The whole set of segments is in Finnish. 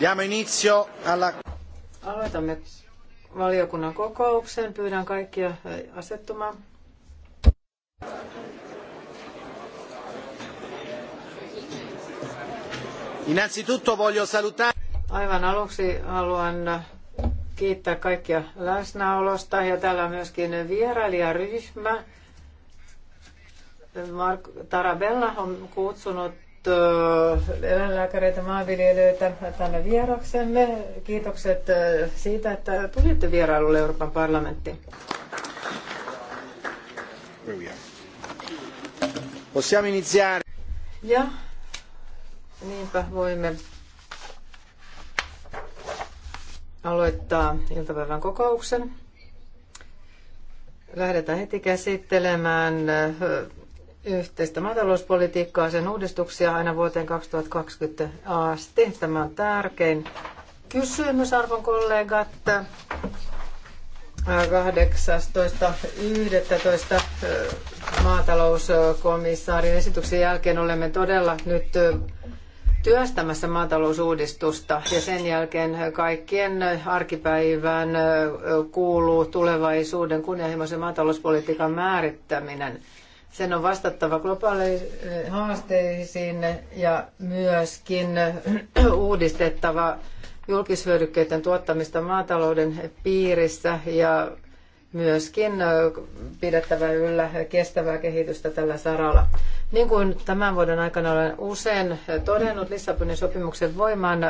Diamo inizio alla... Aloitamme valiokunnan kokouksen. Pyydän kaikkia asettumaan. Innanzitutto voglio salutare... Aivan aluksi haluan kiittää kaikkia läsnäolosta ja täällä on myöskin vierailijaryhmä. Mark Tarabella on kutsunut Äh, eläinlääkäreitä, maanviljelijöitä tänne vieraksemme. Kiitokset äh, siitä, että tulitte vierailulle Euroopan parlamenttiin. Possiamo iniziare. Ja niinpä voimme aloittaa iltapäivän kokouksen. Lähdetään heti käsittelemään äh, yhteistä maatalouspolitiikkaa, sen uudistuksia aina vuoteen 2020 asti. Tämä on tärkein kysymys, arvon kollegat. 18.11. maatalouskomissaarin esityksen jälkeen olemme todella nyt työstämässä maatalousuudistusta ja sen jälkeen kaikkien arkipäivään kuuluu tulevaisuuden kunnianhimoisen maatalouspolitiikan määrittäminen – sen on vastattava globaaleihin haasteisiin ja myöskin uudistettava julkishyödykkeiden tuottamista maatalouden piirissä ja myöskin pidettävä yllä kestävää kehitystä tällä saralla. Niin kuin tämän vuoden aikana olen usein todennut, Lissabonin sopimuksen voimaan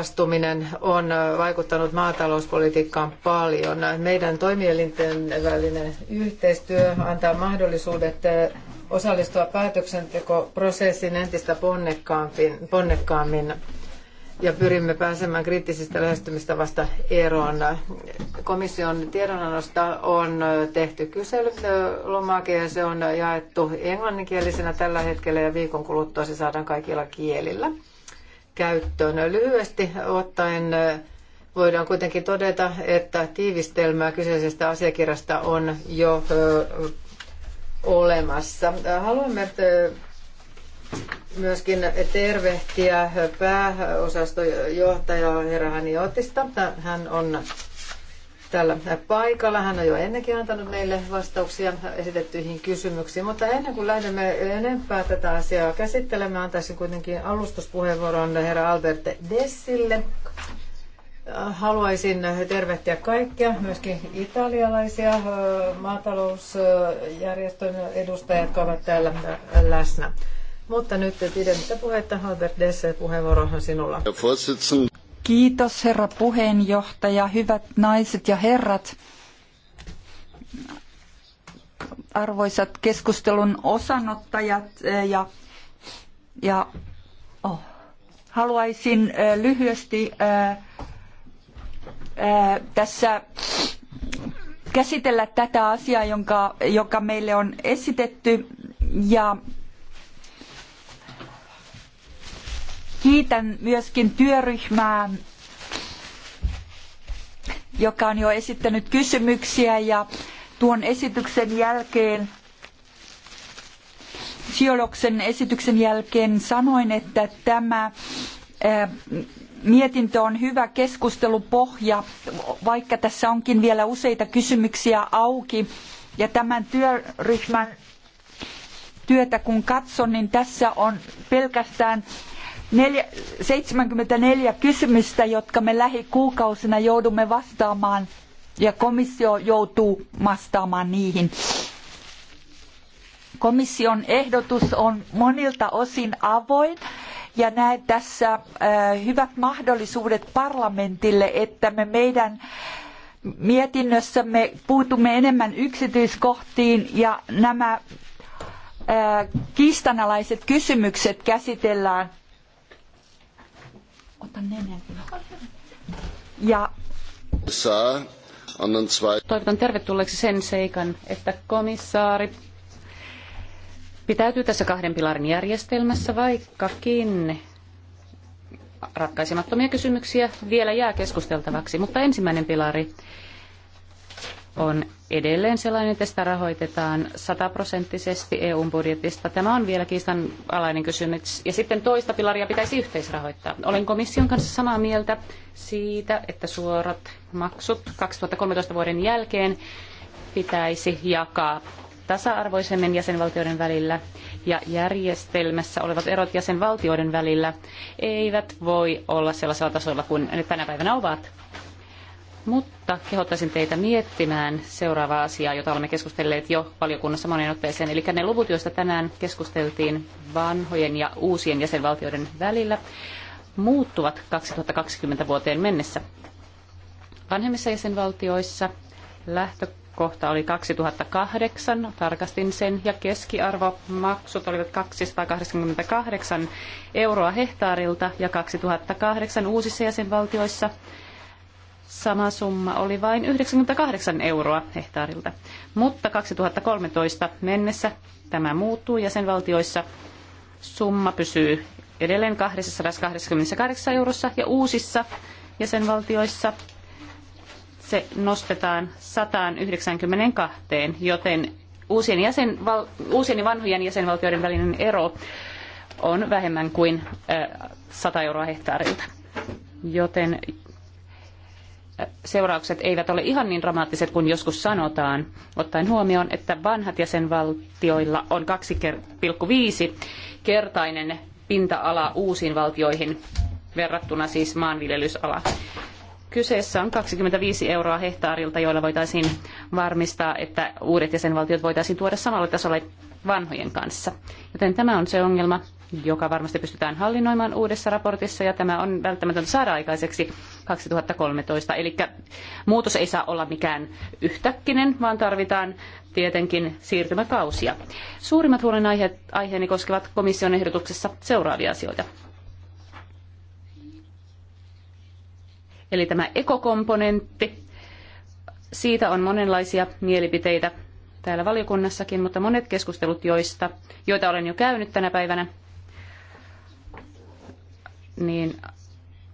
astuminen on vaikuttanut maatalouspolitiikkaan paljon. Meidän toimielinten välinen yhteistyö antaa mahdollisuudet osallistua päätöksentekoprosessiin entistä ponnekkaammin, ja pyrimme pääsemään kriittisistä lähestymistä vasta eroon. Komission tiedonannosta on tehty kyselylomake ja se on jaettu englanninkielisenä tällä hetkellä ja viikon kuluttua se saadaan kaikilla kielillä käyttöön. Lyhyesti ottaen voidaan kuitenkin todeta, että tiivistelmää kyseisestä asiakirjasta on jo olemassa. Haluamme myöskin tervehtiä pääosastojohtaja herra Hani Otista. Hän on täällä paikalla. Hän on jo ennenkin antanut meille vastauksia esitettyihin kysymyksiin, mutta ennen kuin lähdemme enempää tätä asiaa käsittelemään, antaisin kuitenkin alustuspuheenvuoron herra Albert Dessille. Haluaisin tervehtiä kaikkia, myöskin italialaisia maatalousjärjestön edustajia, jotka ovat täällä läsnä. Mutta nyt pidemmittä puhetta, Albert Desse, puheenvuoro on sinulla. Kiitos herra puheenjohtaja, hyvät naiset ja herrat, arvoisat keskustelun osanottajat eh, ja, ja oh, haluaisin eh, lyhyesti äh, äh, tässä käsitellä tätä asiaa, jonka, joka meille on esitetty ja Kiitän myöskin työryhmää, joka on jo esittänyt kysymyksiä ja tuon esityksen jälkeen Sioloksen esityksen jälkeen sanoin, että tämä mietintö on hyvä keskustelupohja, vaikka tässä onkin vielä useita kysymyksiä auki. Ja tämän työryhmän työtä kun katson, niin tässä on pelkästään neljä, 74 kysymystä, jotka me lähikuukausina joudumme vastaamaan ja komissio joutuu vastaamaan niihin. Komission ehdotus on monilta osin avoin ja näen tässä äh, hyvät mahdollisuudet parlamentille, että me meidän mietinnössämme puutumme enemmän yksityiskohtiin ja nämä äh, kiistanalaiset kysymykset käsitellään Ota nenän. Ja Toivotan tervetulleeksi sen seikan, että komissaari pitäytyy tässä kahden pilarin järjestelmässä, vaikkakin ratkaisemattomia kysymyksiä vielä jää keskusteltavaksi. Mutta ensimmäinen pilari on edelleen sellainen, että sitä rahoitetaan sataprosenttisesti EUn budjetista. Tämä on vielä kiistanalainen kysymys. Ja sitten toista pilaria pitäisi yhteisrahoittaa. Olen komission kanssa samaa mieltä siitä, että suorat maksut 2013 vuoden jälkeen pitäisi jakaa tasa-arvoisemmin jäsenvaltioiden välillä ja järjestelmässä olevat erot jäsenvaltioiden välillä eivät voi olla sellaisella tasolla kuin ne tänä päivänä ovat. Mutta kehottaisin teitä miettimään seuraavaa asiaa, jota olemme keskustelleet jo valiokunnassa moneen otteeseen. Eli ne luvut, joista tänään keskusteltiin vanhojen ja uusien jäsenvaltioiden välillä, muuttuvat 2020 vuoteen mennessä. Vanhemmissa jäsenvaltioissa lähtökohta oli 2008, tarkastin sen, ja keskiarvomaksut olivat 288 euroa hehtaarilta, ja 2008 uusissa jäsenvaltioissa sama summa oli vain 98 euroa hehtaarilta. Mutta 2013 mennessä tämä muuttuu jäsenvaltioissa. Summa pysyy edelleen 288 eurossa ja uusissa jäsenvaltioissa se nostetaan 192, joten uusien, jäsenval- uusien ja vanhojen jäsenvaltioiden välinen ero on vähemmän kuin 100 euroa hehtaarilta. Joten seuraukset eivät ole ihan niin dramaattiset kuin joskus sanotaan, ottaen huomioon, että vanhat jäsenvaltioilla on 2,5 kertainen pinta-ala uusiin valtioihin verrattuna siis maanviljelysala. Kyseessä on 25 euroa hehtaarilta, joilla voitaisiin varmistaa, että uudet jäsenvaltiot voitaisiin tuoda samalle tasolle vanhojen kanssa. Joten tämä on se ongelma, joka varmasti pystytään hallinnoimaan uudessa raportissa ja tämä on välttämätöntä saada aikaiseksi 2013. Eli muutos ei saa olla mikään yhtäkkinen, vaan tarvitaan tietenkin siirtymäkausia. Suurimmat huolenaiheeni koskevat komission ehdotuksessa seuraavia asioita. Eli tämä ekokomponentti, siitä on monenlaisia mielipiteitä täällä valiokunnassakin, mutta monet keskustelut, joista, joita olen jo käynyt tänä päivänä, niin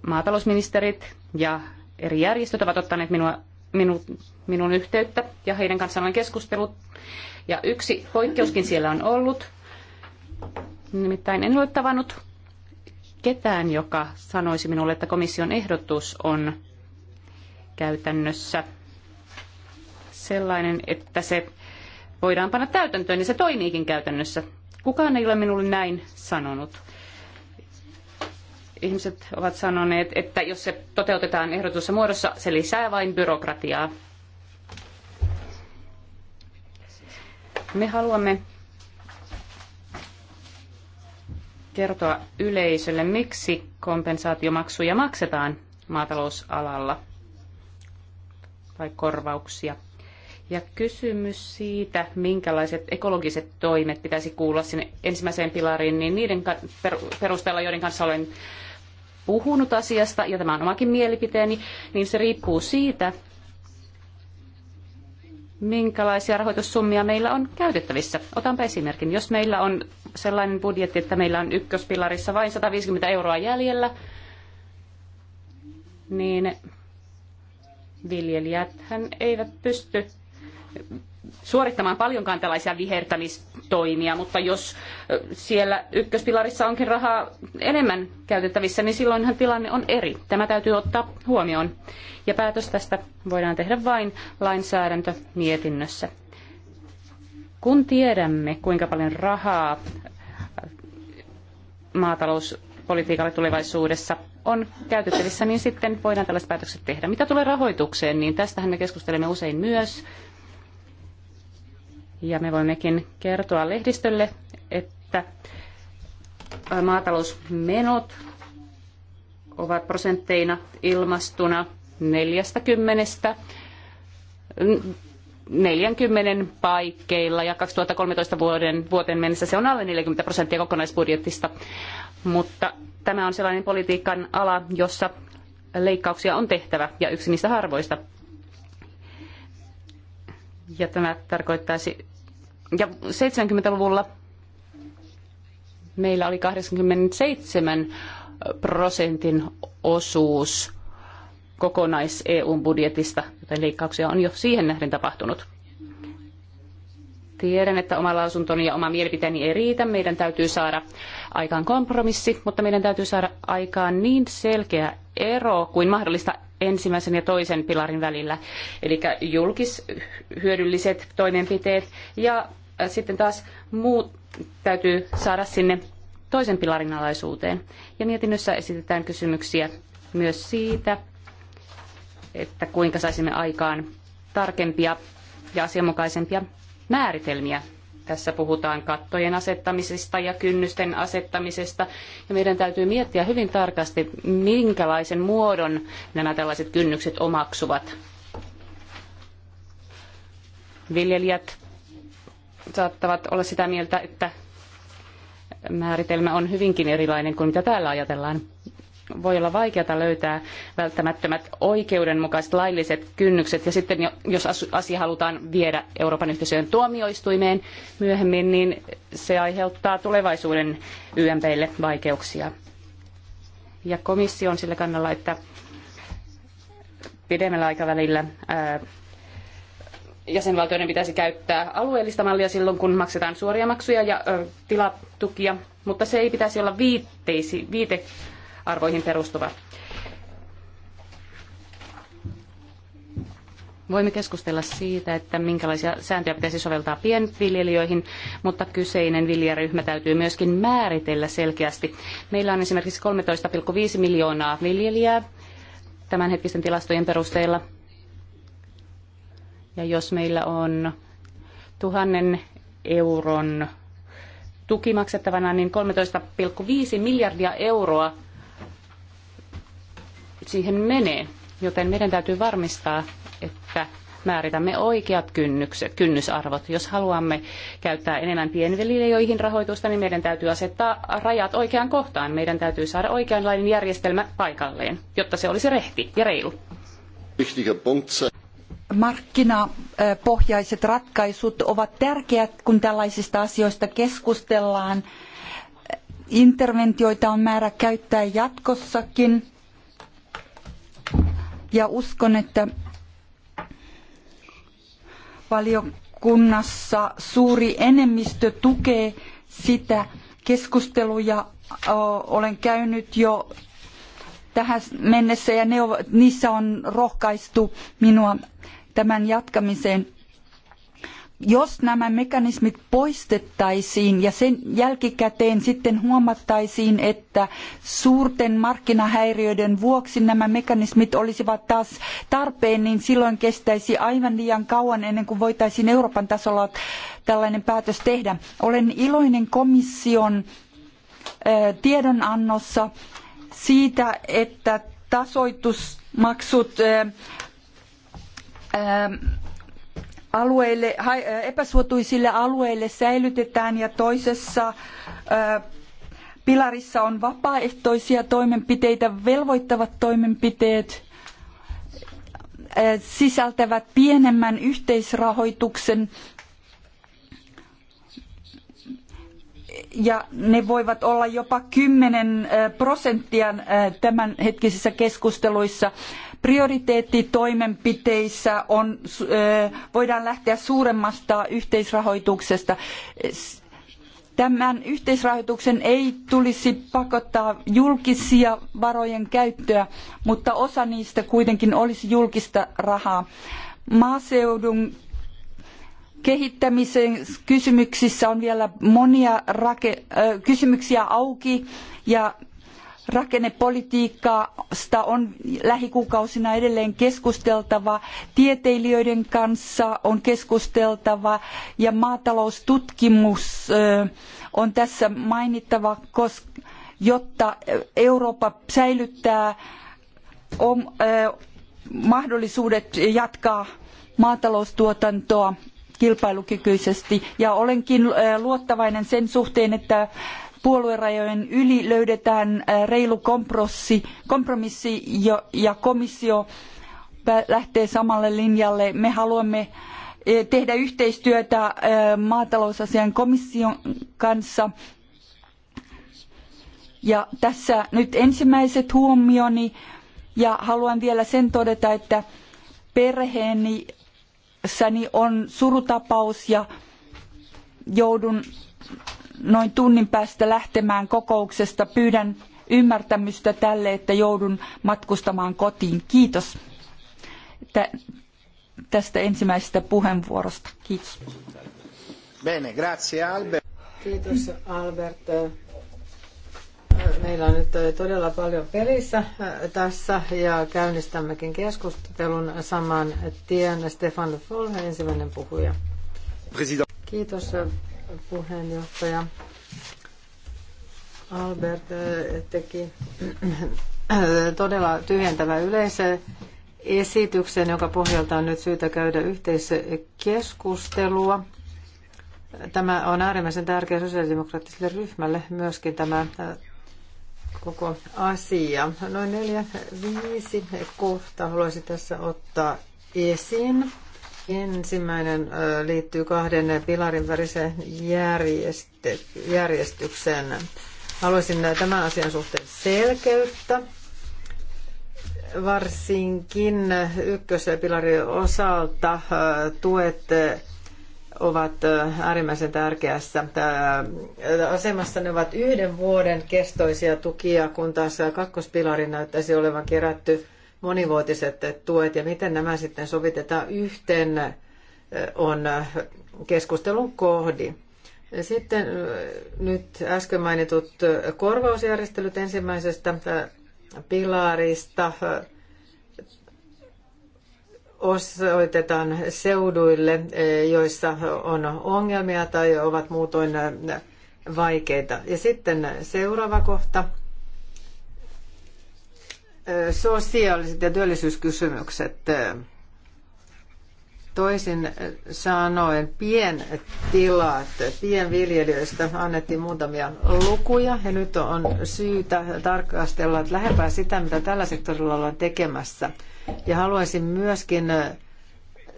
maatalousministerit ja eri järjestöt ovat ottaneet minua, minu, minun yhteyttä ja heidän kanssaan olen keskustellut. Ja yksi poikkeuskin siellä on ollut. Nimittäin en ole tavannut ketään, joka sanoisi minulle, että komission ehdotus on käytännössä sellainen, että se voidaan panna täytäntöön, niin se toimiikin käytännössä. Kukaan ei ole minulle näin sanonut. Ihmiset ovat sanoneet, että jos se toteutetaan ehdotussa muodossa, se lisää vain byrokratiaa. Me haluamme kertoa yleisölle, miksi kompensaatiomaksuja maksetaan maatalousalalla tai korvauksia. Ja kysymys siitä, minkälaiset ekologiset toimet pitäisi kuulla sinne ensimmäiseen pilariin, niin niiden perusteella, joiden kanssa olen puhunut asiasta, ja tämä on omakin mielipiteeni, niin se riippuu siitä, minkälaisia rahoitussummia meillä on käytettävissä. Otanpa esimerkin. Jos meillä on sellainen budjetti, että meillä on ykköspilarissa vain 150 euroa jäljellä, niin viljelijät eivät pysty suorittamaan paljonkaan tällaisia vihertämis- toimia, mutta jos siellä ykköspilarissa onkin rahaa enemmän käytettävissä, niin silloinhan tilanne on eri. Tämä täytyy ottaa huomioon. Ja päätös tästä voidaan tehdä vain lainsäädäntömietinnössä. Kun tiedämme, kuinka paljon rahaa maatalouspolitiikalle tulevaisuudessa on käytettävissä, niin sitten voidaan tällaiset päätökset tehdä. Mitä tulee rahoitukseen, niin tästähän me keskustelemme usein myös ja me voimmekin kertoa lehdistölle, että maatalousmenot ovat prosentteina ilmastuna 40 40 paikkeilla ja 2013 vuoden, vuoteen mennessä se on alle 40 prosenttia kokonaisbudjetista. Mutta tämä on sellainen politiikan ala, jossa leikkauksia on tehtävä ja yksi niistä harvoista ja tämä tarkoittaisi, ja 70-luvulla meillä oli 87 prosentin osuus kokonais-EU-budjetista, joten leikkauksia on jo siihen nähden tapahtunut. Tiedän, että oma lausuntoni ja oma mielipiteeni ei riitä. Meidän täytyy saada aikaan kompromissi, mutta meidän täytyy saada aikaan niin selkeä ero kuin mahdollista ensimmäisen ja toisen pilarin välillä, eli julkishyödylliset toimenpiteet ja sitten taas muut täytyy saada sinne toisen pilarin alaisuuteen. Ja mietinnössä esitetään kysymyksiä myös siitä, että kuinka saisimme aikaan tarkempia ja asianmukaisempia määritelmiä tässä puhutaan kattojen asettamisesta ja kynnysten asettamisesta. Ja meidän täytyy miettiä hyvin tarkasti, minkälaisen muodon nämä tällaiset kynnykset omaksuvat. Viljelijät saattavat olla sitä mieltä, että määritelmä on hyvinkin erilainen kuin mitä täällä ajatellaan voi olla vaikeata löytää välttämättömät oikeudenmukaiset lailliset kynnykset. Ja sitten jos asia halutaan viedä Euroopan yhteisöjen tuomioistuimeen myöhemmin, niin se aiheuttaa tulevaisuuden YMPille vaikeuksia. Ja komissio on sillä kannalla, että pidemmällä aikavälillä ää, jäsenvaltioiden pitäisi käyttää alueellista mallia silloin, kun maksetaan suoria maksuja ja ö, tilatukia, mutta se ei pitäisi olla viitteisi, viite arvoihin perustuva. Voimme keskustella siitä, että minkälaisia sääntöjä pitäisi soveltaa pienviljelijöihin, mutta kyseinen viljaryhmä täytyy myöskin määritellä selkeästi. Meillä on esimerkiksi 13,5 miljoonaa viljelijää tämänhetkisten tilastojen perusteella. Ja jos meillä on tuhannen euron tuki maksettavana, niin 13,5 miljardia euroa siihen menee. Joten meidän täytyy varmistaa, että määritämme oikeat kynnykset, kynnysarvot. Jos haluamme käyttää enemmän pienviljelijöihin rahoitusta, niin meidän täytyy asettaa rajat oikeaan kohtaan. Meidän täytyy saada oikeanlainen järjestelmä paikalleen, jotta se olisi rehti ja reilu. Markkinapohjaiset ratkaisut ovat tärkeät, kun tällaisista asioista keskustellaan. Interventioita on määrä käyttää jatkossakin ja uskon, että valiokunnassa suuri enemmistö tukee sitä keskusteluja. Olen käynyt jo tähän mennessä ja ne, niissä on rohkaistu minua tämän jatkamiseen jos nämä mekanismit poistettaisiin ja sen jälkikäteen sitten huomattaisiin, että suurten markkinahäiriöiden vuoksi nämä mekanismit olisivat taas tarpeen, niin silloin kestäisi aivan liian kauan ennen kuin voitaisiin Euroopan tasolla tällainen päätös tehdä. Olen iloinen komission tiedonannossa siitä, että tasoitusmaksut alueille, epäsuotuisille alueille säilytetään ja toisessa pilarissa on vapaaehtoisia toimenpiteitä, velvoittavat toimenpiteet sisältävät pienemmän yhteisrahoituksen ja ne voivat olla jopa kymmenen prosenttia tämänhetkisissä keskusteluissa prioriteettitoimenpiteissä on, voidaan lähteä suuremmasta yhteisrahoituksesta. Tämän yhteisrahoituksen ei tulisi pakottaa julkisia varojen käyttöä, mutta osa niistä kuitenkin olisi julkista rahaa. Maaseudun kehittämisen kysymyksissä on vielä monia kysymyksiä auki ja rakennepolitiikasta on lähikuukausina edelleen keskusteltava, tieteilijöiden kanssa on keskusteltava ja maataloustutkimus on tässä mainittava, jotta Eurooppa säilyttää mahdollisuudet jatkaa maataloustuotantoa kilpailukykyisesti ja olenkin luottavainen sen suhteen, että puoluerajojen yli löydetään äh, reilu kompromissi, kompromissi ja komissio lähtee samalle linjalle. Me haluamme eh, tehdä yhteistyötä äh, maatalousasian komission kanssa. Ja tässä nyt ensimmäiset huomioni ja haluan vielä sen todeta, että perheeni on surutapaus ja joudun noin tunnin päästä lähtemään kokouksesta. Pyydän ymmärtämystä tälle, että joudun matkustamaan kotiin. Kiitos tästä ensimmäisestä puheenvuorosta. Kiitos. Bene, grazie Albert. Kiitos Albert. Meillä on nyt todella paljon pelissä tässä ja käynnistämmekin keskustelun saman tien. Stefan Folhe, ensimmäinen puhuja. President. Kiitos puheenjohtaja Albert äh, teki todella tyhjentävä yleisen esityksen, joka pohjalta on nyt syytä käydä yhteiskeskustelua. Tämä on äärimmäisen tärkeä sosiaalidemokraattiselle ryhmälle myöskin tämä äh, koko asia. Noin neljä, viisi kohtaa haluaisin tässä ottaa esiin. Ensimmäinen liittyy kahden pilarin väriseen järjestykseen. Haluaisin tämän asian suhteen selkeyttä. Varsinkin ykköspilarin osalta tuet ovat äärimmäisen tärkeässä asemassa. Ne ovat yhden vuoden kestoisia tukia, kun taas kakkospilari näyttäisi olevan kerätty monivuotiset tuet ja miten nämä sitten sovitetaan yhteen on keskustelun kohdi. Sitten nyt äsken mainitut korvausjärjestelyt ensimmäisestä pilarista osoitetaan seuduille, e, joissa on ongelmia tai ovat muutoin vaikeita. Ja sitten seuraava kohta – sosiaaliset ja työllisyyskysymykset. Toisin sanoen pientilat, pienviljelijöistä annettiin muutamia lukuja ja nyt on syytä tarkastella että lähempää sitä, mitä tällä sektorilla ollaan tekemässä. Ja haluaisin myöskin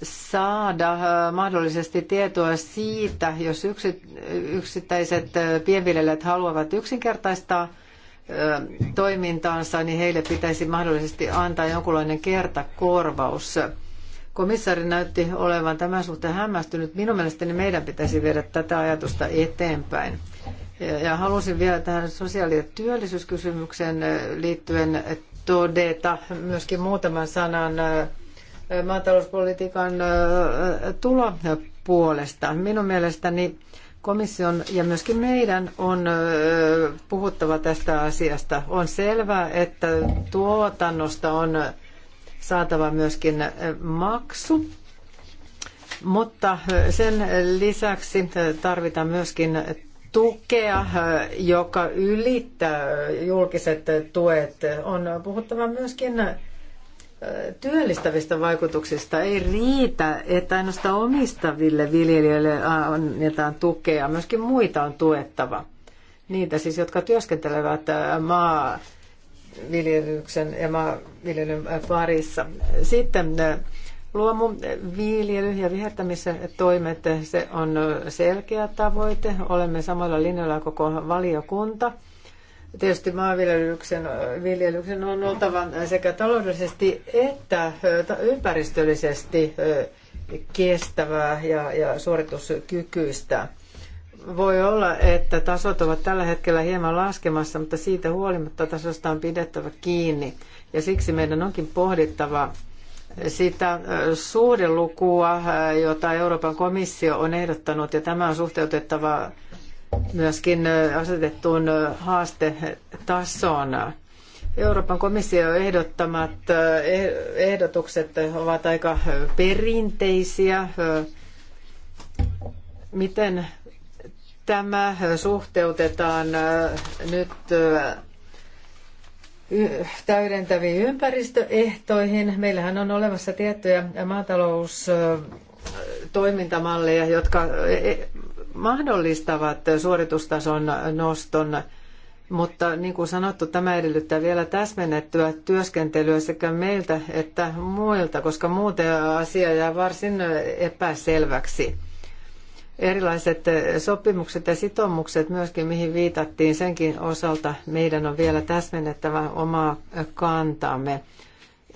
saada mahdollisesti tietoa siitä, jos yksittäiset pienviljelijät haluavat yksinkertaistaa – toimintaansa, niin heille pitäisi mahdollisesti antaa jonkunlainen kertakorvaus. Komissaari näytti olevan tämän suhteen hämmästynyt. Minun mielestäni meidän pitäisi viedä tätä ajatusta eteenpäin. Ja halusin vielä tähän sosiaali- ja työllisyyskysymykseen liittyen todeta myöskin muutaman sanan maatalouspolitiikan tulopuolesta. Minun mielestäni komission ja myöskin meidän on puhuttava tästä asiasta. On selvää, että tuotannosta on saatava myöskin maksu, mutta sen lisäksi tarvitaan myöskin tukea, joka ylittää julkiset tuet. On puhuttava myöskin työllistävistä vaikutuksista ei riitä, että ainoastaan omistaville viljelijöille annetaan tukea, myöskin muita on tuettava. Niitä siis, jotka työskentelevät maaviljelyksen ja maaviljelyn parissa. Sitten luomuviljely ja vihertämistoimet, se on selkeä tavoite. Olemme samalla linjalla koko valiokunta – Tietysti maanviljelyksen viljelyksen on oltava sekä taloudellisesti että ympäristöllisesti kestävää ja, ja suorituskykyistä. Voi olla, että tasot ovat tällä hetkellä hieman laskemassa, mutta siitä huolimatta tasosta on pidettävä kiinni. Ja siksi meidän onkin pohdittava sitä suhdelukua, jota Euroopan komissio on ehdottanut, ja tämä on suhteutettava myöskin asetettuun haastetasoon. Euroopan komission ehdottamat eh, ehdotukset ovat aika perinteisiä. Miten tämä suhteutetaan nyt täydentäviin ympäristöehtoihin? Meillähän on olemassa tiettyjä maataloustoimintamalleja, jotka e, mahdollistavat suoritustason noston, mutta niin kuin sanottu, tämä edellyttää vielä täsmennettyä työskentelyä sekä meiltä että muilta, koska muuten asia jää varsin epäselväksi. Erilaiset sopimukset ja sitoumukset myöskin, mihin viitattiin, senkin osalta meidän on vielä täsmennettävä omaa kantaamme.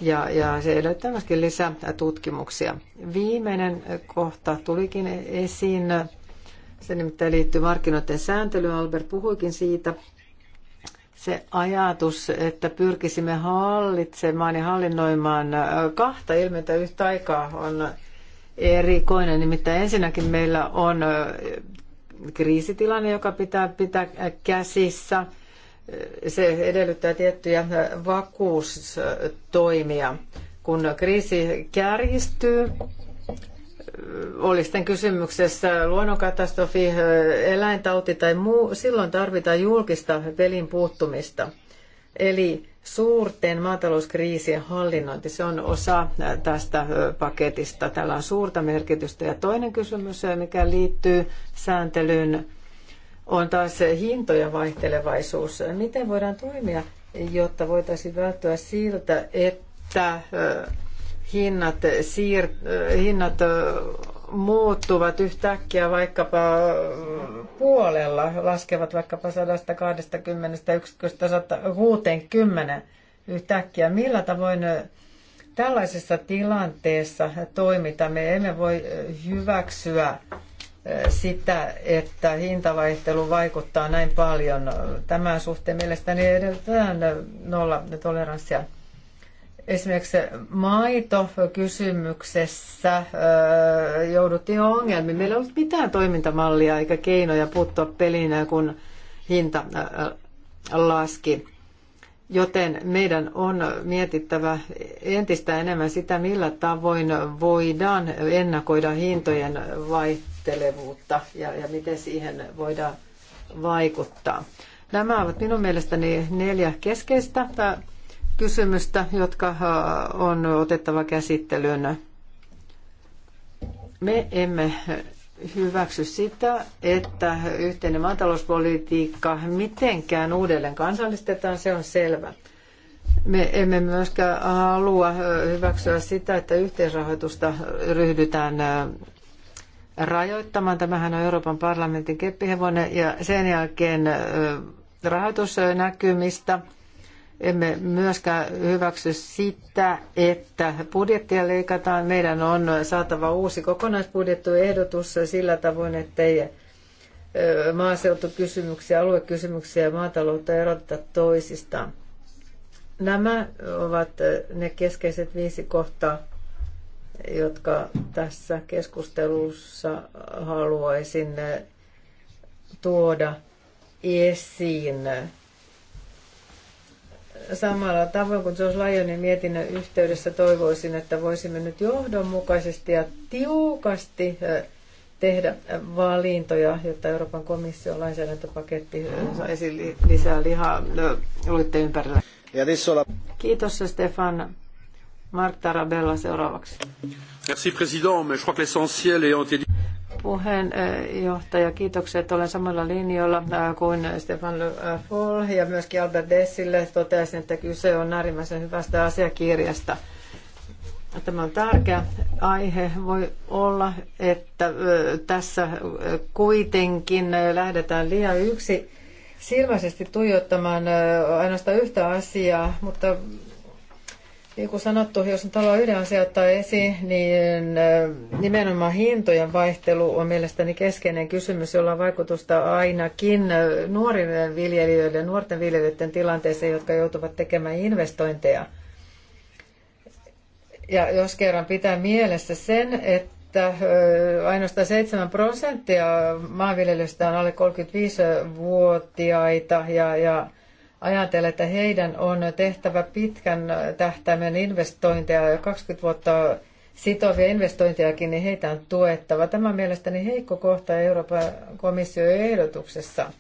Ja, ja se edellyttää myöskin lisää tutkimuksia. Viimeinen kohta tulikin esiin se nimittäin liittyy markkinoiden sääntelyyn. Albert puhuikin siitä. Se ajatus, että pyrkisimme hallitsemaan ja hallinnoimaan äh, kahta ilmiötä yhtä aikaa on erikoinen. Nimittäin ensinnäkin meillä on äh, kriisitilanne, joka pitää pitää käsissä. Se edellyttää tiettyjä äh, vakuustoimia. Kun kriisi kärjistyy, oli sitten kysymyksessä luonnonkatastrofi, eläintauti tai muu, silloin tarvitaan julkista pelin puuttumista. Eli suurten maatalouskriisien hallinnointi, se on osa tästä paketista. Tällä on suurta merkitystä. Ja toinen kysymys, mikä liittyy sääntelyyn, on taas hintojen vaihtelevaisuus. Miten voidaan toimia, jotta voitaisiin välttyä siltä, että hinnat, siir- hinnat muuttuvat yhtäkkiä vaikkapa puolella, laskevat vaikkapa 120 yksiköstä 160 yhtäkkiä. Millä tavoin tällaisessa tilanteessa toimita? Me emme voi hyväksyä sitä, että hintavaihtelu vaikuttaa näin paljon. Tämän suhteen mielestäni edellytetään nolla toleranssia esimerkiksi maitokysymyksessä jouduttiin ongelmiin. Meillä ei ollut mitään toimintamallia eikä keinoja puuttua peliin, kun hinta laski. Joten meidän on mietittävä entistä enemmän sitä, millä tavoin voidaan ennakoida hintojen vaihtelevuutta ja, ja miten siihen voidaan vaikuttaa. Nämä ovat minun mielestäni neljä keskeistä kysymystä, jotka äh, on otettava käsittelyyn. Me emme hyväksy sitä, että yhteinen maatalouspolitiikka mitenkään uudelleen kansallistetaan, se on selvä. Me emme myöskään halua hyväksyä sitä, että yhteisrahoitusta ryhdytään äh, rajoittamaan. Tämähän on Euroopan parlamentin keppihevonen ja sen jälkeen äh, rahoitusnäkymistä – emme myöskään hyväksy sitä, että budjettia leikataan. Meidän on saatava uusi kokonaisbudjettiehdotus sillä tavoin, ettei maaseutukysymyksiä, aluekysymyksiä ja maataloutta erottaa toisistaan. Nämä ovat ne keskeiset viisi kohtaa, jotka tässä keskustelussa haluaisin tuoda esiin samalla tavoin kuin George Lyonin mietinnön yhteydessä toivoisin, että voisimme nyt johdonmukaisesti ja tiukasti tehdä valintoja, jotta Euroopan komission lainsäädäntöpaketti saisi lisää lihaa luitte ympärillä. Kiitos Stefan. Mark Tarabella seuraavaksi. Merci président, mais je crois que l'essentiel est puheenjohtaja. Kiitokset. Olen samalla linjalla äh, kuin Stefan Le äh, Foll ja myöskin Albert Dessille. Totesin, että kyse on äärimmäisen hyvästä asiakirjasta. Tämä on tärkeä aihe. Voi olla, että äh, tässä kuitenkin lähdetään liian yksi silmäisesti tuijottamaan ainoastaan yhtä asiaa, mutta niin kuin sanottu, jos nyt haluaa yhden asian ottaa esiin, niin äh, nimenomaan hintojen vaihtelu on mielestäni keskeinen kysymys, jolla on vaikutusta ainakin äh, nuorien viljelijöiden, nuorten viljelijöiden tilanteeseen, jotka joutuvat tekemään investointeja. Ja jos kerran pitää mielessä sen, että äh, ainoastaan 7 prosenttia maanviljelystä on alle 35-vuotiaita ja, ja ajatella, että heidän on tehtävä pitkän tähtäimen investointeja, 20 vuotta sitovia investointejakin, niin heitä on tuettava. Tämä on mielestäni heikko kohta Euroopan komission ehdotuksessa.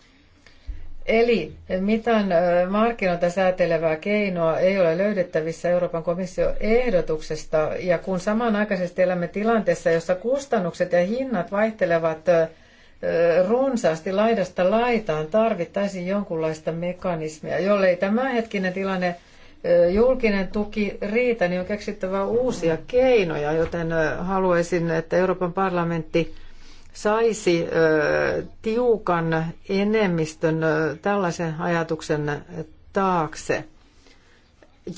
Eli mitään markkinoita säätelevää keinoa ei ole löydettävissä Euroopan komission ehdotuksesta, ja kun samanaikaisesti elämme tilanteessa, jossa kustannukset ja hinnat vaihtelevat runsaasti laidasta laitaan tarvittaisiin jonkunlaista mekanismia. Jollei tämänhetkinen tilanne julkinen tuki riitä, niin on keksittävä uusia keinoja, joten haluaisin, että Euroopan parlamentti saisi tiukan enemmistön tällaisen ajatuksen taakse,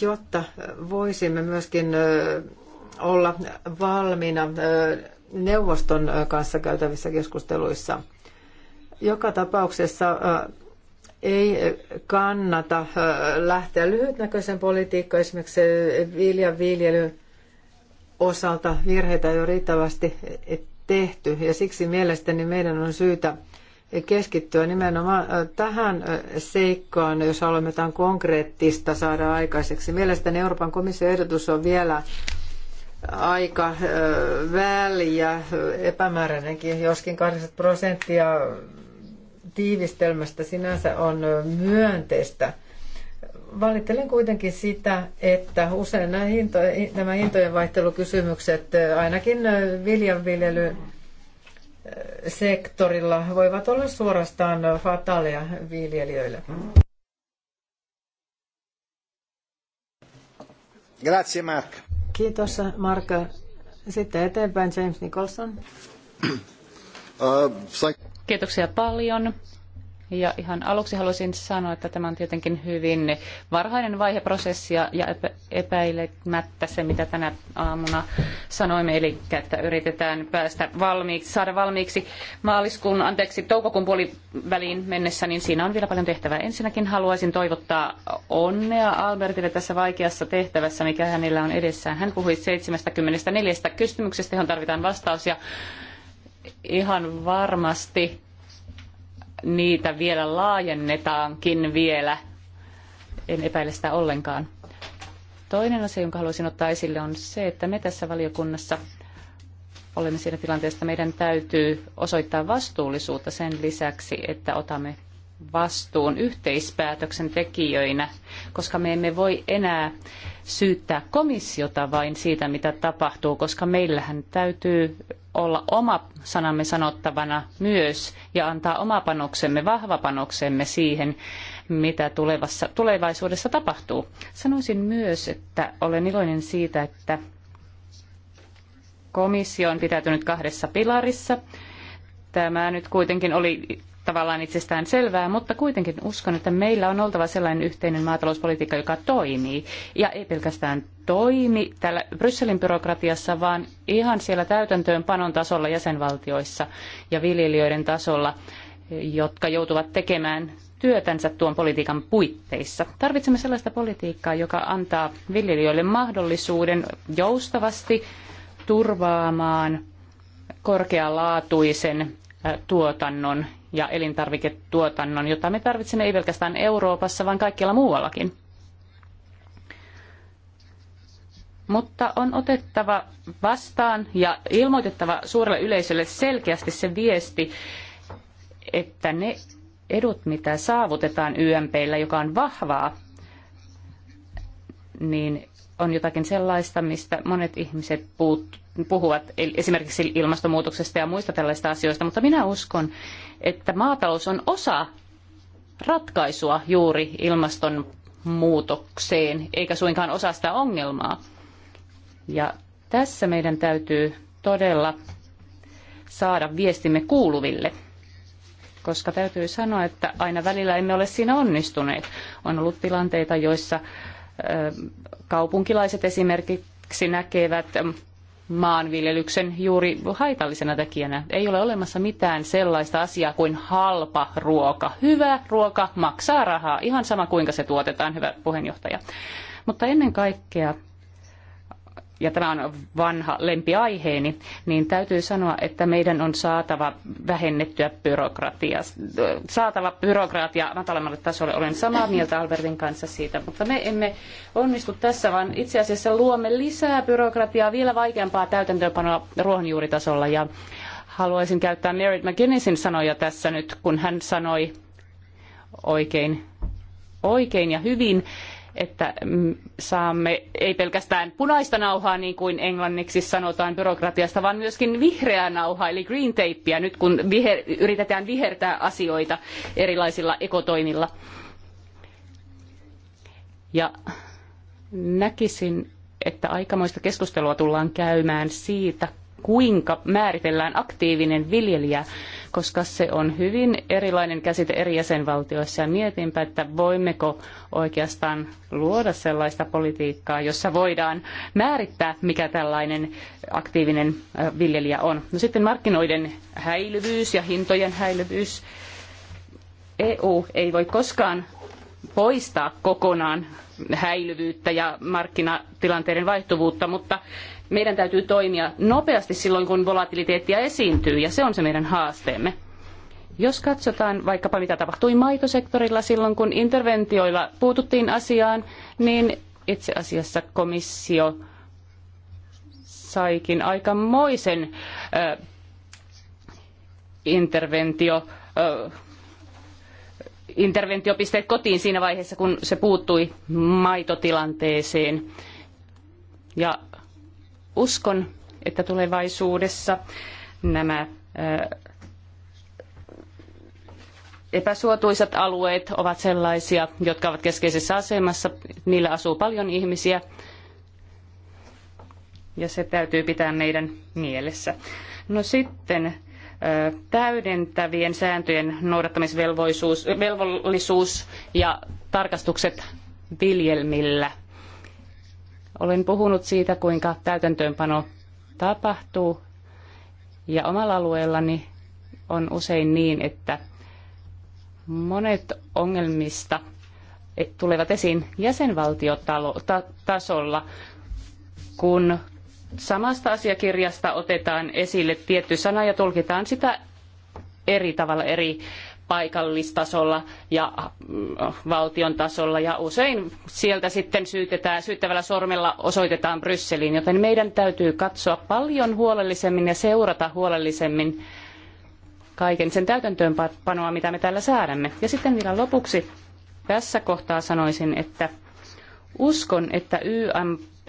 jotta voisimme myöskin olla valmiina neuvoston äh, kanssa käytävissä keskusteluissa. Joka tapauksessa äh, ei kannata äh, lähteä lyhytnäköisen politiikkaan, esimerkiksi viljan viljelyn osalta virheitä ei riittävästi tehty, ja siksi mielestäni meidän on syytä keskittyä nimenomaan tähän seikkaan, jos haluamme jotain konkreettista saada aikaiseksi. Mielestäni Euroopan komission ehdotus on vielä aika väliä, epämääräinenkin, joskin 80 prosenttia tiivistelmästä sinänsä on myönteistä. Valittelen kuitenkin sitä, että usein nämä, hinto, nämä hintojen vaihtelukysymykset ainakin viljanviljelyn sektorilla voivat olla suorastaan fataaleja viljelijöille. Grazie Mark. Kiitos Mark. Sitten eteenpäin James Nicholson. Äh, Kiitoksia paljon. Ja ihan aluksi haluaisin sanoa, että tämä on tietenkin hyvin varhainen vaihe prosessia ja epä, epäilemättä se, mitä tänä aamuna sanoimme, eli että yritetään päästä valmiiksi, saada valmiiksi maaliskuun, anteeksi, toukokuun puoliväliin mennessä, niin siinä on vielä paljon tehtävää. Ensinnäkin haluaisin toivottaa onnea Albertille tässä vaikeassa tehtävässä, mikä hänellä on edessään. Hän puhui 74 kysymyksestä, johon tarvitaan vastaus ja ihan varmasti niitä vielä laajennetaankin vielä. En epäile sitä ollenkaan. Toinen asia, jonka haluaisin ottaa esille, on se, että me tässä valiokunnassa olemme siinä tilanteessa, että meidän täytyy osoittaa vastuullisuutta sen lisäksi, että otamme vastuun yhteispäätöksen tekijöinä, koska me emme voi enää syyttää komissiota vain siitä, mitä tapahtuu, koska meillähän täytyy olla oma sanamme sanottavana myös ja antaa oma panoksemme, vahva panoksemme siihen, mitä tulevassa, tulevaisuudessa tapahtuu. Sanoisin myös, että olen iloinen siitä, että komissio on pitäytynyt kahdessa pilarissa. Tämä nyt kuitenkin oli tavallaan itsestään selvää, mutta kuitenkin uskon, että meillä on oltava sellainen yhteinen maatalouspolitiikka, joka toimii. Ja ei pelkästään toimi täällä Brysselin byrokratiassa, vaan ihan siellä täytäntöönpanon tasolla jäsenvaltioissa ja viljelijöiden tasolla, jotka joutuvat tekemään työtänsä tuon politiikan puitteissa. Tarvitsemme sellaista politiikkaa, joka antaa viljelijöille mahdollisuuden joustavasti turvaamaan korkealaatuisen tuotannon ja elintarviketuotannon, jota me tarvitsemme ei pelkästään Euroopassa, vaan kaikkialla muuallakin. Mutta on otettava vastaan ja ilmoitettava suurelle yleisölle selkeästi se viesti, että ne edut, mitä saavutetaan YMPllä, joka on vahvaa, niin on jotakin sellaista, mistä monet ihmiset puut, puhuvat esimerkiksi ilmastonmuutoksesta ja muista tällaista asioista, mutta minä uskon, että maatalous on osa ratkaisua juuri ilmastonmuutokseen, eikä suinkaan osa sitä ongelmaa. Ja tässä meidän täytyy todella saada viestimme kuuluville, koska täytyy sanoa, että aina välillä emme ole siinä onnistuneet. On ollut tilanteita, joissa kaupunkilaiset esimerkiksi näkevät maanviljelyksen juuri haitallisena tekijänä. Ei ole olemassa mitään sellaista asiaa kuin halpa ruoka. Hyvä ruoka maksaa rahaa, ihan sama kuinka se tuotetaan, hyvä puheenjohtaja. Mutta ennen kaikkea ja tämä on vanha lempiaiheeni, niin täytyy sanoa, että meidän on saatava vähennettyä byrokratiaa. saatava byrokratia matalammalle tasolle. Olen samaa mieltä Albertin kanssa siitä, mutta me emme onnistu tässä, vaan itse asiassa luomme lisää byrokratiaa, vielä vaikeampaa täytäntöönpanoa ruohonjuuritasolla. Ja haluaisin käyttää Merritt McGinnisin sanoja tässä nyt, kun hän sanoi oikein, oikein ja hyvin, että mm, saamme ei pelkästään punaista nauhaa, niin kuin englanniksi sanotaan byrokratiasta, vaan myöskin vihreää nauhaa, eli green tapea, nyt kun viher, yritetään vihertää asioita erilaisilla ekotoimilla. Ja näkisin, että aikamoista keskustelua tullaan käymään siitä, kuinka määritellään aktiivinen viljelijä, koska se on hyvin erilainen käsite eri jäsenvaltioissa. Ja mietinpä, että voimmeko oikeastaan luoda sellaista politiikkaa, jossa voidaan määrittää, mikä tällainen aktiivinen viljelijä on. No sitten markkinoiden häilyvyys ja hintojen häilyvyys. EU ei voi koskaan poistaa kokonaan häilyvyyttä ja markkinatilanteiden vaihtuvuutta, mutta meidän täytyy toimia nopeasti silloin, kun volatiliteettia esiintyy, ja se on se meidän haasteemme. Jos katsotaan vaikkapa mitä tapahtui maitosektorilla silloin, kun interventioilla puututtiin asiaan, niin itse asiassa komissio saikin aikamoisen äh, interventio, äh, interventiopisteet kotiin siinä vaiheessa, kun se puuttui maitotilanteeseen. Ja uskon, että tulevaisuudessa nämä äh, epäsuotuisat alueet ovat sellaisia, jotka ovat keskeisessä asemassa. Niillä asuu paljon ihmisiä ja se täytyy pitää meidän mielessä. No sitten äh, täydentävien sääntöjen noudattamisvelvollisuus ja tarkastukset viljelmillä – olen puhunut siitä, kuinka täytäntöönpano tapahtuu ja omalla alueellani on usein niin, että monet ongelmista tulevat esiin jäsenvaltiotasolla, kun samasta asiakirjasta otetaan esille tietty sana ja tulkitaan sitä eri tavalla eri paikallistasolla ja äh, valtion tasolla ja usein sieltä sitten syytetään, syyttävällä sormella osoitetaan Brysseliin, joten meidän täytyy katsoa paljon huolellisemmin ja seurata huolellisemmin kaiken sen täytäntöönpanoa, mitä me täällä säädämme. Ja sitten vielä lopuksi tässä kohtaa sanoisin, että uskon, että YMP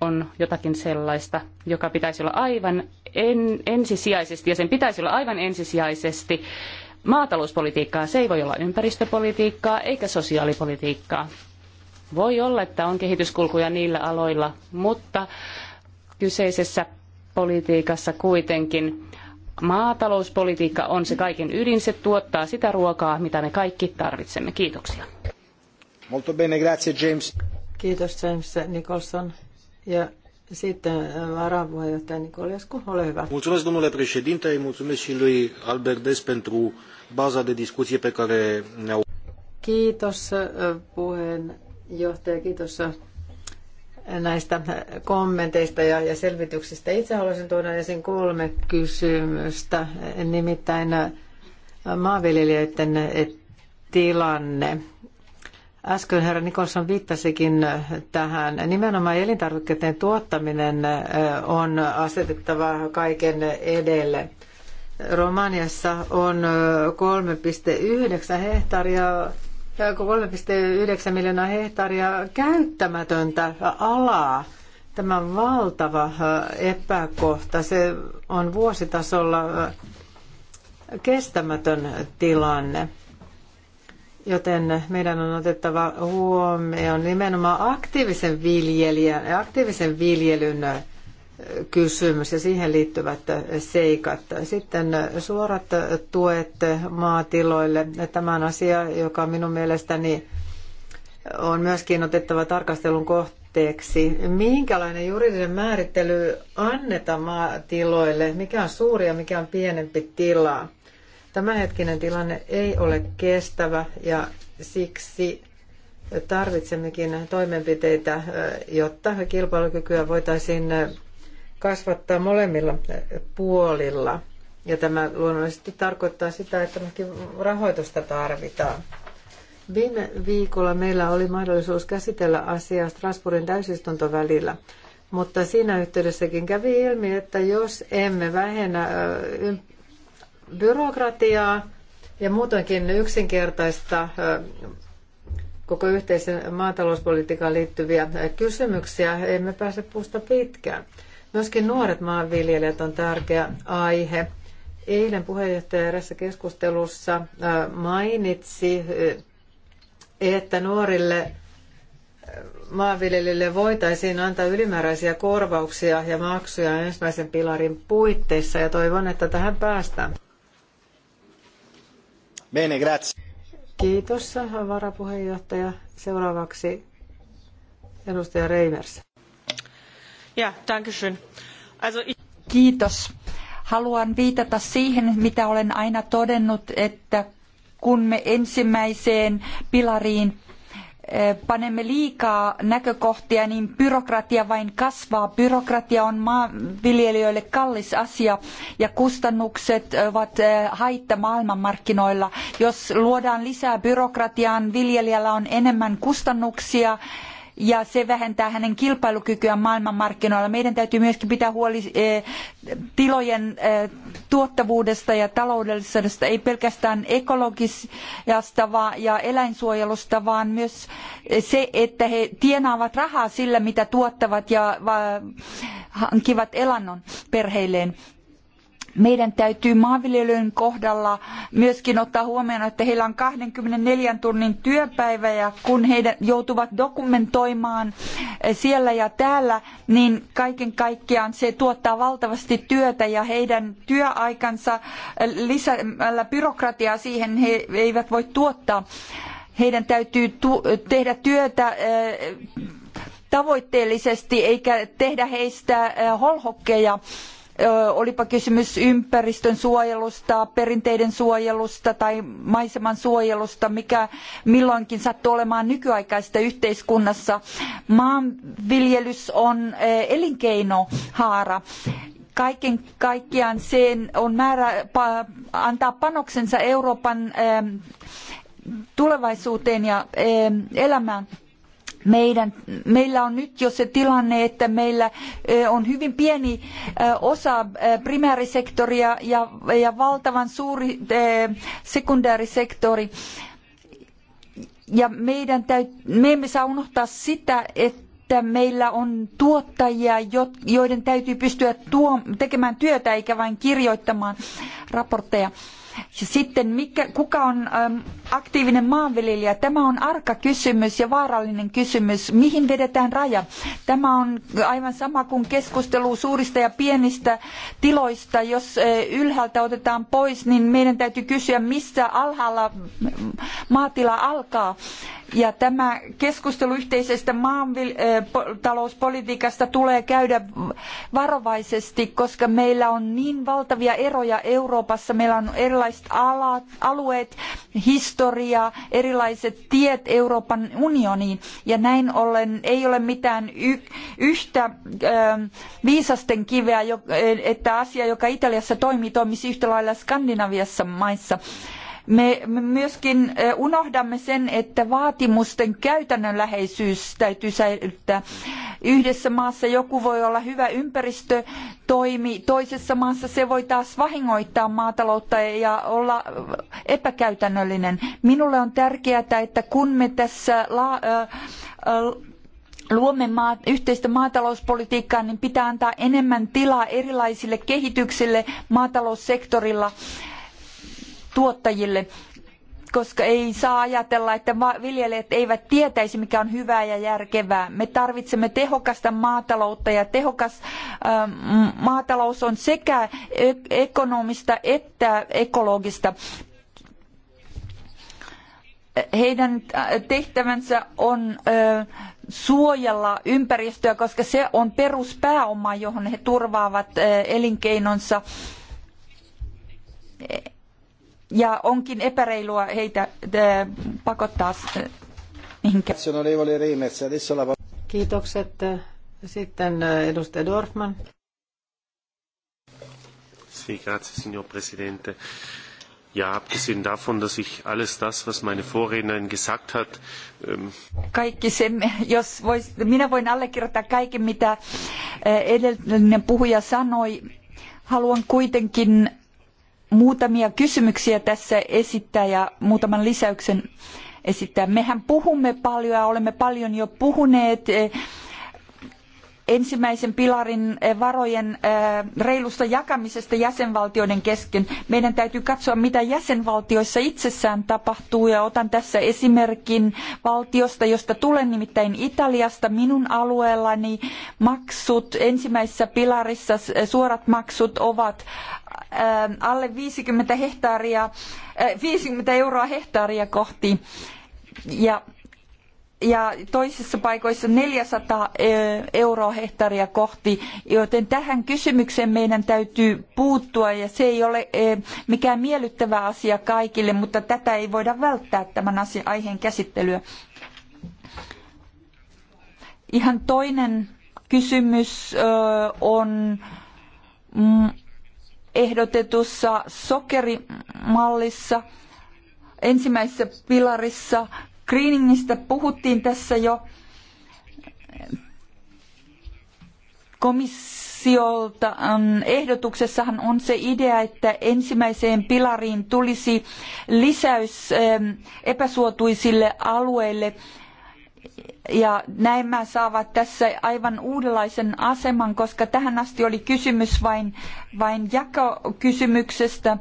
on jotakin sellaista, joka pitäisi olla aivan en, ensisijaisesti, ja sen pitäisi olla aivan ensisijaisesti maatalouspolitiikkaa, se ei voi olla ympäristöpolitiikkaa eikä sosiaalipolitiikkaa. Voi olla, että on kehityskulkuja niillä aloilla, mutta kyseisessä politiikassa kuitenkin maatalouspolitiikka on se kaiken ydin, se tuottaa sitä ruokaa, mitä me kaikki tarvitsemme. Kiitoksia. Molto bene, grazie James. Kiitos James Nicholson. Ja sitten äh, varapuheenjohtaja Nicolescu, ole hyvä. Mulțumesc, domnule președinte, îi mulțumesc și lui Alberdes pentru baza de discuție pe care ne-au... Kiitos äh, puheenjohtaja, kiitos äh, näistä kommenteista ja, ja selvityksistä. Itse haluaisin tuoda esiin kolme kysymystä, nimittäin maanviljelijöiden tilanne. Äsken herra Nikolson viittasikin tähän. Nimenomaan elintarvikkeiden tuottaminen on asetettava kaiken edelle. Romaniassa on 3,9 hehtaaria 3,9 miljoonaa hehtaaria käyttämätöntä alaa. Tämä on valtava epäkohta. Se on vuositasolla kestämätön tilanne. Joten meidän on otettava huomioon nimenomaan aktiivisen viljelijän ja aktiivisen viljelyn kysymys ja siihen liittyvät seikat. Sitten suorat tuet maatiloille. Tämä on asia, joka minun mielestäni on myöskin otettava tarkastelun kohteeksi. Minkälainen juridinen määrittely annetaan maatiloille? Mikä on suuri ja mikä on pienempi tila? Tämänhetkinen tilanne ei ole kestävä ja siksi tarvitsemmekin toimenpiteitä, jotta kilpailukykyä voitaisiin kasvattaa molemmilla puolilla. Ja tämä luonnollisesti tarkoittaa sitä, että rahoitusta tarvitaan. Viime viikolla meillä oli mahdollisuus käsitellä asiaa Strasbourgin täysistuntovälillä, mutta siinä yhteydessäkin kävi ilmi, että jos emme vähennä byrokratiaa ja muutoinkin yksinkertaista koko yhteisen maatalouspolitiikkaan liittyviä kysymyksiä. Emme pääse puusta pitkään. Myöskin nuoret maanviljelijät on tärkeä aihe. Eilen puheenjohtaja erässä keskustelussa mainitsi, että nuorille maanviljelijöille voitaisiin antaa ylimääräisiä korvauksia ja maksuja ensimmäisen pilarin puitteissa ja toivon, että tähän päästään. Bene, grazie. Kiitos, varapuheenjohtaja. Seuraavaksi edustaja Reimers. Ja, dankeschön. Also ich... Kiitos. Haluan viitata siihen, mitä olen aina todennut, että kun me ensimmäiseen pilariin Eh, panemme liikaa näkökohtia, niin byrokratia vain kasvaa. Byrokratia on maanviljelijöille kallis asia ja kustannukset ovat eh, haitta maailmanmarkkinoilla. Jos luodaan lisää byrokratiaa, viljelijällä on enemmän kustannuksia ja se vähentää hänen kilpailukykyään maailmanmarkkinoilla. Meidän täytyy myöskin pitää huoli eh, tilojen eh, tuottavuudesta ja taloudellisuudesta, ei pelkästään ekologisesta ja eläinsuojelusta, vaan myös se, että he tienaavat rahaa sillä, mitä tuottavat ja hankivat elannon perheilleen meidän täytyy maanviljelijöiden kohdalla myöskin ottaa huomioon, että heillä on 24 tunnin työpäivä ja kun he joutuvat dokumentoimaan siellä ja täällä, niin kaiken kaikkiaan se tuottaa valtavasti työtä ja heidän työaikansa lisäämällä byrokratiaa siihen he eivät voi tuottaa. Heidän täytyy tehdä työtä tavoitteellisesti eikä tehdä heistä holhokkeja olipa kysymys ympäristön suojelusta, perinteiden suojelusta tai maiseman suojelusta, mikä milloinkin sattuu olemaan nykyaikaista yhteiskunnassa. Maanviljelys on elinkeinohaara kaiken kaikkiaan sen on määrä antaa panoksensa Euroopan tulevaisuuteen ja elämään meidän, meillä on nyt jo se tilanne, että meillä on hyvin pieni osa primäärisektoria ja, ja valtavan suuri sekundäärisektori. Ja meidän täyt, me emme saa unohtaa sitä, että meillä on tuottajia, joiden täytyy pystyä tuo, tekemään työtä eikä vain kirjoittamaan raportteja. Sitten mikä, kuka on äm, aktiivinen maanviljelijä? Tämä on arka kysymys ja vaarallinen kysymys. Mihin vedetään raja? Tämä on aivan sama kuin keskustelu suurista ja pienistä tiloista. Jos ä, äh, ylhäältä otetaan pois, niin meidän täytyy kysyä, missä alhaalla maatila alkaa. Ja tämä keskustelu yhteisestä maatalouspolitiikasta tulee käydä varovaisesti, koska meillä on niin valtavia eroja Euroopassa. Meillä on erilaiset alat, alueet, historia, erilaiset tiet Euroopan unioniin. Ja näin ollen ei ole mitään yhtä viisasten kiveä, että asia, joka Italiassa toimii, toimisi yhtä lailla Skandinaviassa maissa. Me myöskin eh, unohdamme sen, että vaatimusten käytännönläheisyys täytyy säilyttää. Yhdessä maassa joku voi olla hyvä ympäristötoimi, toisessa maassa se voi taas vahingoittaa maataloutta ja olla eh, epäkäytännöllinen. Minulle on tärkeää, että kun me tässä la, eh, luomme maa, yhteistä maatalouspolitiikkaa, niin pitää antaa enemmän tilaa erilaisille kehityksille maataloussektorilla. Äh, tuottajille, koska ei saa ajatella, että viljelijät eivät tietäisi, mikä on hyvää ja järkevää. Me tarvitsemme tehokasta maataloutta ja tehokas ähm, maatalous on sekä ekonomista että ekologista heidän äh, tehtävänsä on äh, suojella ympäristöä, koska se on peruspääoma, johon he turvaavat äh, elinkeinonsa ja onkin epäreilua heitä de, pakottaa äh, mihinkään. Kiitokset. Sitten äh, edustaja Dorfman. Sì, grazie signor Presidente. Ja, abgesehen davon, dass ich alles das, was meine Vorrednerin gesagt hat, ähm kaikki se, jos vois, minä voin allekirjoittaa kaiken, mitä äh, edellinen puhuja sanoi, haluan kuitenkin muutamia kysymyksiä tässä esittää ja muutaman lisäyksen esittää. Mehän puhumme paljon ja olemme paljon jo puhuneet eh, ensimmäisen pilarin eh, varojen eh, reilusta jakamisesta jäsenvaltioiden kesken. Meidän täytyy katsoa, mitä jäsenvaltioissa itsessään tapahtuu ja otan tässä esimerkin valtiosta, josta tulen nimittäin Italiasta minun alueellani. Maksut ensimmäisessä pilarissa, suorat maksut ovat Ähm, alle 50, hehtaaria, 50 äh, euroa hehtaaria kohti ja, ja toisissa paikoissa 400 euroa hehtaaria kohti, joten tähän kysymykseen meidän täytyy puuttua ja se ei ole mikään miellyttävä asia kaikille, mutta tätä ei voida välttää tämän asian, aiheen käsittelyä. Ihan toinen kysymys on mm, ehdotetussa sokerimallissa ensimmäisessä pilarissa. Greeningistä puhuttiin tässä jo. Komissiolta ähm, ehdotuksessahan on se idea, että ensimmäiseen pilariin tulisi lisäys ähm, epäsuotuisille alueille ja nämä saavat tässä aivan uudenlaisen aseman, koska tähän asti oli kysymys vain, vain jakokysymyksestä,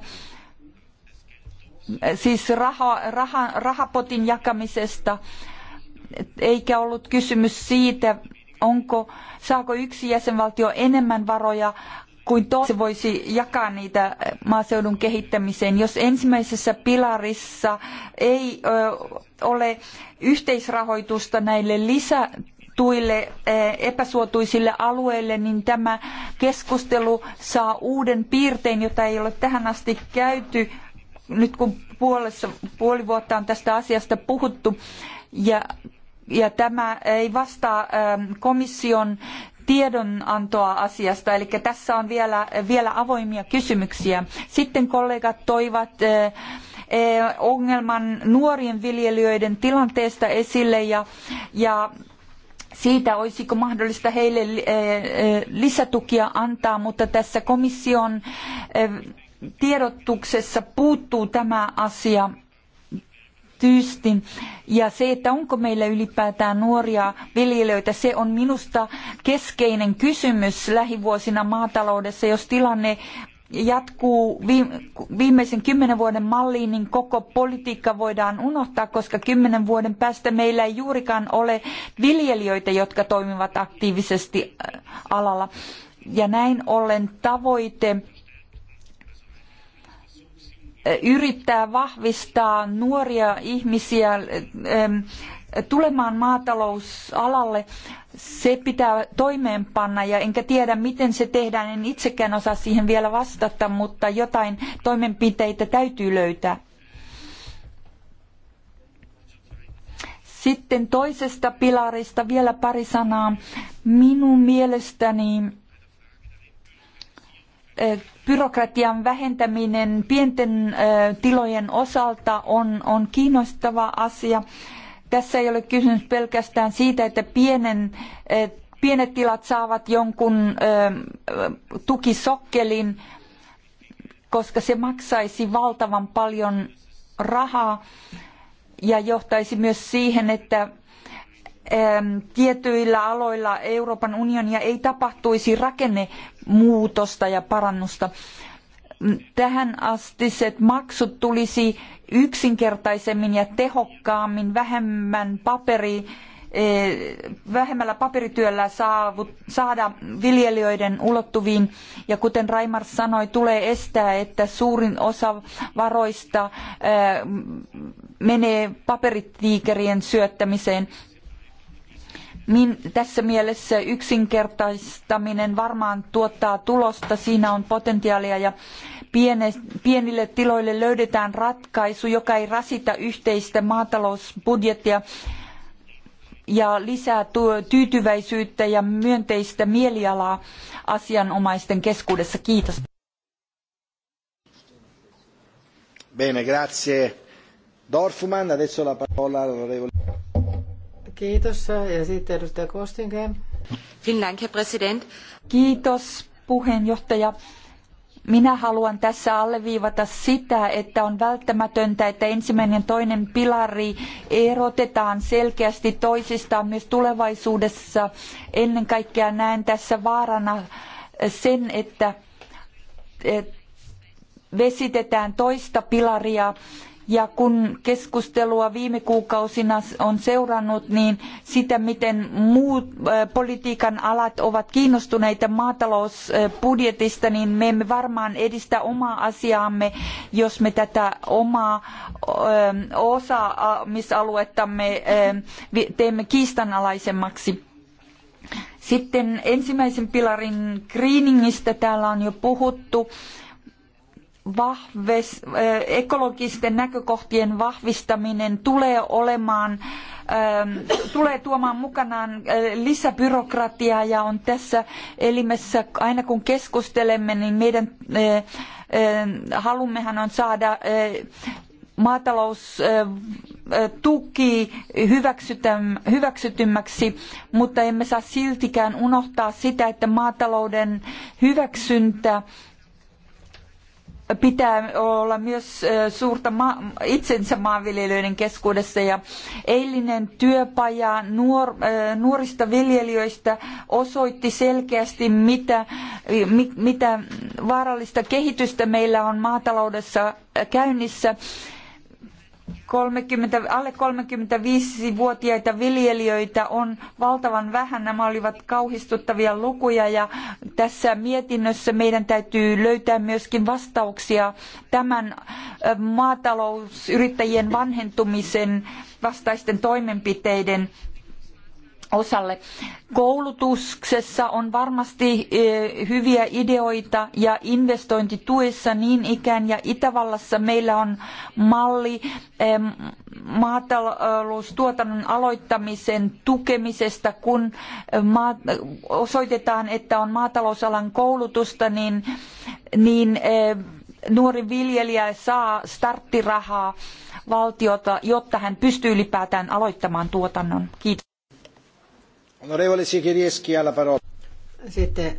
siis raha, raha, rahapotin jakamisesta, eikä ollut kysymys siitä, onko, saako yksi jäsenvaltio enemmän varoja kuin toisi voisi jakaa niitä maaseudun kehittämiseen. Jos ensimmäisessä pilarissa ei ole yhteisrahoitusta näille lisätuille epäsuotuisille alueille, niin tämä keskustelu saa uuden piirteen, jota ei ole tähän asti käyty, nyt kun puolessa, puoli vuotta on tästä asiasta puhuttu. Ja ja tämä ei vastaa komission tiedonantoa asiasta, eli tässä on vielä, vielä avoimia kysymyksiä. Sitten kollegat toivat eh, eh, ongelman nuorien viljelijöiden tilanteesta esille ja, ja siitä olisiko mahdollista heille eh, lisätukia antaa, mutta tässä komission tiedotuksessa puuttuu tämä asia tyysti. Ja se, että onko meillä ylipäätään nuoria viljelijöitä, se on minusta keskeinen kysymys lähivuosina maataloudessa, jos tilanne jatkuu viimeisen kymmenen vuoden malliin, niin koko politiikka voidaan unohtaa, koska kymmenen vuoden päästä meillä ei juurikaan ole viljelijöitä, jotka toimivat aktiivisesti alalla. Ja näin ollen tavoite yrittää vahvistaa nuoria ihmisiä tulemaan maatalousalalle, se pitää toimeenpanna ja enkä tiedä miten se tehdään, en itsekään osaa siihen vielä vastata, mutta jotain toimenpiteitä täytyy löytää. Sitten toisesta pilarista vielä pari sanaa. Minun mielestäni byrokratian vähentäminen pienten tilojen osalta on, on kiinnostava asia. Tässä ei ole kysymys pelkästään siitä, että pienen, pienet tilat saavat jonkun tukisokkelin, koska se maksaisi valtavan paljon rahaa ja johtaisi myös siihen, että tietyillä aloilla Euroopan unionia ei tapahtuisi rakennemuutosta ja parannusta. Tähän astiset maksut tulisi yksinkertaisemmin ja tehokkaammin vähemmän paperi, e, vähemmällä paperityöllä saavut, saada viljelijöiden ulottuviin. Ja kuten Raimar sanoi, tulee estää, että suurin osa varoista e, menee paperitiikerien syöttämiseen Min, tässä mielessä yksinkertaistaminen varmaan tuottaa tulosta, siinä on potentiaalia ja piene, pienille tiloille löydetään ratkaisu, joka ei rasita yhteistä maatalousbudjettia ja lisää tyytyväisyyttä ja myönteistä mielialaa asianomaisten keskuudessa. Kiitos. Bene, grazie. Dorfman, adesso la parola all'onorevole. Kiitos. Ja sitten edustaja Kostingen. Finland, president. Kiitos puheenjohtaja. Minä haluan tässä alleviivata sitä, että on välttämätöntä, että ensimmäinen ja toinen pilari erotetaan selkeästi toisistaan myös tulevaisuudessa. Ennen kaikkea näen tässä vaarana sen, että vesitetään toista pilaria ja kun keskustelua viime kuukausina on seurannut, niin sitä, miten muut äh, politiikan alat ovat kiinnostuneita maatalousbudjetista, niin me emme varmaan edistä omaa asiaamme, jos me tätä omaa äh, osaamisaluettamme äh, teemme kiistanalaisemmaksi. Sitten ensimmäisen pilarin greeningistä täällä on jo puhuttu vahves, äh, ekologisten näkökohtien vahvistaminen tulee olemaan, ähm, tulee tuomaan mukanaan äh, lisäbyrokratiaa ja on tässä elimessä, aina kun keskustelemme, niin meidän äh, halummehan on saada maataloustuki hyväksytymmäksi, mutta emme saa siltikään unohtaa sitä, että maatalouden hyväksyntä pitää olla myös suurta ma- itsensä maanviljelijöiden keskuudessa. Ja eilinen työpaja nuor- nuorista viljelijöistä osoitti selkeästi, mitä, mitä vaarallista kehitystä meillä on maataloudessa käynnissä 30, alle 35-vuotiaita viljelijöitä on valtavan vähän. Nämä olivat kauhistuttavia lukuja ja tässä mietinnössä meidän täytyy löytää myöskin vastauksia tämän maatalousyrittäjien vanhentumisen vastaisten toimenpiteiden osalle. Koulutuksessa on varmasti e, hyviä ideoita ja investointituessa niin ikään ja Itävallassa meillä on malli e, maataloustuotannon aloittamisen tukemisesta, kun osoitetaan, että on maatalousalan koulutusta, niin, niin e, nuori viljelijä saa starttirahaa valtiolta, jotta hän pystyy ylipäätään aloittamaan tuotannon. Kiitos. Onorevole Sikirieski, alla parola. Sitten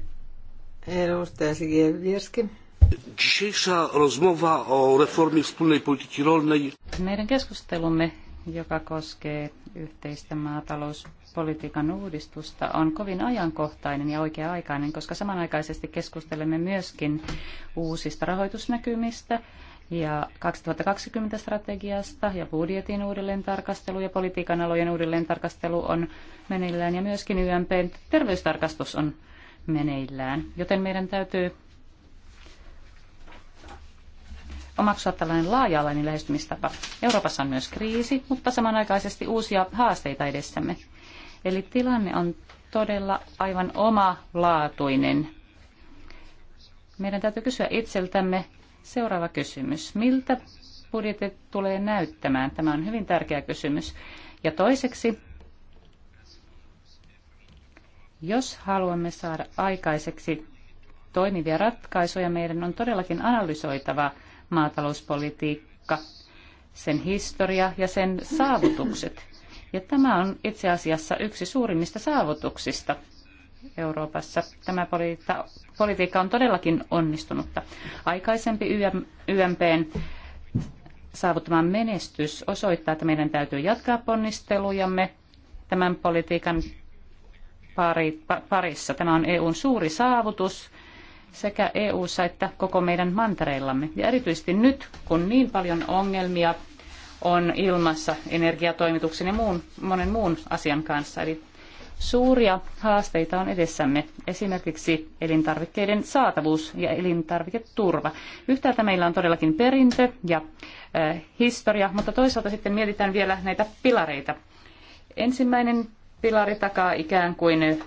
edustaja Sikirieski. Dzisiejsza rozmowa o reformie wspólnej polityki rolnej. Meidän keskustelumme, joka koskee yhteistä maatalouspolitiikan uudistusta, on kovin ajankohtainen ja oikea-aikainen, koska samanaikaisesti keskustelemme myöskin uusista rahoitusnäkymistä – ja 2020 strategiasta ja budjetin uudelleentarkastelu ja politiikan alojen uudelleentarkastelu on meneillään ja myöskin YMP terveystarkastus on meneillään. Joten meidän täytyy omaksua tällainen laaja-alainen lähestymistapa. Euroopassa on myös kriisi, mutta samanaikaisesti uusia haasteita edessämme. Eli tilanne on todella aivan omalaatuinen. Meidän täytyy kysyä itseltämme, Seuraava kysymys. Miltä budjetit tulee näyttämään? Tämä on hyvin tärkeä kysymys. Ja toiseksi, jos haluamme saada aikaiseksi toimivia ratkaisuja, meidän on todellakin analysoitava maatalouspolitiikka, sen historia ja sen saavutukset. Ja tämä on itse asiassa yksi suurimmista saavutuksista Euroopassa. Tämä politiikka on todellakin onnistunutta. Aikaisempi YMPn saavuttama menestys osoittaa, että meidän täytyy jatkaa ponnistelujamme tämän politiikan pari parissa. Tämä on EUn suuri saavutus sekä EUssa että koko meidän mantereillamme. Ja erityisesti nyt, kun niin paljon ongelmia on ilmassa energiatoimituksen ja muun, monen muun asian kanssa. Eli Suuria haasteita on edessämme, esimerkiksi elintarvikkeiden saatavuus ja elintarviketurva. Yhtäältä meillä on todellakin perintö ja äh, historia, mutta toisaalta sitten mietitään vielä näitä pilareita. Ensimmäinen pilari takaa ikään kuin äh,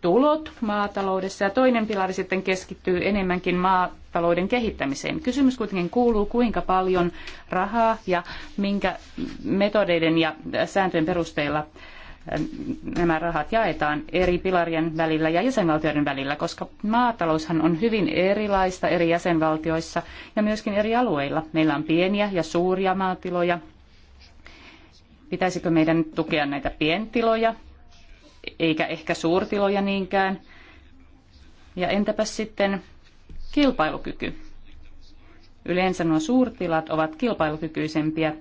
tulot maataloudessa ja toinen pilari sitten keskittyy enemmänkin maatalouden kehittämiseen. Kysymys kuitenkin kuuluu, kuinka paljon rahaa ja minkä metodeiden ja sääntöjen perusteella nämä rahat jaetaan eri pilarien välillä ja jäsenvaltioiden välillä, koska maataloushan on hyvin erilaista eri jäsenvaltioissa ja myöskin eri alueilla. Meillä on pieniä ja suuria maatiloja. Pitäisikö meidän tukea näitä pientiloja, eikä ehkä suurtiloja niinkään? Ja entäpä sitten kilpailukyky? Yleensä nuo suurtilat ovat kilpailukykyisempiä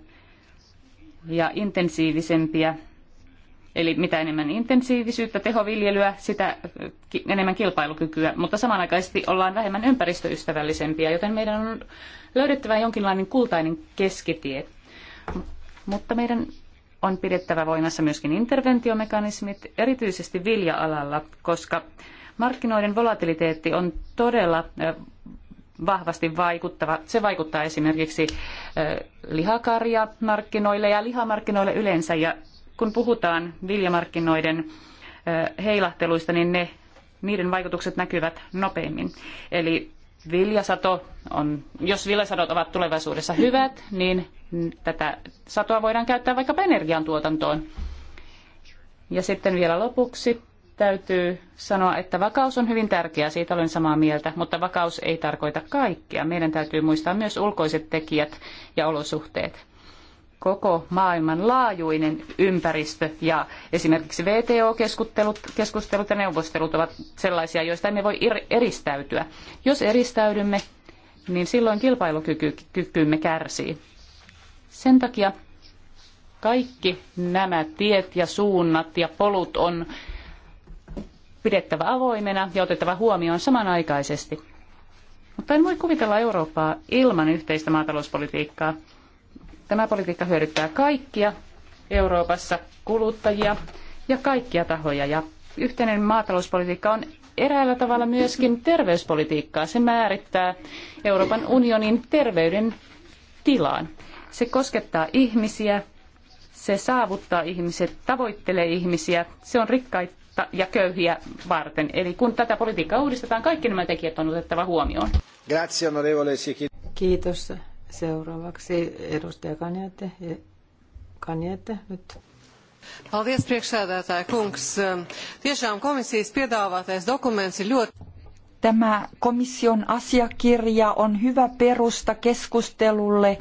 ja intensiivisempiä Eli mitä enemmän intensiivisyyttä, tehoviljelyä, sitä enemmän kilpailukykyä, mutta samanaikaisesti ollaan vähemmän ympäristöystävällisempiä, joten meidän on löydettävä jonkinlainen kultainen keskitie. Mutta meidän on pidettävä voimassa myöskin interventiomekanismit, erityisesti vilja-alalla, koska markkinoiden volatiliteetti on todella vahvasti vaikuttava. Se vaikuttaa esimerkiksi lihakarja markkinoille ja lihamarkkinoille yleensä ja kun puhutaan viljamarkkinoiden heilahteluista, niin ne, niiden vaikutukset näkyvät nopeimmin. Eli viljasato on, jos viljasadot ovat tulevaisuudessa hyvät, niin tätä satoa voidaan käyttää vaikkapa energiantuotantoon. Ja sitten vielä lopuksi täytyy sanoa, että vakaus on hyvin tärkeää, siitä olen samaa mieltä, mutta vakaus ei tarkoita kaikkea. Meidän täytyy muistaa myös ulkoiset tekijät ja olosuhteet koko maailman laajuinen ympäristö ja esimerkiksi VTO-keskustelut keskustelut ja neuvostelut ovat sellaisia, joista emme voi eristäytyä. Jos eristäydymme, niin silloin kilpailukykymme kärsii. Sen takia kaikki nämä tiet ja suunnat ja polut on pidettävä avoimena ja otettava huomioon samanaikaisesti. Mutta en voi kuvitella Eurooppaa ilman yhteistä maatalouspolitiikkaa Tämä politiikka hyödyttää kaikkia Euroopassa kuluttajia ja kaikkia tahoja. Ja yhteinen maatalouspolitiikka on eräällä tavalla myöskin terveyspolitiikkaa. Se määrittää Euroopan unionin terveyden tilaan. Se koskettaa ihmisiä, se saavuttaa ihmiset, tavoittelee ihmisiä, se on rikkaita ja köyhiä varten. Eli kun tätä politiikkaa uudistetaan, kaikki nämä tekijät on otettava huomioon. Kiitos Seuraavaksi edustaja Kanjate. Kanjate nyt. Paldies, priekšsēdētāja kungs. Tiešām komisijas piedāvātais dokuments ir ļoti... Tämä komission asiakirja on hyvä perusta keskustelulle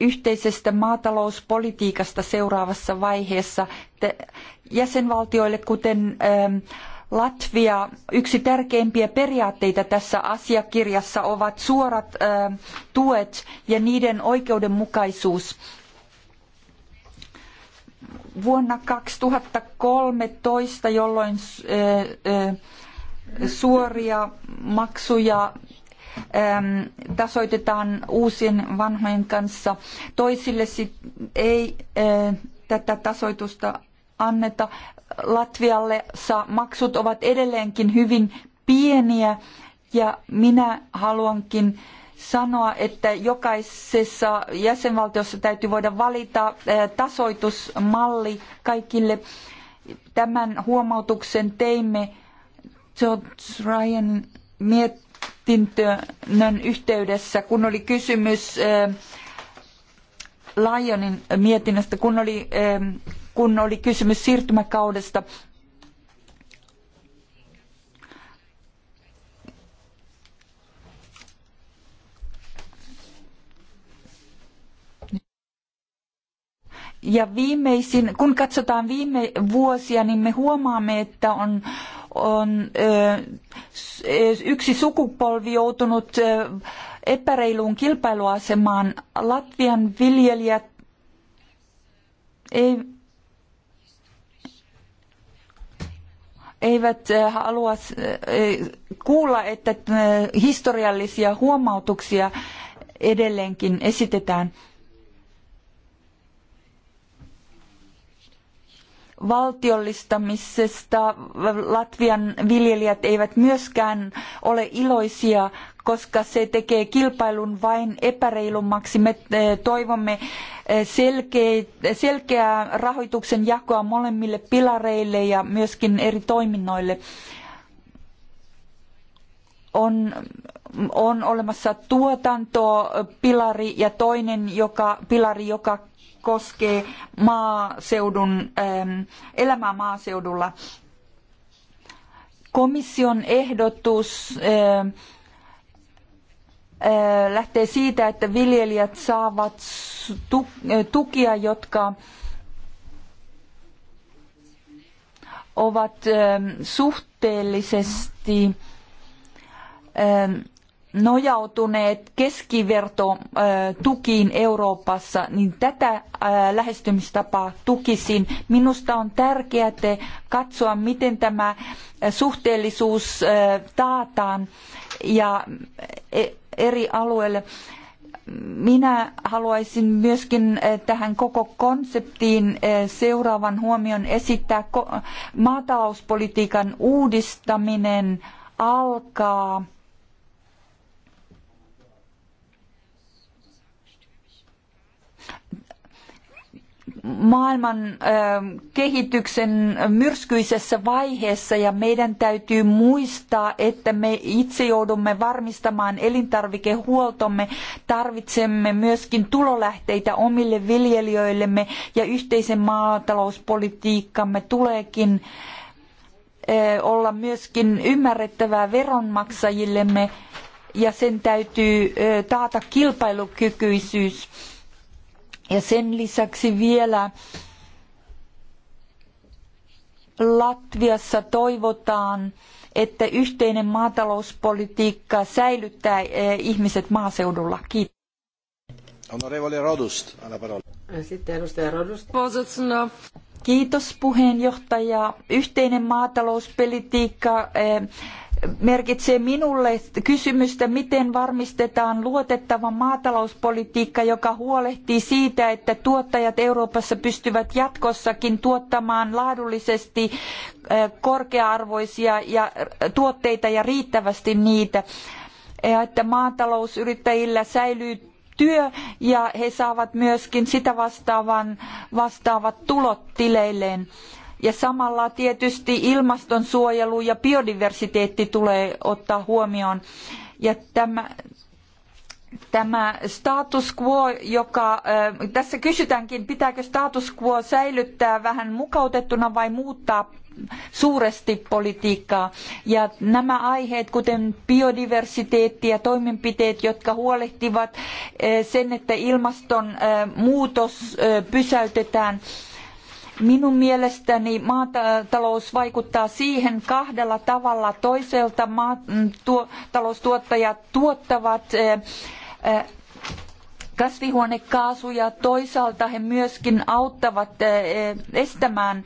yhteisestä maatalouspolitiikasta seuraavassa vaiheessa jäsenvaltioille, kuten ähm, Latvia. Yksi tärkeimpiä periaatteita tässä asiakirjassa ovat suorat tuet ja niiden oikeudenmukaisuus. Vuonna 2013, jolloin suoria maksuja tasoitetaan uusien vanhojen kanssa. Toisille sit ei tätä tasoitusta anneta. Latvialle maksut ovat edelleenkin hyvin pieniä ja minä haluankin sanoa, että jokaisessa jäsenvaltiossa täytyy voida valita tasoitusmalli kaikille. Tämän huomautuksen teimme George Ryan mietinnön yhteydessä, kun oli kysymys Lyonin mietinnöstä, kun oli kun oli kysymys siirtymäkaudesta. Ja viimeisin, kun katsotaan viime vuosia, niin me huomaamme, että on, on yksi sukupolvi joutunut epäreiluun kilpailuasemaan. Latvian viljelijät ei eivät eh, halua eh, kuulla, että eh, historiallisia huomautuksia edelleenkin esitetään. Valtiollistamisesta Latvian viljelijät eivät myöskään ole iloisia, koska se tekee kilpailun vain epäreilummaksi. Me eh, toivomme eh, selkeää rahoituksen jakoa molemmille pilareille ja myöskin eri toiminnoille. On, on olemassa tuotantopilari ja toinen joka, pilari, joka koskee maaseudun, elämää maaseudulla. Komission ehdotus Äh, lähtee siitä, että viljelijät saavat äh, tukia, jotka ovat ähm, suhteellisesti ähm, nojautuneet keskivertotukiin äh, Euroopassa, niin tätä lähestymistapaa tukisin. Minusta on tärkeää katsoa, miten tämä suhteellisuus taataan ja e- eri alueille. Minä haluaisin myöskin eh, tähän koko konseptiin eh, seuraavan huomion esittää. Maatalouspolitiikan uudistaminen alkaa maailman kehityksen myrskyisessä vaiheessa ja meidän täytyy muistaa, että me itse joudumme varmistamaan elintarvikehuoltomme. Tarvitsemme myöskin tulolähteitä omille viljelijöillemme ja yhteisen maatalouspolitiikkamme tuleekin olla myöskin ymmärrettävää veronmaksajillemme ja sen täytyy taata kilpailukykyisyys ja sen lisäksi vielä Latviassa toivotaan, että yhteinen maatalouspolitiikka säilyttää eh, ihmiset maaseudulla. Kiitos. Honorevole Rodust, alla parola. Sitten edustaja Rodust. Kiitos puheenjohtaja. Yhteinen maatalouspolitiikka eh, merkitsee minulle kysymystä, miten varmistetaan luotettava maatalouspolitiikka, joka huolehtii siitä, että tuottajat Euroopassa pystyvät jatkossakin tuottamaan laadullisesti äh, korkea-arvoisia ja äh, tuotteita ja riittävästi niitä. Ja että maatalousyrittäjillä säilyy työ ja he saavat myöskin sitä vastaavan, vastaavat tulot tileilleen. Ja samalla tietysti ilmastonsuojelu ja biodiversiteetti tulee ottaa huomioon. Ja tämä, tämä status quo, joka äh, tässä kysytäänkin, pitääkö status quo säilyttää vähän mukautettuna vai muuttaa suuresti politiikkaa. Ja nämä aiheet, kuten biodiversiteetti ja toimenpiteet, jotka huolehtivat äh, sen, että ilmastonmuutos äh, pysäytetään, Minun mielestäni maatalous vaikuttaa siihen kahdella tavalla. Toiselta maataloustuottajat mm, tuottavat eh, eh, kasvihuonekaasuja, toisaalta he myöskin auttavat eh, estämään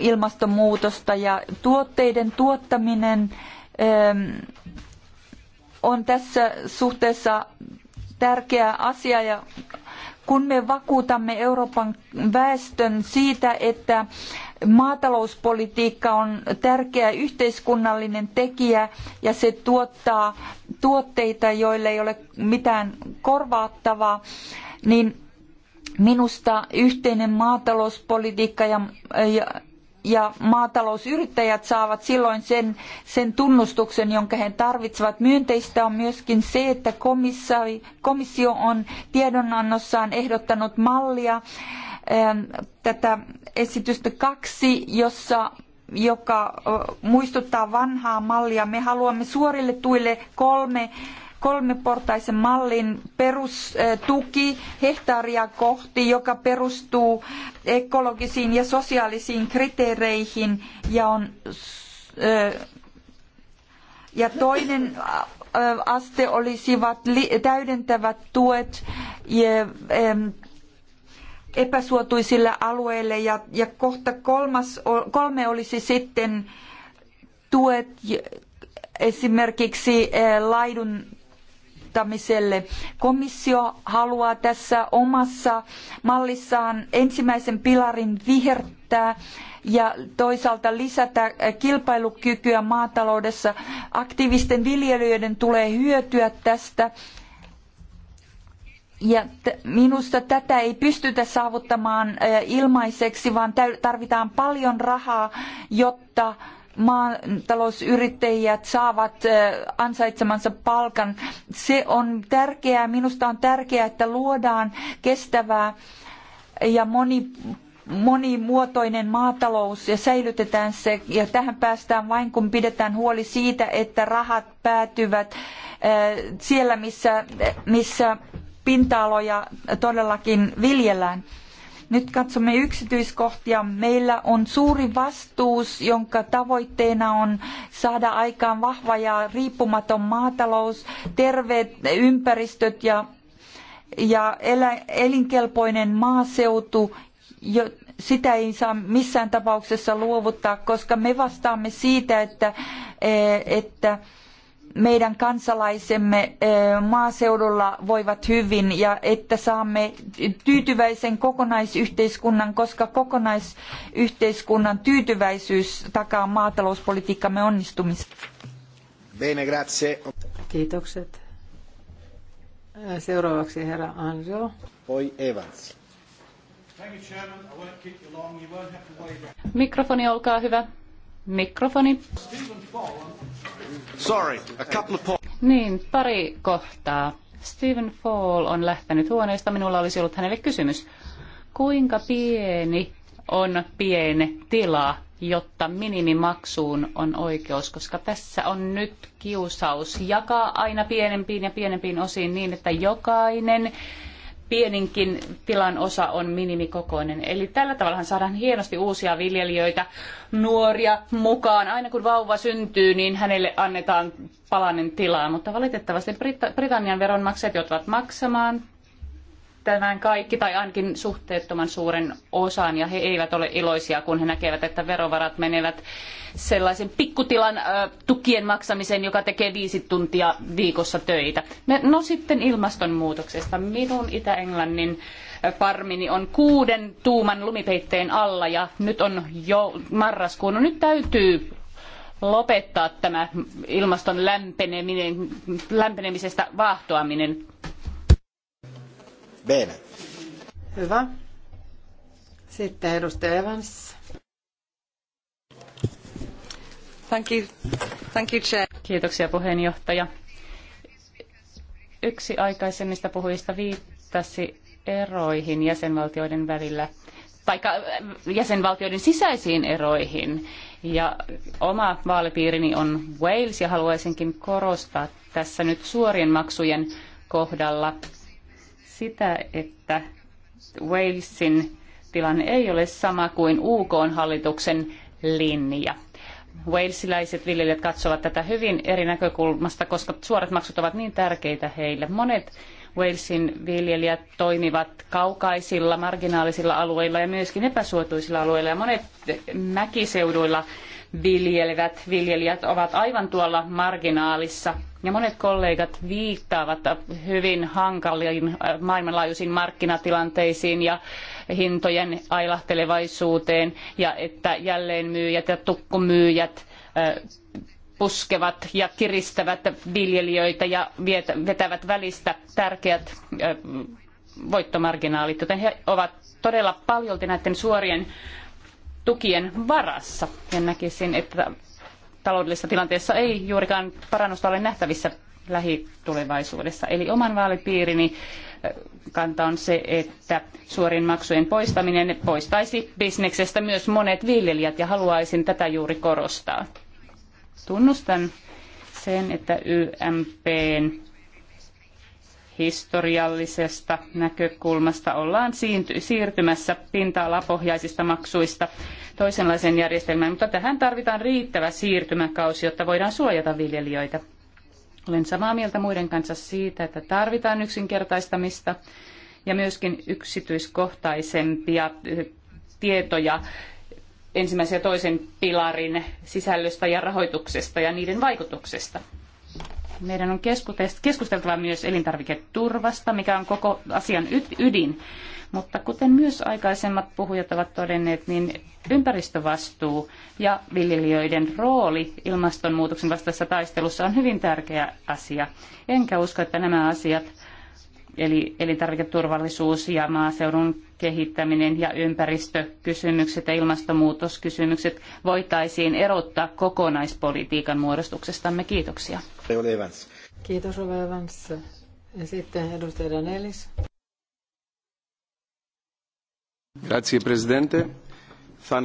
ilmastonmuutosta ja tuotteiden tuottaminen on tässä suhteessa tärkeä asia ja kun me vakuutamme Euroopan väestön siitä, että maatalouspolitiikka on tärkeä yhteiskunnallinen tekijä ja se tuottaa tuotteita, joille ei ole mitään korvaattavaa, niin minusta yhteinen maatalouspolitiikka ja, ja ja maatalousyrittäjät saavat silloin sen, sen tunnustuksen, jonka he tarvitsevat. Myönteistä on myöskin se, että komissio on tiedonannossaan ehdottanut mallia ähm, tätä esitystä kaksi, jossa joka äh, muistuttaa vanhaa mallia. Me haluamme suorille tuille kolme kolmiportaisen mallin perustuki hehtaaria kohti, joka perustuu ekologisiin ja sosiaalisiin kriteereihin ja on ja toinen aste olisivat täydentävät tuet epäsuotuisille alueille ja, ja kohta kolmas, kolme olisi sitten tuet esimerkiksi laidun toteuttamiselle. Komissio haluaa tässä omassa mallissaan ensimmäisen pilarin vihertää ja toisaalta lisätä kilpailukykyä maataloudessa. Aktiivisten viljelijöiden tulee hyötyä tästä. Ja minusta tätä ei pystytä saavuttamaan ilmaiseksi, vaan tarvitaan paljon rahaa, jotta maatalousyrittäjät saavat ansaitsemansa palkan. Se on tärkeää. Minusta on tärkeää, että luodaan kestävää ja moni monimuotoinen maatalous ja säilytetään se. Ja tähän päästään vain, kun pidetään huoli siitä, että rahat päätyvät siellä, missä, missä pinta-aloja todellakin viljellään. Nyt katsomme yksityiskohtia. Meillä on suuri vastuus, jonka tavoitteena on saada aikaan vahva ja riippumaton maatalous, terveet ympäristöt ja, ja elinkelpoinen maaseutu, jo, sitä ei saa missään tapauksessa luovuttaa, koska me vastaamme siitä, että, e, että meidän kansalaisemme maaseudulla voivat hyvin ja että saamme tyytyväisen kokonaisyhteiskunnan, koska kokonaisyhteiskunnan tyytyväisyys takaa maatalouspolitiikkamme onnistumista. Bene, grazie. Kiitokset. Seuraavaksi herra Anjo. Poi Evans. Mikrofoni, olkaa hyvä. Mikrofoni. Sorry, a couple of niin, pari kohtaa. Stephen Fall on lähtenyt huoneesta. Minulla olisi ollut hänelle kysymys. Kuinka pieni on pieni tila, jotta minimimaksuun on oikeus? Koska tässä on nyt kiusaus jakaa aina pienempiin ja pienempiin osiin niin, että jokainen pieninkin tilan osa on minimikokoinen. Eli tällä tavallahan saadaan hienosti uusia viljelijöitä, nuoria mukaan. Aina kun vauva syntyy, niin hänelle annetaan palanen tilaa, mutta valitettavasti Britannian veronmaksajat joutuvat maksamaan tämän kaikki tai ainakin suhteettoman suuren osan ja he eivät ole iloisia, kun he näkevät, että verovarat menevät sellaisen pikkutilan tukien maksamiseen, joka tekee viisi tuntia viikossa töitä. No sitten ilmastonmuutoksesta. Minun Itä-Englannin parmini on kuuden tuuman lumipeitteen alla ja nyt on jo marraskuun. No nyt täytyy lopettaa tämä ilmaston lämpeneminen, lämpenemisestä vaahtoaminen. Bene. Hyvä. Sitten edustaja Evans. Thank you. Thank you, Chair. Kiitoksia puheenjohtaja. Yksi aikaisemmista puhujista viittasi eroihin jäsenvaltioiden välillä tai äh, jäsenvaltioiden sisäisiin eroihin. Ja oma vaalipiirini on Wales ja haluaisinkin korostaa tässä nyt suorien maksujen kohdalla sitä, että Walesin tilanne ei ole sama kuin UK-hallituksen linja. Walesiläiset viljelijät katsovat tätä hyvin eri näkökulmasta, koska suorat maksut ovat niin tärkeitä heille. Monet Walesin viljelijät toimivat kaukaisilla, marginaalisilla alueilla ja myöskin epäsuotuisilla alueilla. Ja monet mäkiseuduilla viljelevät viljelijät ovat aivan tuolla marginaalissa ja monet kollegat viittaavat hyvin hankaliin äh, maailmanlaajuisiin markkinatilanteisiin ja hintojen ailahtelevaisuuteen ja että jälleenmyyjät ja tukkumyyjät äh, puskevat ja kiristävät viljelijöitä ja vetävät välistä tärkeät äh, voittomarginaalit, joten he ovat todella paljolti näiden suorien tukien varassa. Ja näkisin, että taloudellisessa tilanteessa ei juurikaan parannusta ole nähtävissä lähitulevaisuudessa. Eli oman vaalipiirini eh, kanta on se, että suorien maksujen poistaminen poistaisi bisneksestä myös monet viljelijät ja haluaisin tätä juuri korostaa. Tunnustan sen, että YMPn historiallisesta näkökulmasta ollaan siirtymässä pinta-alapohjaisista maksuista toisenlaiseen järjestelmään, mutta tähän tarvitaan riittävä siirtymäkausi, jotta voidaan suojata viljelijöitä. Olen samaa mieltä muiden kanssa siitä, että tarvitaan yksinkertaistamista ja myöskin yksityiskohtaisempia eh, tietoja ensimmäisen ja toisen pilarin sisällöstä ja rahoituksesta ja niiden vaikutuksesta. Meidän on keskusteltava myös elintarviketurvasta, mikä on koko asian ydin. Mutta kuten myös aikaisemmat puhujat ovat todenneet, niin ympäristövastuu ja viljelijöiden rooli ilmastonmuutoksen vastaisessa taistelussa on hyvin tärkeä asia. Enkä usko, että nämä asiat, eli elintarviketurvallisuus ja maaseudun kehittäminen ja ympäristökysymykset ja ilmastonmuutoskysymykset voitaisiin erottaa kokonaispolitiikan muodostuksestamme. Kiitoksia. Ole Evans. Kiitos Ole Evans. Ja sitten edustaja Danelis. Grazie Presidente. Θα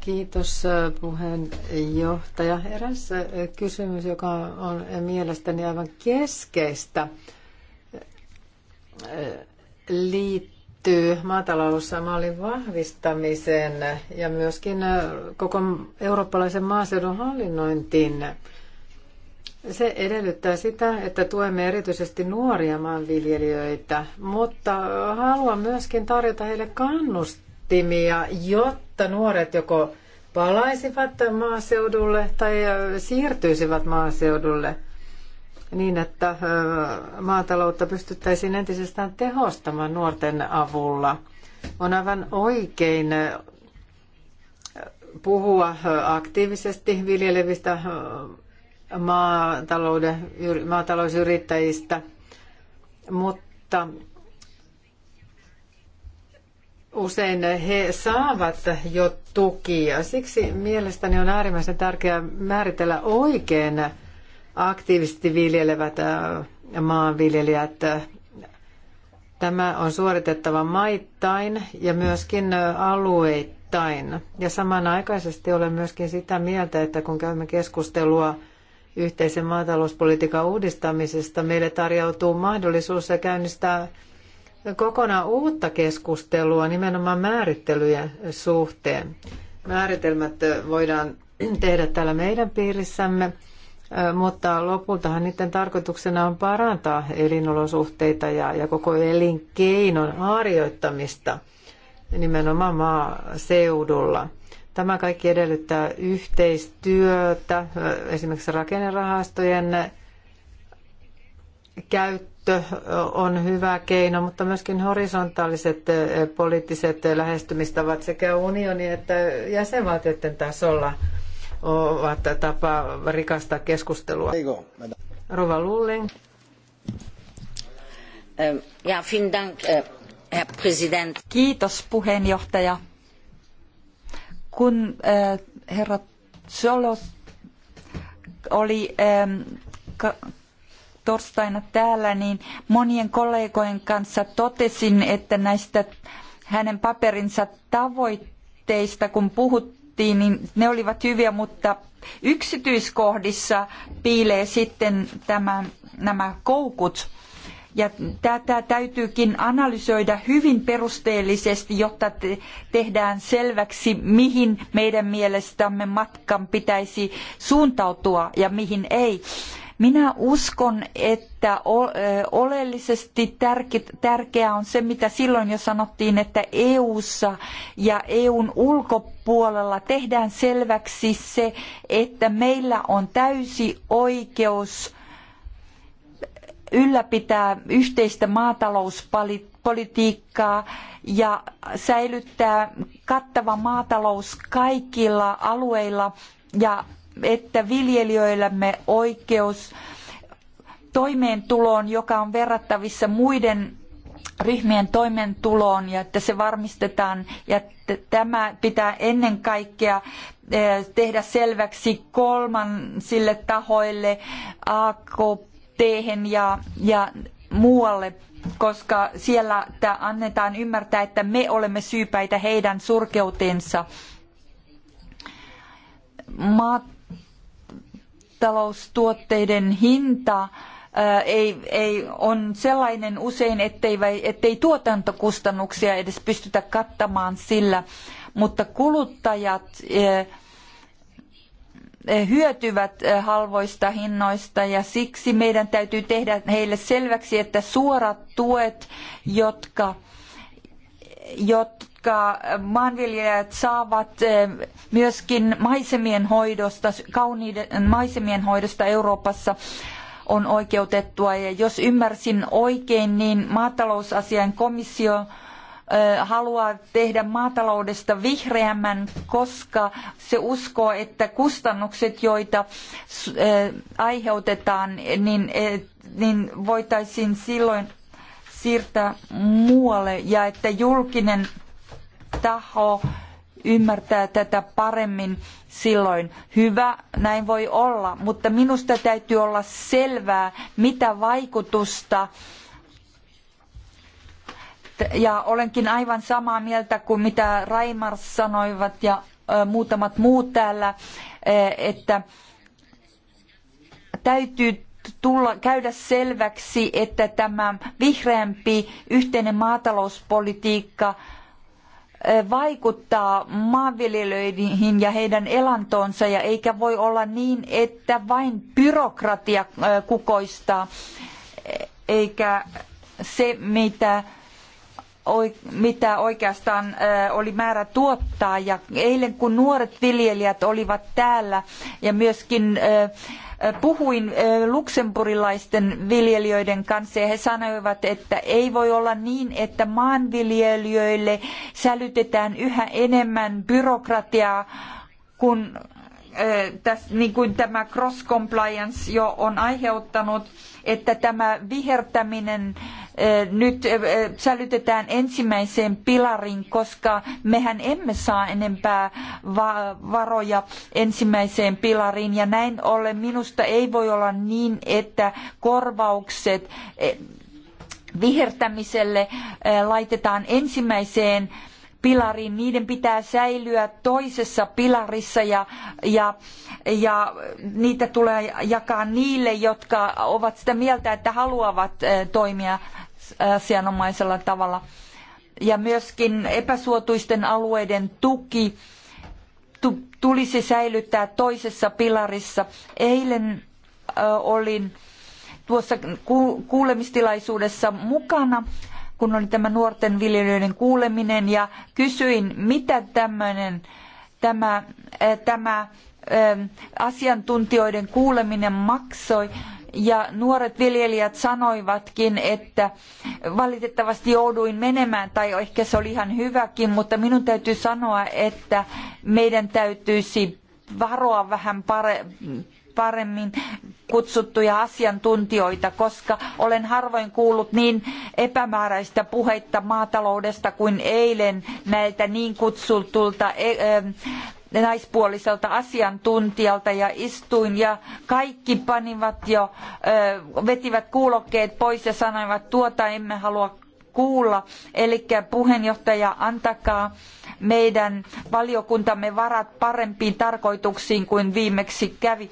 Kiitos puheenjohtaja. Eräs kysymys, joka on mielestäni aivan keskeistä liittyy liittyy maatalousmallin vahvistamiseen ja myöskin äh, koko eurooppalaisen maaseudun hallinnointiin. Se edellyttää sitä, että tuemme erityisesti nuoria maanviljelijöitä, mutta haluan myöskin tarjota heille kannustimia, jotta nuoret joko palaisivat maaseudulle tai äh, siirtyisivät maaseudulle – niin, että maataloutta pystyttäisiin entisestään tehostamaan nuorten avulla. On aivan oikein puhua aktiivisesti viljelevistä maatalouden, maatalousyrittäjistä, mutta usein he saavat jo tukia. Siksi mielestäni on äärimmäisen tärkeää määritellä oikein aktiivisesti viljelevät äh, maanviljelijät. Tämä on suoritettava maittain ja myöskin äh, alueittain. Ja samanaikaisesti olen myöskin sitä mieltä, että kun käymme keskustelua yhteisen maatalouspolitiikan uudistamisesta, meille tarjoutuu mahdollisuus käynnistää kokonaan uutta keskustelua nimenomaan määrittelyjen suhteen. Määritelmät voidaan tehdä täällä meidän piirissämme mutta lopultahan niiden tarkoituksena on parantaa elinolosuhteita ja, ja koko elinkeinon harjoittamista nimenomaan maaseudulla. Tämä kaikki edellyttää yhteistyötä, esimerkiksi rakennerahastojen käyttö on hyvä keino, mutta myöskin horisontaaliset poliittiset lähestymistavat sekä unionin että jäsenvaltioiden tasolla – ovat tapa rikastaa keskustelua. Rova ähm, Ja, vielen Dank, äh, Herr Kiitos puheenjohtaja. Kun äh, herra Zolos oli ähm, torstaina täällä, niin monien kollegojen kanssa totesin, että näistä hänen paperinsa tavoitteista, kun puhut, puhuttiin, niin ne olivat hyviä, mutta yksityiskohdissa piilee sitten nämä koukut. Ja tätä täytyykin analysoida hyvin perusteellisesti, jotta te tehdään selväksi, mihin meidän mielestämme matkan pitäisi suuntautua ja mihin ei. Minä uskon, että oleellisesti tärkeää on se, mitä silloin jo sanottiin, että EU:ssa ja EUn ulkopuolella tehdään selväksi se, että meillä on täysi oikeus ylläpitää yhteistä maatalouspolitiikkaa ja säilyttää kattava maatalous kaikilla alueilla ja että viljelijöillämme oikeus toimeentuloon, joka on verrattavissa muiden ryhmien toimeentuloon ja että se varmistetaan. Ja tämä pitää ennen kaikkea eh, tehdä selväksi kolmansille tahoille, AKT ja, ja muualle, koska siellä annetaan ymmärtää, että me olemme syypäitä heidän surkeuteensa. Maat maataloustuotteiden hinta äh, ei, ei, on sellainen usein, ettei, ettei tuotantokustannuksia edes pystytä kattamaan sillä, mutta kuluttajat äh, äh, hyötyvät halvoista hinnoista ja siksi meidän täytyy tehdä heille selväksi, että suorat tuet, jotka, jot, koska maanviljelijät saavat eh, myöskin maisemien hoidosta, kauniiden maisemien hoidosta Euroopassa on oikeutettua. Ja jos ymmärsin oikein, niin maatalousasian komissio eh, haluaa tehdä maataloudesta vihreämmän, koska se uskoo, että kustannukset, joita eh, aiheutetaan, niin, niin voitaisiin silloin siirtää muualle ja että julkinen taho ymmärtää tätä paremmin silloin. Hyvä, näin voi olla, mutta minusta täytyy olla selvää, mitä vaikutusta ja olenkin aivan samaa mieltä kuin mitä Raimar sanoivat ja muutamat muut täällä, että täytyy tulla, käydä selväksi, että tämä vihreämpi yhteinen maatalouspolitiikka – vaikuttaa maanviljelijöihin ja heidän elantoonsa ja eikä voi olla niin, että vain byrokratia kukoistaa eikä se, mitä mitä oikeastaan oli määrä tuottaa. Ja eilen kun nuoret viljelijät olivat täällä ja myöskin puhuin eh, luksemburilaisten viljelijöiden kanssa ja he sanoivat, että ei voi olla niin, että maanviljelijöille sälytetään yhä enemmän byrokratiaa, kun Äh, täs, niin kuin tämä cross compliance jo on aiheuttanut, että tämä vihertäminen äh, nyt äh, sälytetään ensimmäiseen pilariin, koska mehän emme saa enempää varoja ensimmäiseen pilariin. Ja näin ollen minusta ei voi olla niin, että korvaukset vihertämiselle laitetaan ensimmäiseen pilariin pilariin, niiden pitää säilyä toisessa pilarissa ja, ja, ja niitä tulee jakaa niille, jotka ovat sitä mieltä, että haluavat eh, toimia asianomaisella tavalla. Ja myöskin epäsuotuisten alueiden tuki tulisi säilyttää toisessa pilarissa. Eilen eh, olin tuossa kuulemistilaisuudessa mukana kun oli tämä nuorten viljelijöiden kuuleminen ja kysyin, mitä tämmöinen tämä, eh, tämä eh, asiantuntijoiden kuuleminen maksoi. Ja nuoret viljelijät sanoivatkin, että valitettavasti jouduin menemään, tai ehkä se oli ihan hyväkin, mutta minun täytyy sanoa, että meidän täytyisi varoa vähän pare- paremmin kutsuttuja asiantuntijoita, koska olen harvoin kuullut niin epämääräistä puheitta maataloudesta kuin eilen näiltä niin kutsutulta e, e, naispuoliselta asiantuntijalta ja istuin ja kaikki panivat jo, e, vetivät kuulokkeet pois ja sanoivat tuota emme halua kuulla. Eli puheenjohtaja, antakaa meidän valiokuntamme varat parempiin tarkoituksiin kuin viimeksi kävi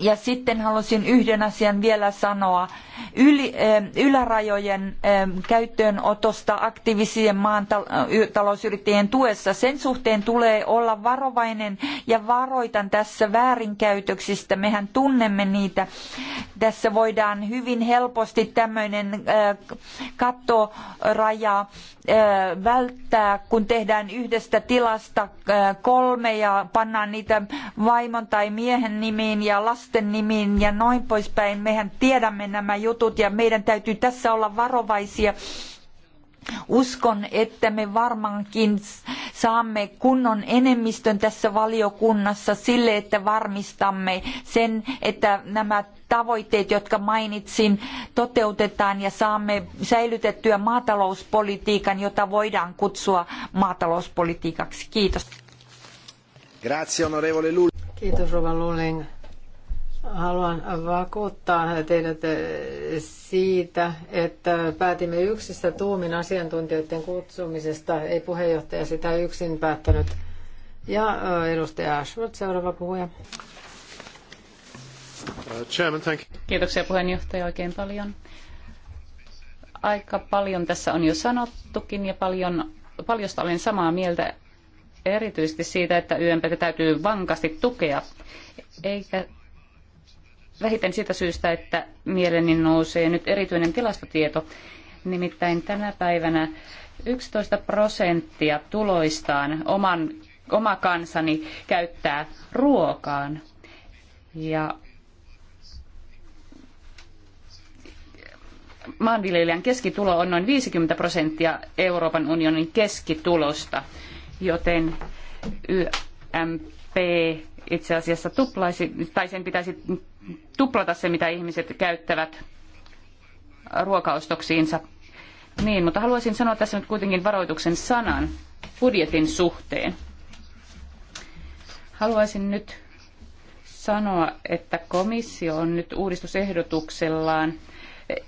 ja sitten halusin yhden asian vielä sanoa. Yli, eh, ylärajojen eh, käyttöönotosta aktiivisien maatalousyrittäjien tuessa. Sen suhteen tulee olla varovainen ja varoitan tässä väärinkäytöksistä. Mehän tunnemme niitä. Tässä voidaan hyvin helposti tämmöinen eh, kattoraja välttää, kun tehdään yhdestä tilasta kolme ja pannaan niitä vaimon tai miehen nimiin ja lasten nimiin ja noin poispäin. Mehän tiedämme nämä jutut ja meidän täytyy tässä olla varovaisia. Uskon, että me varmaankin saamme kunnon enemmistön tässä valiokunnassa sille, että varmistamme sen, että nämä tavoitteet, jotka mainitsin, toteutetaan ja saamme säilytettyä maatalouspolitiikan, jota voidaan kutsua maatalouspolitiikaksi. Kiitos. Grazie, onorevole Luling. Kiitos, Rova Haluan vakuuttaa teidät eh, siitä, että päätimme yksistä tuumin asiantuntijoiden kutsumisesta. Ei puheenjohtaja sitä yksin päättänyt. Ja eh, edustaja Ashworth, seuraava puhuja. Uh, chairman, thank you. Kiitoksia puheenjohtaja oikein paljon. Aika paljon tässä on jo sanottukin ja paljon, paljosta olen samaa mieltä erityisesti siitä, että YMPtä täytyy vankasti tukea, eikä vähiten siitä syystä, että mieleni nousee nyt erityinen tilastotieto. Nimittäin tänä päivänä 11 prosenttia tuloistaan oman, oma kansani käyttää ruokaan. Ja maanviljelijän keskitulo on noin 50 prosenttia Euroopan unionin keskitulosta, joten YMP itse asiassa tuplaisi, tai sen pitäisi tuplata se, mitä ihmiset käyttävät ruokaostoksiinsa. Niin, mutta haluaisin sanoa tässä nyt kuitenkin varoituksen sanan budjetin suhteen. Haluaisin nyt sanoa, että komissio on nyt uudistusehdotuksellaan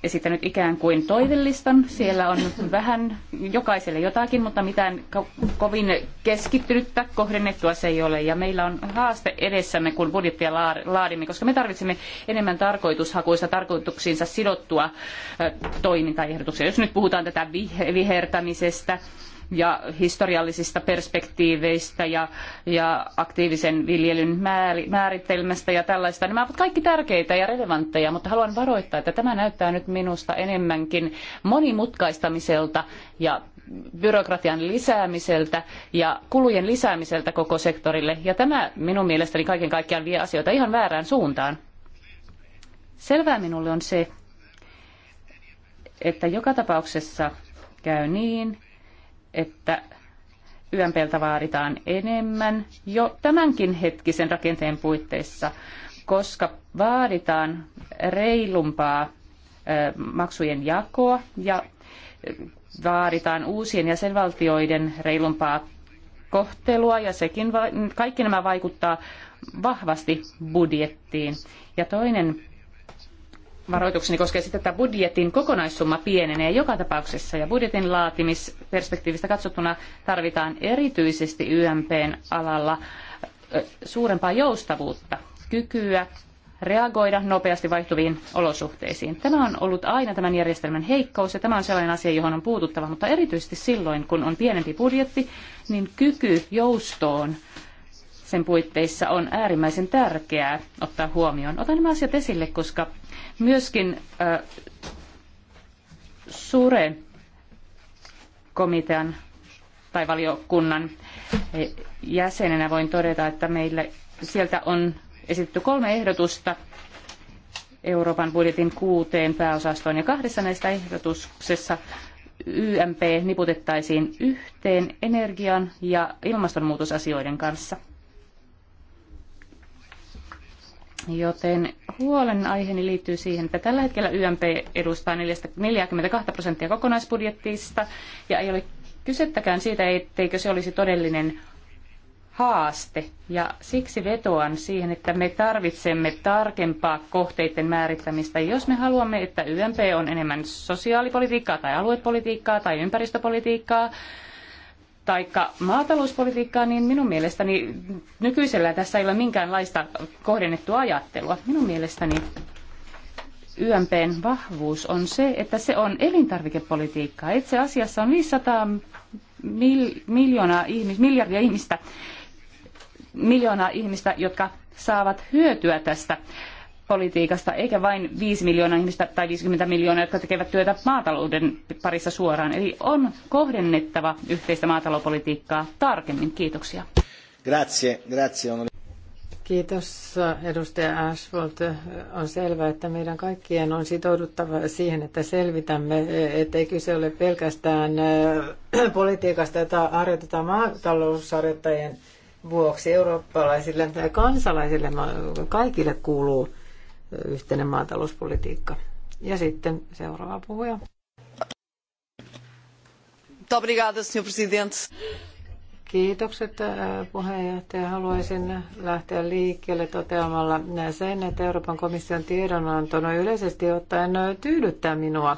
esittänyt ikään kuin toivellistan. Siellä on vähän jokaiselle jotakin, mutta mitään ko- kovin keskittynyttä kohdennettua se ei ole. Ja meillä on haaste edessämme, kun budjettia laadimme, koska me tarvitsemme enemmän tarkoitushakuista tarkoituksiinsa sidottua toimintaehdotuksia. Jos nyt puhutaan tätä vihertämisestä, ja historiallisista perspektiiveistä ja, ja aktiivisen viljelyn määritelmästä ja tällaista. Nämä ovat kaikki tärkeitä ja relevantteja, mutta haluan varoittaa, että tämä näyttää nyt minusta enemmänkin monimutkaistamiselta ja byrokratian lisäämiseltä ja kulujen lisäämiseltä koko sektorille. Ja tämä minun mielestäni kaiken kaikkiaan vie asioita ihan väärään suuntaan. Selvää minulle on se, että joka tapauksessa käy niin, että YMPltä vaaditaan enemmän jo tämänkin hetkisen rakenteen puitteissa, koska vaaditaan reilumpaa maksujen jakoa ja vaaditaan uusien jäsenvaltioiden reilumpaa kohtelua ja sekin, kaikki nämä vaikuttaa vahvasti budjettiin. Ja toinen varoitukseni koskee sitä, että budjetin kokonaissumma pienenee joka tapauksessa ja budjetin laatimisperspektiivistä katsottuna tarvitaan erityisesti YMPn alalla suurempaa joustavuutta, kykyä reagoida nopeasti vaihtuviin olosuhteisiin. Tämä on ollut aina tämän järjestelmän heikkous ja tämä on sellainen asia, johon on puututtava, mutta erityisesti silloin, kun on pienempi budjetti, niin kyky joustoon sen puitteissa on äärimmäisen tärkeää ottaa huomioon. Otan nämä asiat esille, koska myöskin äh, Sure komitean tai valiokunnan e, jäsenenä voin todeta, että meillä sieltä on esitetty kolme ehdotusta Euroopan budjetin kuuteen pääosastoon ja kahdessa näistä ehdotuksessa YMP niputettaisiin yhteen energian ja ilmastonmuutosasioiden kanssa. Joten huolenaiheeni liittyy siihen, että tällä hetkellä YMP edustaa 42 prosenttia kokonaisbudjettista ja ei ole kysettäkään siitä, etteikö se olisi todellinen haaste. Ja siksi vetoan siihen, että me tarvitsemme tarkempaa kohteiden määrittämistä, jos me haluamme, että YMP on enemmän sosiaalipolitiikkaa tai aluepolitiikkaa tai ympäristöpolitiikkaa taikka maatalouspolitiikkaa, niin minun mielestäni nykyisellä tässä ei ole minkäänlaista kohdennettua ajattelua. Minun mielestäni YMPn vahvuus on se, että se on elintarvikepolitiikkaa. Itse asiassa on 500 mil, miljoonaa ihmis, miljardia ihmistä, miljoonaa ihmistä, jotka saavat hyötyä tästä politiikasta, eikä vain 5 miljoonaa ihmistä tai 50 miljoonaa, jotka tekevät työtä maatalouden parissa suoraan. Eli on kohdennettava yhteistä maatalopolitiikkaa tarkemmin. Kiitoksia. Grazie, grazie. Kiitos edustaja Ashford. On selvää, että meidän kaikkien on sitouduttava siihen, että selvitämme, ettei kyse ole pelkästään äh, politiikasta, jota harjoitetaan maatalousharjoittajien vuoksi eurooppalaisille kansalaisille kaikille kuuluu yhteinen maatalouspolitiikka. Ja sitten seuraava puhuja. Obrigada, senhor presidente. Kiitokset äh, puheenjohtaja. Haluaisin lähteä liikkeelle toteamalla sen, että Euroopan komission tiedonanto on yleisesti ottaen tyydyttää minua,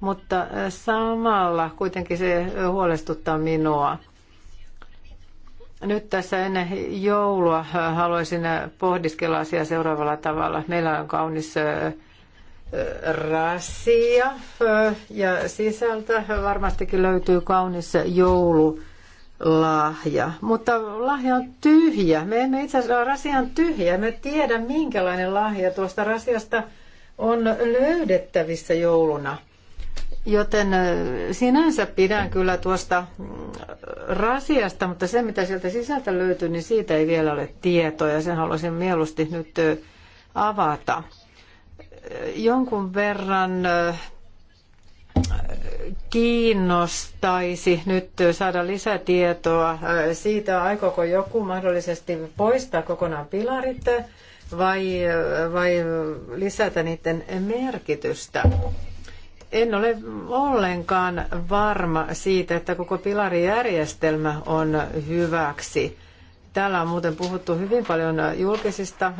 mutta äh, samalla kuitenkin se huolestuttaa minua. Nyt tässä ennen joulua haluaisin pohdiskella asiaa seuraavalla tavalla. Meillä on kaunis rasia ja sisältä varmastikin löytyy kaunis joululahja. Mutta lahja on tyhjä. Me emme itse asiassa rasian on tyhjä. Me tiedä minkälainen lahja tuosta rasiasta on löydettävissä jouluna. Joten sinänsä pidän kyllä tuosta mm, rasiasta, mutta se mitä sieltä sisältä löytyy, niin siitä ei vielä ole tietoa ja sen haluaisin mieluusti nyt avata. Jonkun verran kiinnostaisi nyt saada lisätietoa siitä, aikooko joku mahdollisesti poistaa kokonaan pilarit vai, vai lisätä niiden merkitystä. En ole ollenkaan varma siitä, että koko pilarijärjestelmä on hyväksi. Täällä on muuten puhuttu hyvin paljon julkisista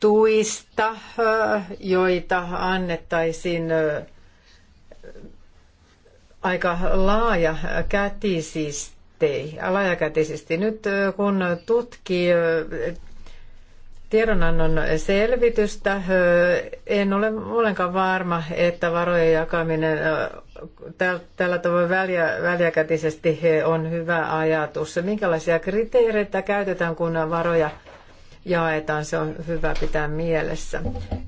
tuista, joita annettaisiin aika laaja kätisistä. Laajakätisesti. Nyt kun tutkii tiedonannon selvitystä. En ole ollenkaan varma, että varojen jakaminen tällä tavoin väliä, väliäkätisesti on hyvä ajatus. Minkälaisia kriteereitä käytetään, kun varoja jaetaan, se on hyvä pitää mielessä.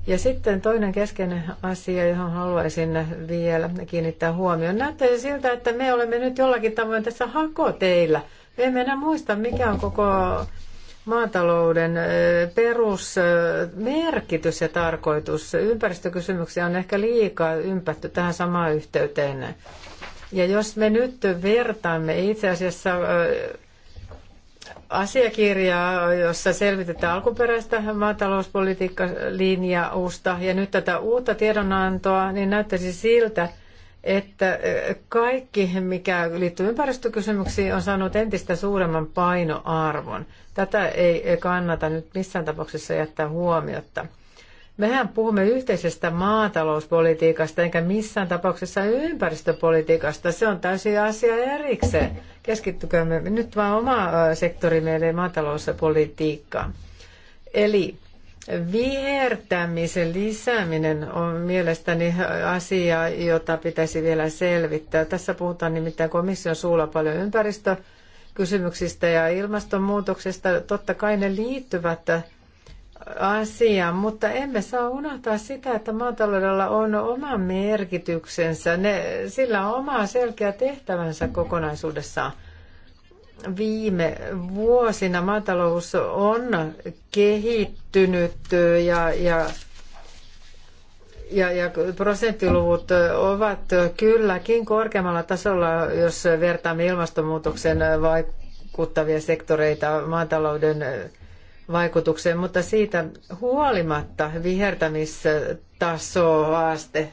Ja sitten toinen keskeinen asia, johon haluaisin vielä kiinnittää huomioon. Näyttää siltä, että me olemme nyt jollakin tavoin tässä hakoteillä. Me emme enää muista, mikä on koko maatalouden perusmerkitys ja tarkoitus. Ympäristökysymyksiä on ehkä liikaa ympätty tähän samaan yhteyteen. Ja jos me nyt vertaamme itse asiassa asiakirjaa, jossa selvitetään alkuperäistä maatalouspolitiikkalinjausta ja nyt tätä uutta tiedonantoa, niin näyttäisi siltä, että kaikki, mikä liittyy ympäristökysymyksiin, on saanut entistä suuremman painoarvon. Tätä ei kannata nyt missään tapauksessa jättää huomiota. Mehän puhumme yhteisestä maatalouspolitiikasta eikä missään tapauksessa ympäristöpolitiikasta. Se on täysin asia erikseen. Keskittykäämme nyt vain oma sektorimme eli maatalouspolitiikkaan. Eli Vihertämisen lisääminen on mielestäni asia, jota pitäisi vielä selvittää. Tässä puhutaan nimittäin komission suulla paljon ympäristökysymyksistä ja ilmastonmuutoksesta. Totta kai ne liittyvät asiaan, mutta emme saa unohtaa sitä, että maataloudella on oma merkityksensä. Ne, sillä on oma selkeä tehtävänsä kokonaisuudessaan viime vuosina maatalous on kehittynyt ja, ja, ja, ja prosenttiluvut ovat kylläkin korkeammalla tasolla, jos vertaamme ilmastonmuutoksen vaikuttavia sektoreita maatalouden vaikutukseen, mutta siitä huolimatta vihertämistasohaaste eh,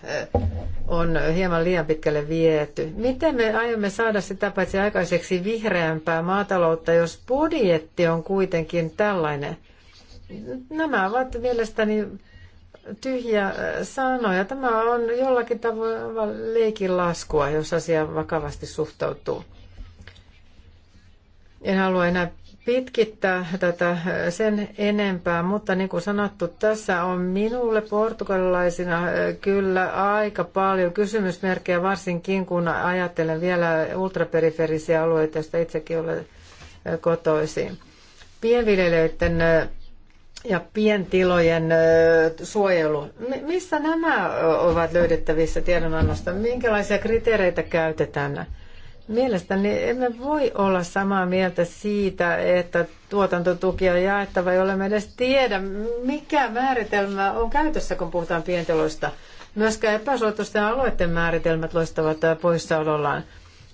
on hieman liian pitkälle viety. Miten me aiomme saada sitä paitsi aikaiseksi vihreämpää maataloutta, jos budjetti on kuitenkin tällainen? Nämä ovat mielestäni tyhjä eh, sanoja. Tämä on jollakin tavalla leikin laskua, jos asia vakavasti suhtautuu. En halua enää pitkittää tätä sen enempää, mutta niin kuin sanottu, tässä on minulle portugalilaisina kyllä aika paljon kysymysmerkkejä, varsinkin kun ajattelen vielä ultraperiferisiä alueita, joista itsekin olen kotoisin. Pienviljelijöiden ja pientilojen suojelu. Missä nämä ovat löydettävissä tiedonannosta? Minkälaisia kriteereitä käytetään? Mielestäni emme voi olla samaa mieltä siitä, että tuotantotuki on jaettava, jolle me edes tiedä, mikä määritelmä on käytössä, kun puhutaan pientiloista. Myöskään epäsuotusten alueiden määritelmät loistavat äh, poissaolollaan.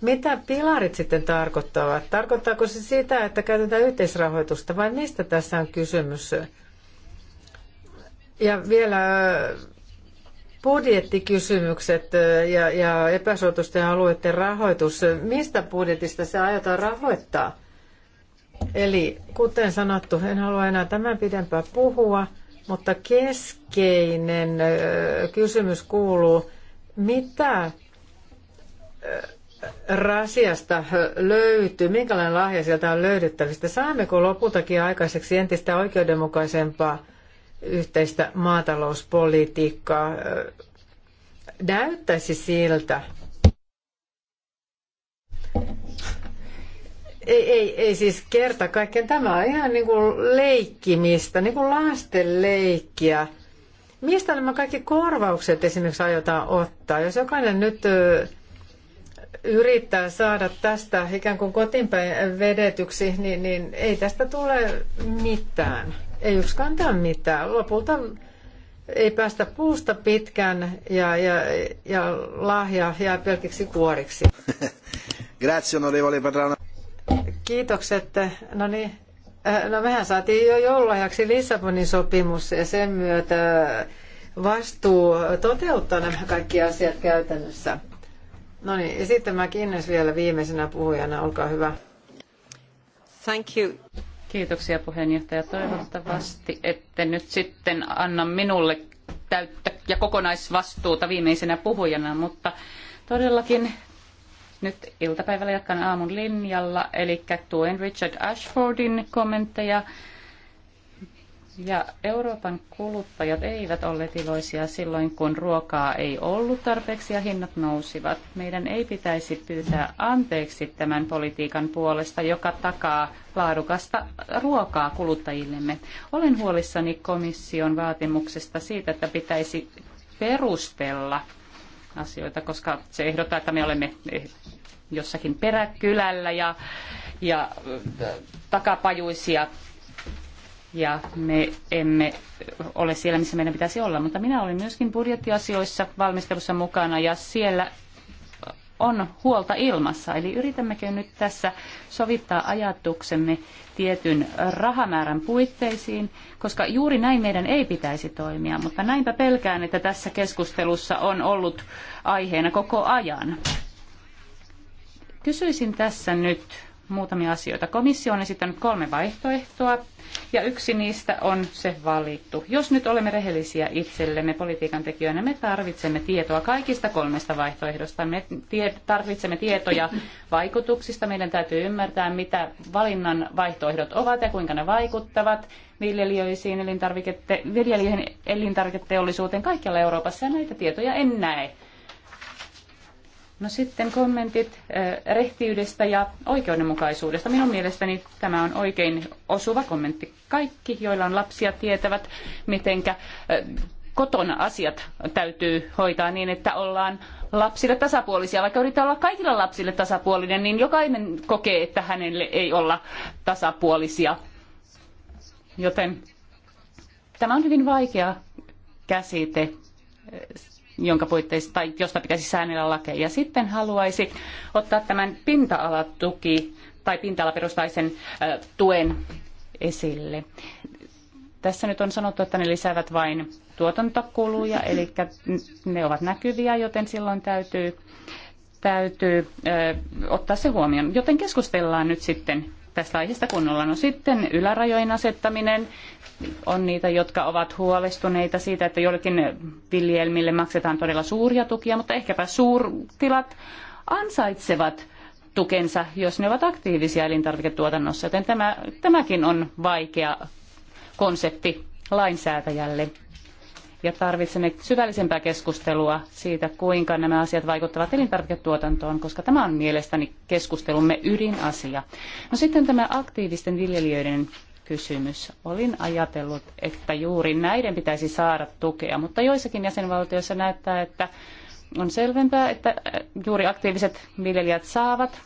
Mitä pilarit sitten tarkoittavat? Tarkoittaako se sitä, että käytetään yhteisrahoitusta vai mistä tässä on kysymys? Ja vielä äh, budjettikysymykset ja, ja epäsuotusten alueiden rahoitus. Mistä budjetista se aiotaan rahoittaa? Eli kuten sanottu, en halua enää tämän pidempään puhua, mutta keskeinen kysymys kuuluu, mitä rasiasta löytyy, minkälainen lahja sieltä on löydettävistä. Saammeko lopultakin aikaiseksi entistä oikeudenmukaisempaa yhteistä maatalouspolitiikkaa. Näyttäisi siltä, Ei, ei, ei siis kerta kaikkiaan. Tämä on ihan niin kuin leikkimistä, niin kuin lasten leikkiä. Mistä nämä kaikki korvaukset esimerkiksi aiotaan ottaa? Jos jokainen nyt yrittää saada tästä ikään kuin kotiinpäin vedetyksi, niin, niin ei tästä tule mitään ei yksikään tee mitään. Lopulta ei päästä puusta pitkään ja, ja, ja lahja jää pelkiksi kuoriksi. Grazie, onorevole Padrano. Kiitokset. No niin, äh, no mehän saatiin jo joululahjaksi Lissabonin sopimus ja sen myötä vastuu toteuttaa nämä kaikki asiat käytännössä. No niin, ja sitten mä Kinnes vielä viimeisenä puhujana, olkaa hyvä. Thank you. Kiitoksia puheenjohtaja. Toivottavasti ette nyt sitten anna minulle täyttä ja kokonaisvastuuta viimeisenä puhujana, mutta todellakin nyt iltapäivällä jatkan aamun linjalla, eli tuen Richard Ashfordin kommentteja ja Euroopan kuluttajat eivät olleet iloisia silloin, kun ruokaa ei ollut tarpeeksi ja hinnat nousivat. Meidän ei pitäisi pyytää anteeksi tämän politiikan puolesta, joka takaa laadukasta ruokaa kuluttajillemme. Olen huolissani komission vaatimuksesta siitä, että pitäisi perustella asioita, koska se ehdottaa, että me olemme jossakin peräkylällä ja, ja takapajuisia ja me emme ole siellä, missä meidän pitäisi olla. Mutta minä olin myöskin budjettiasioissa valmistelussa mukana ja siellä on huolta ilmassa. Eli yritämmekö nyt tässä sovittaa ajatuksemme tietyn rahamäärän puitteisiin, koska juuri näin meidän ei pitäisi toimia, mutta näinpä pelkään, että tässä keskustelussa on ollut aiheena koko ajan. Kysyisin tässä nyt muutamia asioita. Komissio on esittänyt kolme vaihtoehtoa ja yksi niistä on se valittu. Jos nyt olemme rehellisiä itsellemme politiikan tekijöinä, me tarvitsemme tietoa kaikista kolmesta vaihtoehdosta. Me tie- tarvitsemme tietoja vaikutuksista. Meidän täytyy ymmärtää, mitä valinnan vaihtoehdot ovat ja kuinka ne vaikuttavat viljelijöisiin, elintarvikette- viljelijöihin, elintarviketeollisuuteen kaikkialla Euroopassa. Ja näitä tietoja en näe No sitten kommentit rehtiydestä ja oikeudenmukaisuudesta. Minun mielestäni tämä on oikein osuva kommentti. Kaikki, joilla on lapsia, tietävät, miten kotona asiat täytyy hoitaa niin, että ollaan lapsille tasapuolisia. Vaikka yritetään olla kaikilla lapsille tasapuolinen, niin jokainen kokee, että hänelle ei olla tasapuolisia. Joten tämä on hyvin vaikea käsite jonka puitteissa tai josta pitäisi säännellä lakeja. Sitten haluaisi ottaa tämän pinta-alatuki tai pinta-alaperustaisen tuen esille. Tässä nyt on sanottu, että ne lisäävät vain tuotantokuluja, eli ne ovat näkyviä, joten silloin täytyy, täytyy ottaa se huomioon. Joten keskustellaan nyt sitten tästä aiheesta kunnolla. No sitten ylärajojen asettaminen. On niitä, jotka ovat huolestuneita siitä, että joillekin viljelmille maksetaan todella suuria tukia, mutta ehkäpä suurtilat ansaitsevat tukensa, jos ne ovat aktiivisia elintarviketuotannossa. Joten tämä, tämäkin on vaikea konsepti lainsäätäjälle ja tarvitsemme syvällisempää keskustelua siitä, kuinka nämä asiat vaikuttavat elintarviketuotantoon, koska tämä on mielestäni keskustelumme ydinasia. No sitten tämä aktiivisten viljelijöiden kysymys. Olin ajatellut, että juuri näiden pitäisi saada tukea, mutta joissakin jäsenvaltioissa näyttää, että on selvempää, että äh, juuri aktiiviset viljelijät saavat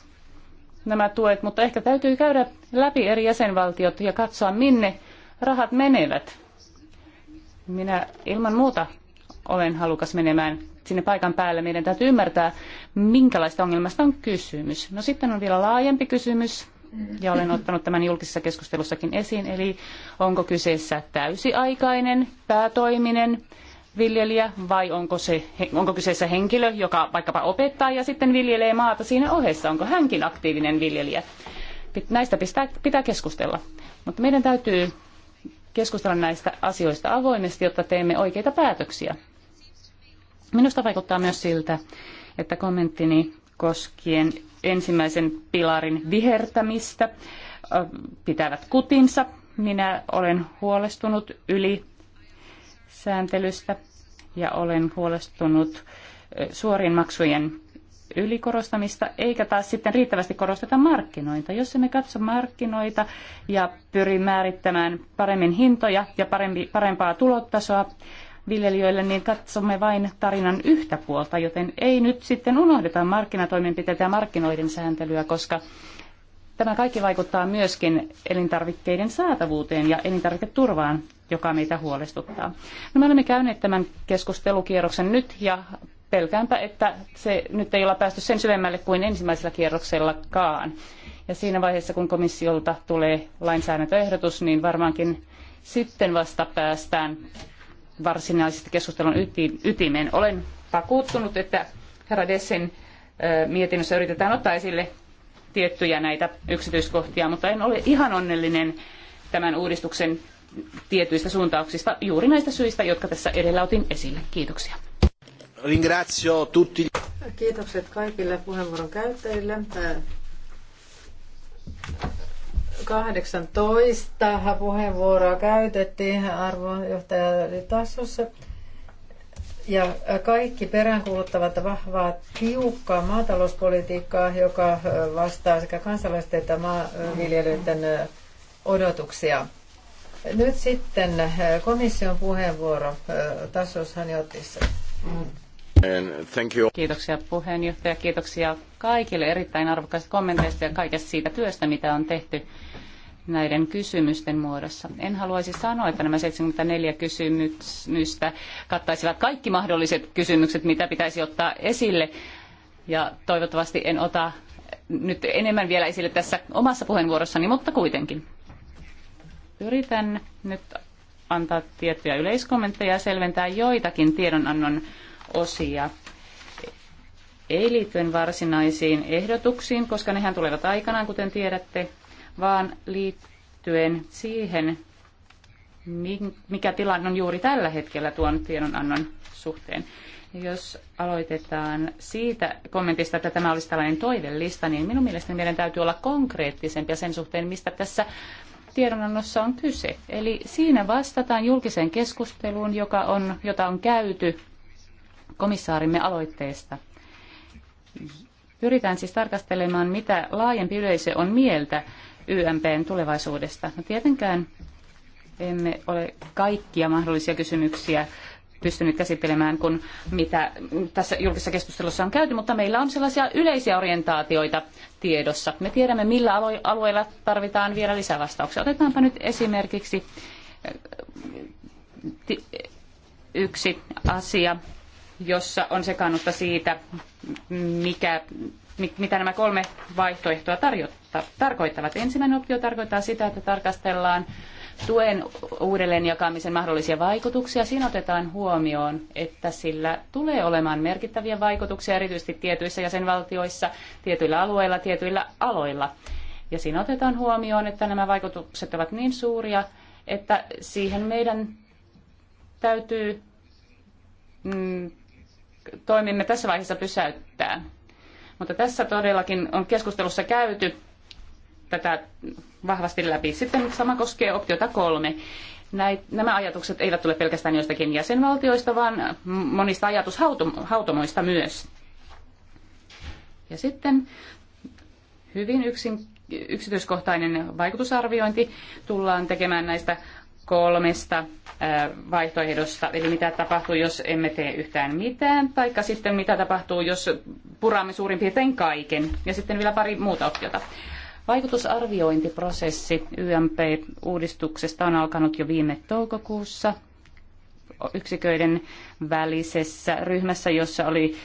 nämä tuet, mutta ehkä täytyy käydä läpi eri jäsenvaltiot ja katsoa, minne rahat menevät minä ilman muuta olen halukas menemään sinne paikan päälle. Meidän täytyy ymmärtää, minkälaista ongelmasta on kysymys. No sitten on vielä laajempi kysymys, ja olen ottanut tämän julkisessa keskustelussakin esiin, eli onko kyseessä täysiaikainen, päätoiminen viljelijä vai onko, se, onko kyseessä henkilö, joka vaikkapa opettaa ja sitten viljelee maata siinä ohessa, onko hänkin aktiivinen viljelijä. Näistä pitää, pitää keskustella. Mutta meidän täytyy keskustella näistä asioista avoimesti, jotta teemme oikeita päätöksiä. Minusta vaikuttaa myös siltä, että kommenttini koskien ensimmäisen pilarin vihertämistä pitävät kutinsa. Minä olen huolestunut yli sääntelystä ja olen huolestunut suorien maksujen ylikorostamista, eikä taas sitten riittävästi korosteta markkinoita. Jos emme katso markkinoita ja pyri määrittämään paremmin hintoja ja parempi, parempaa tulotasoa viljelijöille, niin katsomme vain tarinan yhtä puolta, joten ei nyt sitten unohdeta markkinatoimenpiteitä ja markkinoiden sääntelyä, koska tämä kaikki vaikuttaa myöskin elintarvikkeiden saatavuuteen ja elintarviketurvaan, joka meitä huolestuttaa. No, me olemme käyneet tämän keskustelukierroksen nyt ja pelkäänpä, että se nyt ei olla päästy sen syvemmälle kuin ensimmäisellä kierroksellakaan. Ja siinä vaiheessa, kun komissiolta tulee lainsäädäntöehdotus, niin varmaankin sitten vasta päästään varsinaisesti keskustelun ytimeen. Olen vakuuttunut, että herra Dessin mietinnössä yritetään ottaa esille tiettyjä näitä yksityiskohtia, mutta en ole ihan onnellinen tämän uudistuksen tietyistä suuntauksista juuri näistä syistä, jotka tässä edellä otin esille. Kiitoksia. Ringrazio tutti. Kiitokset kaikille puheenvuoron käyttäjille. 18 puheenvuoroa käytettiin arvonjohtaja Tassossa. Ja kaikki peräänkuuluttavat vahvaa, tiukkaa maatalouspolitiikkaa, joka vastaa sekä kansalaisten että maanviljelijöiden odotuksia. Nyt sitten komission puheenvuoro Tassos Hanjotissa. Mm. Kiitoksia puheenjohtaja, kiitoksia kaikille erittäin arvokkaista kommenteista ja kaikesta siitä työstä, mitä on tehty näiden kysymysten muodossa. En haluaisi sanoa, että nämä 74 kysymystä kattaisivat kaikki mahdolliset kysymykset, mitä pitäisi ottaa esille. Ja toivottavasti en ota nyt enemmän vielä esille tässä omassa puheenvuorossani, mutta kuitenkin. Yritän nyt antaa tiettyjä yleiskommentteja ja selventää joitakin tiedonannon osia. Ei liittyen varsinaisiin ehdotuksiin, koska nehän tulevat aikanaan, kuten tiedätte, vaan liittyen siihen, mikä tilanne on juuri tällä hetkellä tuon tiedonannon suhteen. Jos aloitetaan siitä kommentista, että tämä olisi tällainen toivelista, niin minun mielestäni meidän täytyy olla konkreettisempia sen suhteen, mistä tässä tiedonannossa on kyse. Eli siinä vastataan julkiseen keskusteluun, joka on, jota on käyty komissaarimme aloitteesta. Pyritään siis tarkastelemaan, mitä laajempi yleisö on mieltä YMPn tulevaisuudesta. No tietenkään emme ole kaikkia mahdollisia kysymyksiä pystynyt käsittelemään kuin mitä tässä julkisessa keskustelussa on käyty, mutta meillä on sellaisia yleisiä orientaatioita tiedossa. Me tiedämme, millä alueilla tarvitaan vielä lisävastauksia. Otetaanpa nyt esimerkiksi eh, yksi asia, jossa on sekannusta siitä, mikä, mitä nämä kolme vaihtoehtoa tarjotta, tarkoittavat. Ensimmäinen optio tarkoittaa sitä, että tarkastellaan tuen uudelleenjakamisen mahdollisia vaikutuksia. Siinä otetaan huomioon, että sillä tulee olemaan merkittäviä vaikutuksia erityisesti tietyissä jäsenvaltioissa, tietyillä alueilla, tietyillä aloilla. Ja siinä otetaan huomioon, että nämä vaikutukset ovat niin suuria, että siihen meidän täytyy mm, toimimme tässä vaiheessa pysäyttää. Mutta tässä todellakin on keskustelussa käyty tätä vahvasti läpi. Sitten sama koskee optiota kolme. Näit, nämä ajatukset eivät tule pelkästään joistakin jäsenvaltioista, vaan monista ajatushautomoista myös. Ja sitten hyvin yksin, yksityiskohtainen vaikutusarviointi tullaan tekemään näistä kolmesta vaihtoehdosta, eli mitä tapahtuu, jos emme tee yhtään mitään, tai sitten mitä tapahtuu, jos puramme suurin piirtein kaiken, ja sitten vielä pari muuta optiota. Vaikutusarviointiprosessi YMP-uudistuksesta on alkanut jo viime toukokuussa yksiköiden välisessä ryhmässä, jossa oli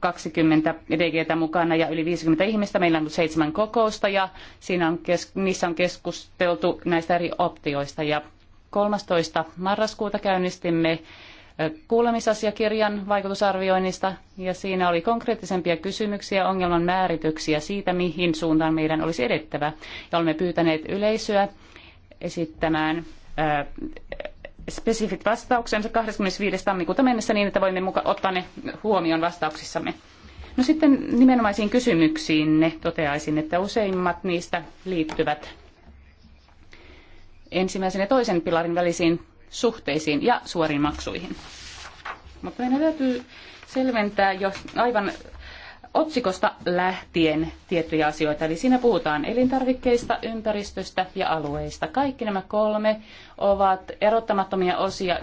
20 DGtä mukana ja yli 50 ihmistä. Meillä on ollut seitsemän kokousta ja siinä on niissä on keskusteltu näistä eri optioista ja 13. marraskuuta käynnistimme kuulemisasiakirjan vaikutusarvioinnista ja siinä oli konkreettisempia kysymyksiä, ongelman määrityksiä siitä, mihin suuntaan meidän olisi edettävä. Ja olemme pyytäneet yleisöä esittämään ää, spesifit vastauksensa 25. tammikuuta mennessä niin, että voimme muka ottaa ne huomioon vastauksissamme. No sitten nimenomaisiin kysymyksiin ne toteaisin, että useimmat niistä liittyvät ensimmäisen ja toisen pilarin välisiin suhteisiin ja suoriin maksuihin. Mutta meidän täytyy selventää jo aivan otsikosta lähtien tiettyjä asioita. Eli siinä puhutaan elintarvikkeista, ympäristöstä ja alueista. Kaikki nämä kolme ovat erottamattomia osia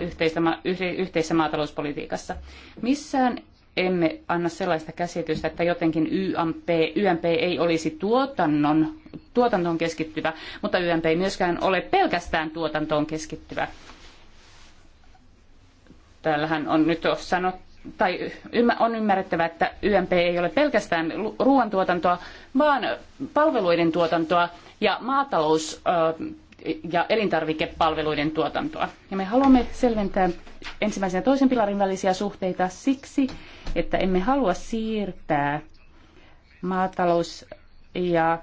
yhteisessä maatalouspolitiikassa. Missään emme anna sellaista käsitystä, että jotenkin YMP, YMP ei olisi tuotannon, tuotantoon keskittyvä, mutta YMP ei myöskään ole pelkästään tuotantoon keskittyvä. Täällähän on nyt sanottu, tai on ymmärrettävä, että YMP ei ole pelkästään ruoantuotantoa, vaan palveluiden tuotantoa ja maatalous ja elintarvikepalveluiden tuotantoa. Ja me haluamme selventää ensimmäisen ja toisen pilarin välisiä suhteita siksi, että emme halua siirtää maatalous- ja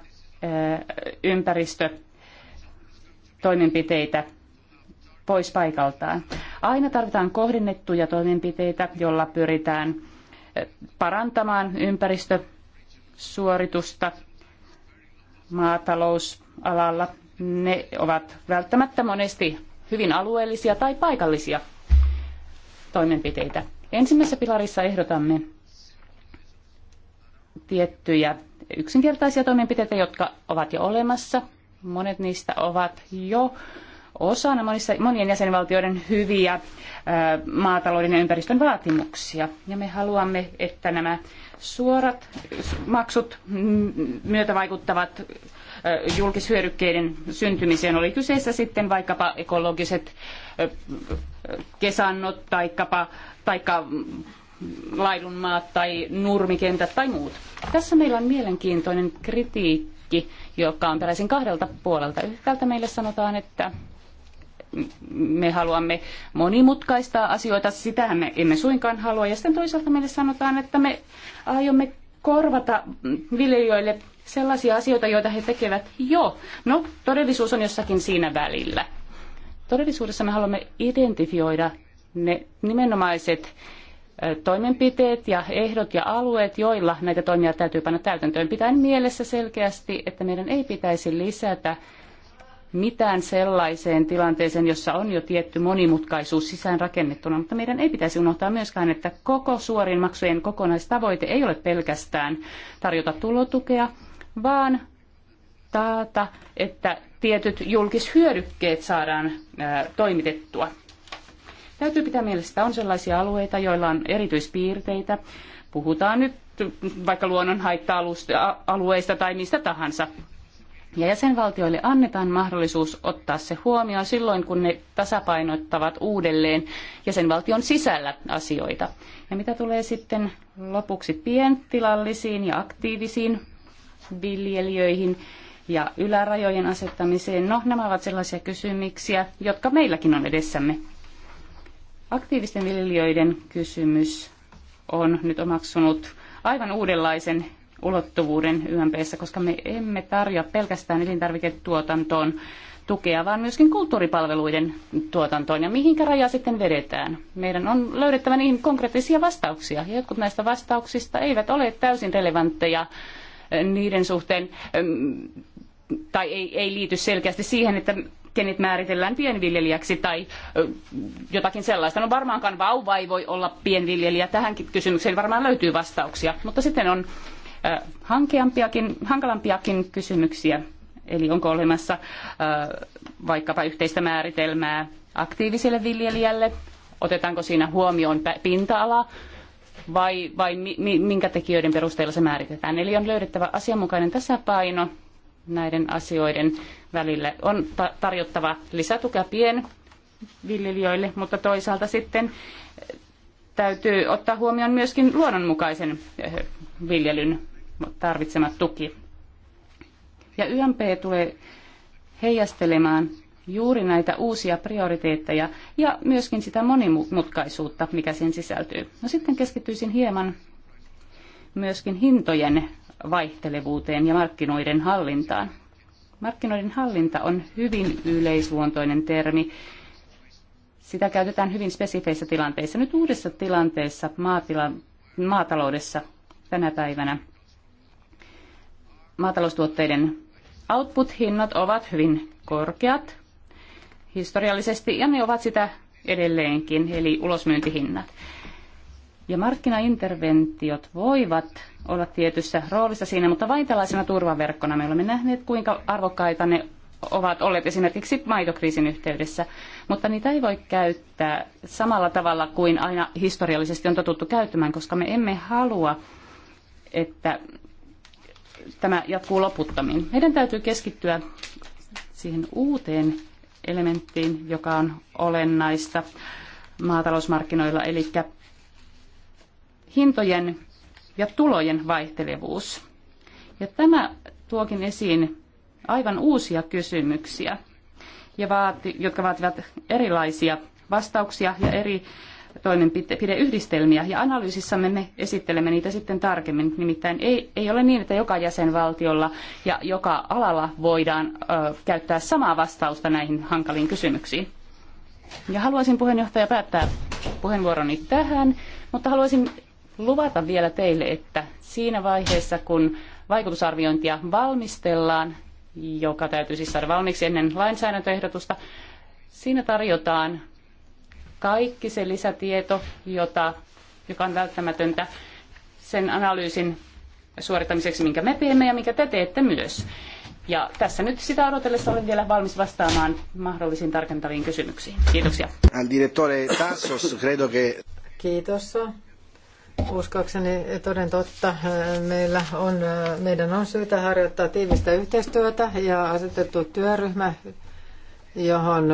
ympäristötoimenpiteitä pois paikaltaan. Aina tarvitaan kohdennettuja toimenpiteitä, joilla pyritään parantamaan ympäristösuoritusta maatalousalalla. Ne ovat välttämättä monesti hyvin alueellisia tai paikallisia toimenpiteitä. Ensimmäisessä pilarissa ehdotamme tiettyjä yksinkertaisia toimenpiteitä, jotka ovat jo olemassa. Monet niistä ovat jo osana monissa, monien jäsenvaltioiden hyviä ää, maatalouden ja ympäristön vaatimuksia. Ja me haluamme, että nämä suorat maksut myötävaikuttavat julkishyödykkeiden syntymiseen. Oli kyseessä sitten vaikkapa ekologiset kesannot, taikapa, taikka laidunmaat tai nurmikentät tai muut. Tässä meillä on mielenkiintoinen kritiikki, joka on peräisin kahdelta puolelta. Yhtäältä meille sanotaan, että me haluamme monimutkaistaa asioita, sitähän me emme suinkaan halua. Ja sitten toisaalta meille sanotaan, että me aiomme korvata viljelijöille sellaisia asioita, joita he tekevät jo. No, todellisuus on jossakin siinä välillä. Todellisuudessa me haluamme identifioida ne nimenomaiset toimenpiteet ja ehdot ja alueet, joilla näitä toimia täytyy panna täytäntöön. Pitäen mielessä selkeästi, että meidän ei pitäisi lisätä mitään sellaiseen tilanteeseen, jossa on jo tietty monimutkaisuus sisään rakennettuna, mutta meidän ei pitäisi unohtaa myöskään, että koko suorien maksujen kokonaistavoite ei ole pelkästään tarjota tulotukea, vaan taata, että tietyt julkishyödykkeet saadaan toimitettua. Täytyy pitää mielessä, että on sellaisia alueita, joilla on erityispiirteitä. Puhutaan nyt vaikka luonnon haitta-alueista tai mistä tahansa. Ja jäsenvaltioille annetaan mahdollisuus ottaa se huomioon silloin, kun ne tasapainottavat uudelleen jäsenvaltion sisällä asioita. Ja mitä tulee sitten lopuksi pientilallisiin ja aktiivisiin viljelijöihin ja ylärajojen asettamiseen. No, nämä ovat sellaisia kysymyksiä, jotka meilläkin on edessämme. Aktiivisten viljelijöiden kysymys on nyt omaksunut aivan uudenlaisen ulottuvuuden YMPssä, koska me emme tarjoa pelkästään elintarviketuotantoon tukea, vaan myöskin kulttuuripalveluiden tuotantoon ja mihinkä rajaa sitten vedetään. Meidän on löydettävä niihin konkreettisia vastauksia ja jotkut näistä vastauksista eivät ole täysin relevantteja niiden suhteen, mm, tai ei, ei liity selkeästi siihen, että kenet määritellään pienviljelijäksi tai jotakin sellaista. No varmaankaan vauva ei voi olla pienviljelijä. Tähänkin kysymykseen varmaan löytyy vastauksia. Mutta sitten on hankeampiakin, hankalampiakin kysymyksiä. Eli onko olemassa vaikkapa yhteistä määritelmää aktiiviselle viljelijälle? Otetaanko siinä huomioon pinta-ala? vai, vai mi, minkä tekijöiden perusteella se määritetään. Eli on löydettävä asianmukainen tasapaino näiden asioiden välillä. On tarjottava lisätukea pienviljelijöille, mutta toisaalta sitten täytyy ottaa huomioon myöskin luonnonmukaisen eh, viljelyn tarvitsemat tuki. Ja YMP tulee heijastelemaan juuri näitä uusia prioriteetteja ja myöskin sitä monimutkaisuutta, mikä sen sisältyy. No sitten keskittyisin hieman myöskin hintojen vaihtelevuuteen ja markkinoiden hallintaan. Markkinoiden hallinta on hyvin yleisluontoinen termi. Sitä käytetään hyvin spesifeissä tilanteissa. Nyt uudessa tilanteessa maatila, maataloudessa tänä päivänä maataloustuotteiden output-hinnat ovat hyvin korkeat historiallisesti, ja ne ovat sitä edelleenkin, eli ulosmyyntihinnat. Ja markkinainterventiot voivat olla tietyssä roolissa siinä, mutta vain tällaisena turvaverkkona. Me olemme nähneet, kuinka arvokkaita ne ovat olleet esimerkiksi maitokriisin yhteydessä, mutta niitä ei voi käyttää samalla tavalla kuin aina historiallisesti on totuttu käyttämään, koska me emme halua, että tämä jatkuu loputtomiin. Meidän täytyy keskittyä siihen uuteen elementtiin, joka on olennaista maatalousmarkkinoilla, eli hintojen ja tulojen vaihtelevuus. Ja tämä tuokin esiin aivan uusia kysymyksiä, ja vaati, jotka vaativat erilaisia vastauksia ja eri toimenpideyhdistelmiä ja analyysissamme me esittelemme niitä sitten tarkemmin. Nimittäin ei, ei ole niin, että joka jäsenvaltiolla ja joka alalla voidaan ö, käyttää samaa vastausta näihin hankaliin kysymyksiin. Ja haluaisin puheenjohtaja päättää puheenvuoroni tähän, mutta haluaisin luvata vielä teille, että siinä vaiheessa kun vaikutusarviointia valmistellaan, joka täytyy siis saada valmiiksi ennen lainsäädäntöehdotusta, siinä tarjotaan kaikki se lisätieto, jota, joka on välttämätöntä sen analyysin suorittamiseksi, minkä me teemme ja minkä te teette myös. Ja tässä nyt sitä odotellessa olen vielä valmis vastaamaan mahdollisiin tarkentaviin kysymyksiin. Kiitoksia. Direttore Tassos, credo che... Kiitos. Uskoakseni toden totta, meillä on, meidän on syytä harjoittaa tiivistä yhteistyötä ja asetettu työryhmä johon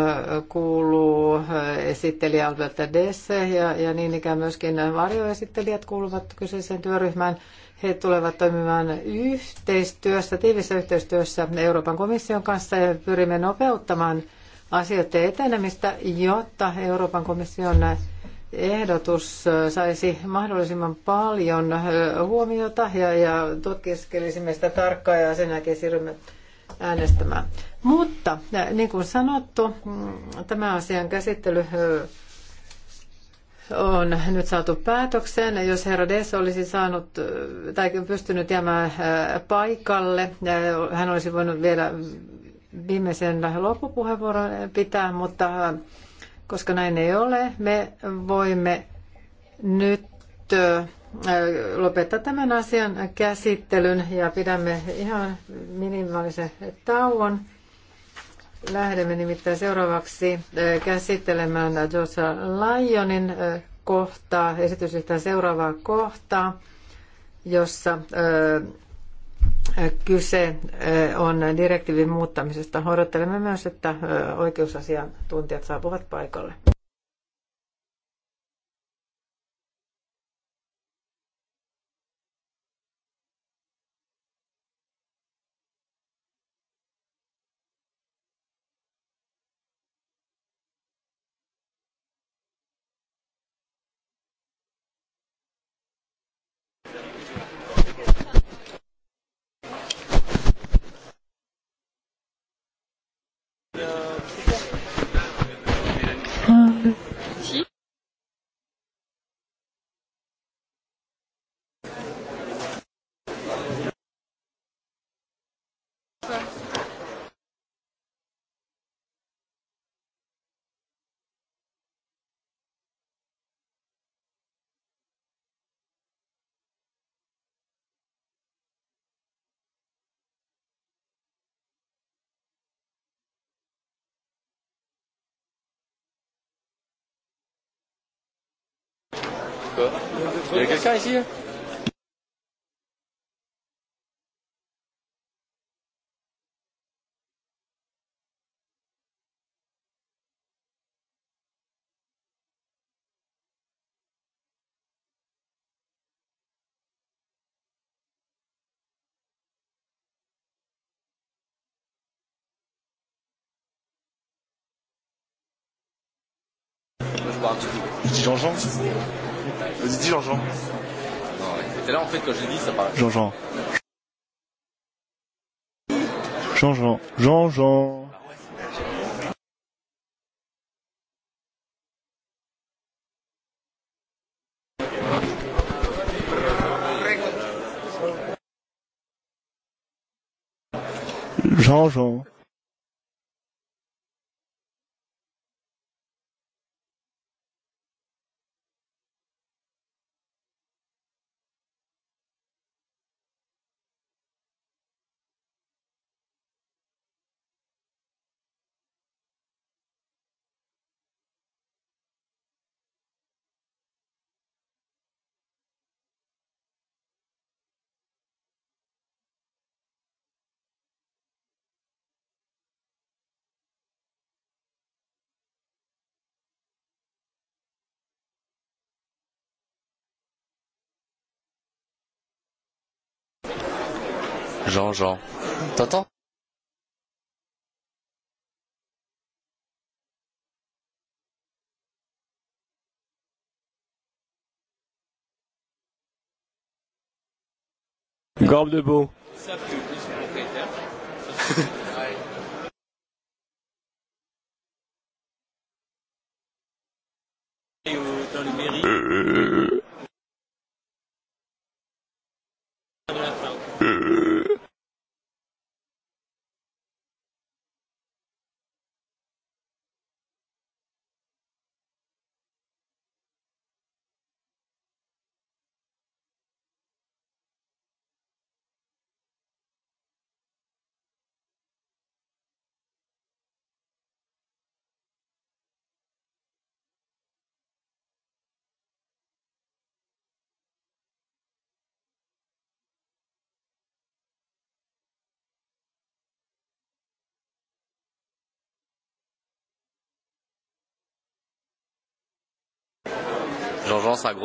kuuluu esittelijä Alberta Desse ja, ja niin ikään myöskin varjoesittelijät kuuluvat kyseiseen työryhmään. He tulevat toimimaan yhteistyössä, tiivissä yhteistyössä Euroopan komission kanssa ja pyrimme nopeuttamaan asioiden etenemistä, jotta Euroopan komission ehdotus saisi mahdollisimman paljon huomiota ja, ja tutkiskelisimme sitä tarkkaan ja sen jälkeen siirrymme äänestämään. Mutta äh, niin kuin sanottu, mm, tämä asian käsittely on nyt saatu päätökseen. Jos herra Des olisi saanut tai pystynyt jäämään paikalle, hän olisi voinut vielä viimeisen loppupuheenvuoron pitää, mutta koska näin ei ole, me voimme nyt lopettaa tämän asian käsittelyn ja pidämme ihan minimaalisen tauon. Lähdemme nimittäin seuraavaksi käsittelemään Joshua Lyonin kohtaa, esitysyhtään seuraavaa kohtaa, jossa kyse on direktiivin muuttamisesta. Odottelemme myös, että oikeusasiantuntijat saapuvat paikalle. quoi Il y a quelqu'un Jean-Jean Vas-y, dis Jean-Jean. Et là, en fait, quand l'ai dit, ça paraît. Jean-Jean. Jean-Jean. Jean-Jean. Jean-Jean. Jean Jean. T'entends Gorbe Beau. Jean-Jean, c'est un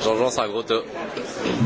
Jean-Jean, c'est un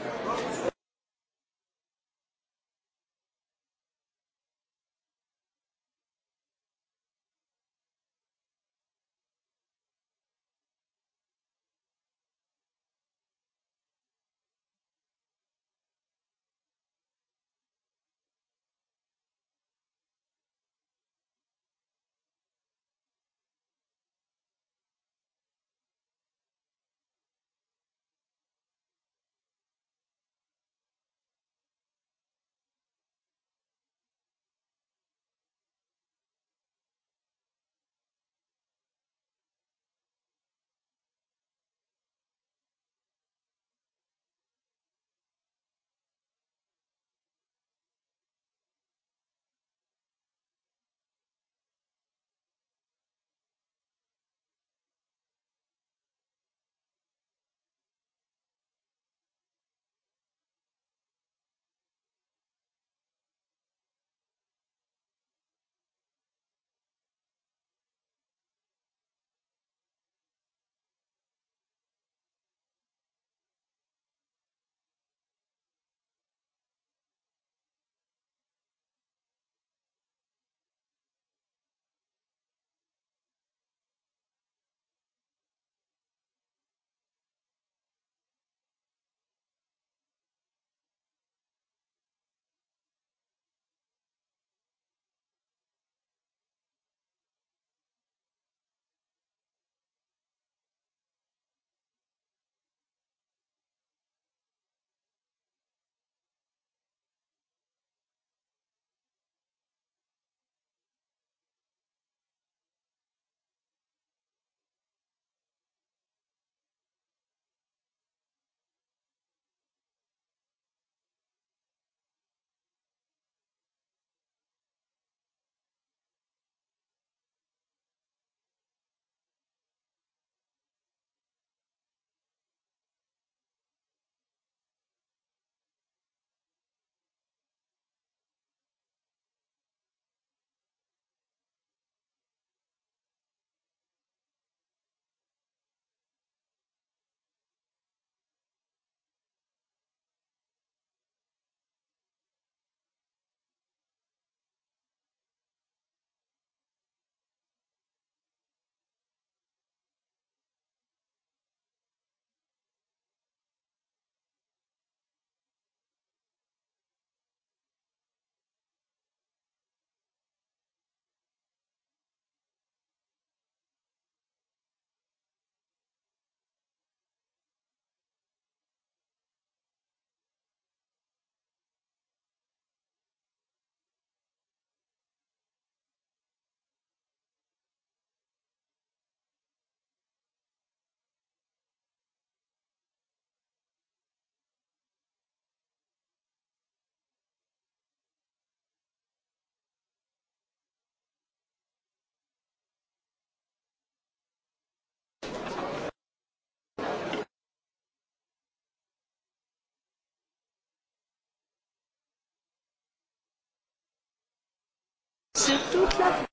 Chuck.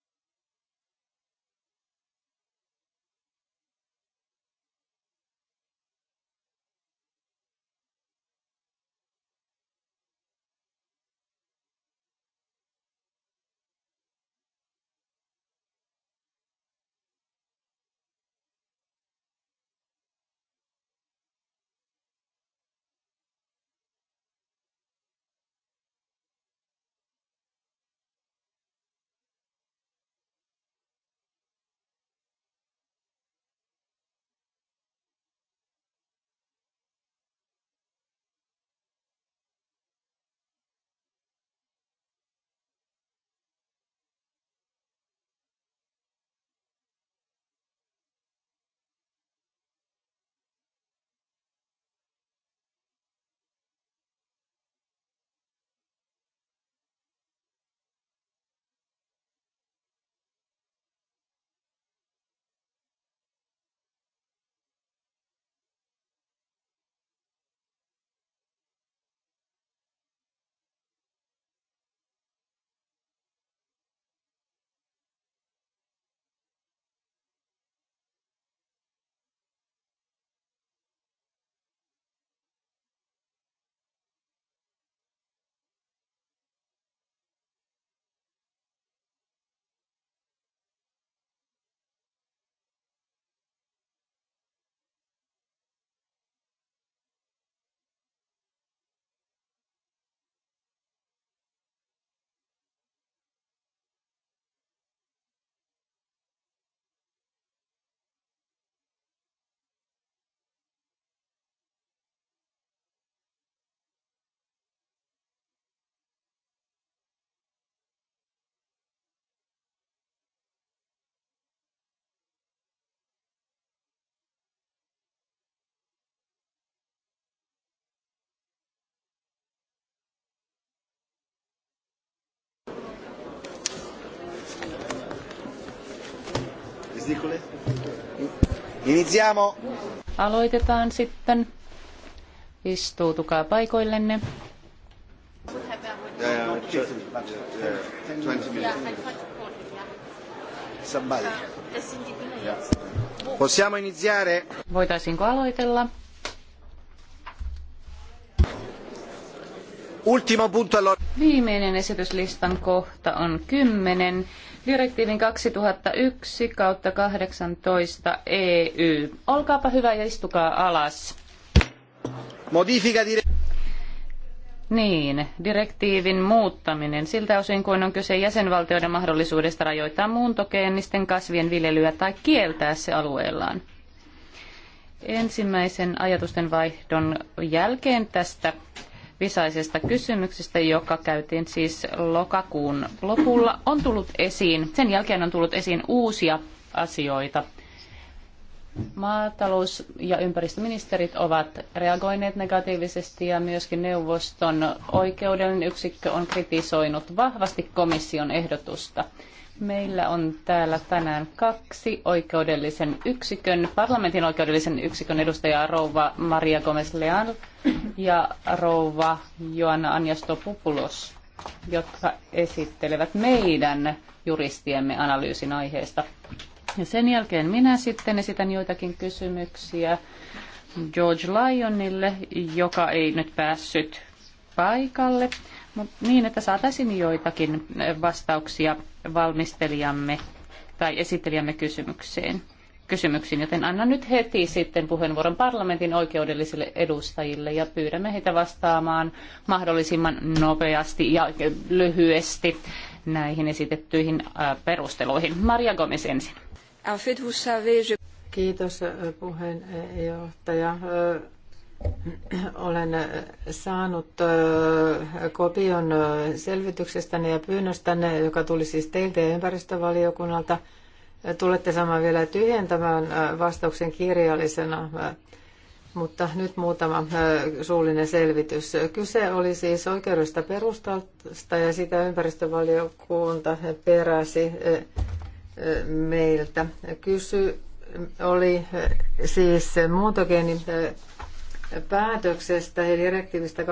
Iniziamo. Aloitetaan sitten. Istuutukaa paikoillenne. Possiamo iniziare? Voitaisiinko aloitella? Ultimo punto Viimeinen esityslistan kohta on kymmenen direktiivin 2001 kautta 18 EY. Olkaapa hyvä ja istukaa alas. Modifica niin, direktiivin muuttaminen siltä osin kuin on kyse jäsenvaltioiden mahdollisuudesta rajoittaa muuntogeenisten kasvien viljelyä tai kieltää se alueellaan. Ensimmäisen ajatusten vaihdon jälkeen tästä visaisesta kysymyksestä, joka käytiin siis lokakuun lopulla, on tullut esiin, sen jälkeen on tullut esiin uusia asioita. Maatalous- ja ympäristöministerit ovat reagoineet negatiivisesti ja myöskin neuvoston oikeudellinen yksikkö on kritisoinut vahvasti komission ehdotusta. Meillä on täällä tänään kaksi oikeudellisen yksikön, parlamentin oikeudellisen yksikön edustajaa, rouva Maria Gomez Leal ja rouva Joanna Anjastopupulos, jotka esittelevät meidän juristiemme analyysin aiheesta. Ja sen jälkeen minä sitten esitän joitakin kysymyksiä George Lyonille, joka ei nyt päässyt paikalle niin, että saataisiin joitakin eh, vastauksia valmistelijamme tai esittelijämme kysymykseen, kysymyksiin, joten annan nyt heti sitten puheenvuoron parlamentin oikeudellisille edustajille ja pyydämme heitä vastaamaan mahdollisimman nopeasti ja lyhyesti näihin esitettyihin eh, perusteluihin. Maria Gomes ensin. Kiitos eh, puheenjohtaja. Olen saanut kopion selvityksestäni ja pyynnöstänne, joka tuli siis teiltä ja ympäristövaliokunnalta. Tulette saamaan vielä tyhjentämään vastauksen kirjallisena, mutta nyt muutama suullinen selvitys. Kyse oli siis oikeudesta perustasta ja sitä ympäristövaliokunta peräsi meiltä. Kysy oli siis muuntogeenin päätöksestä ja direktiivistä 2001-18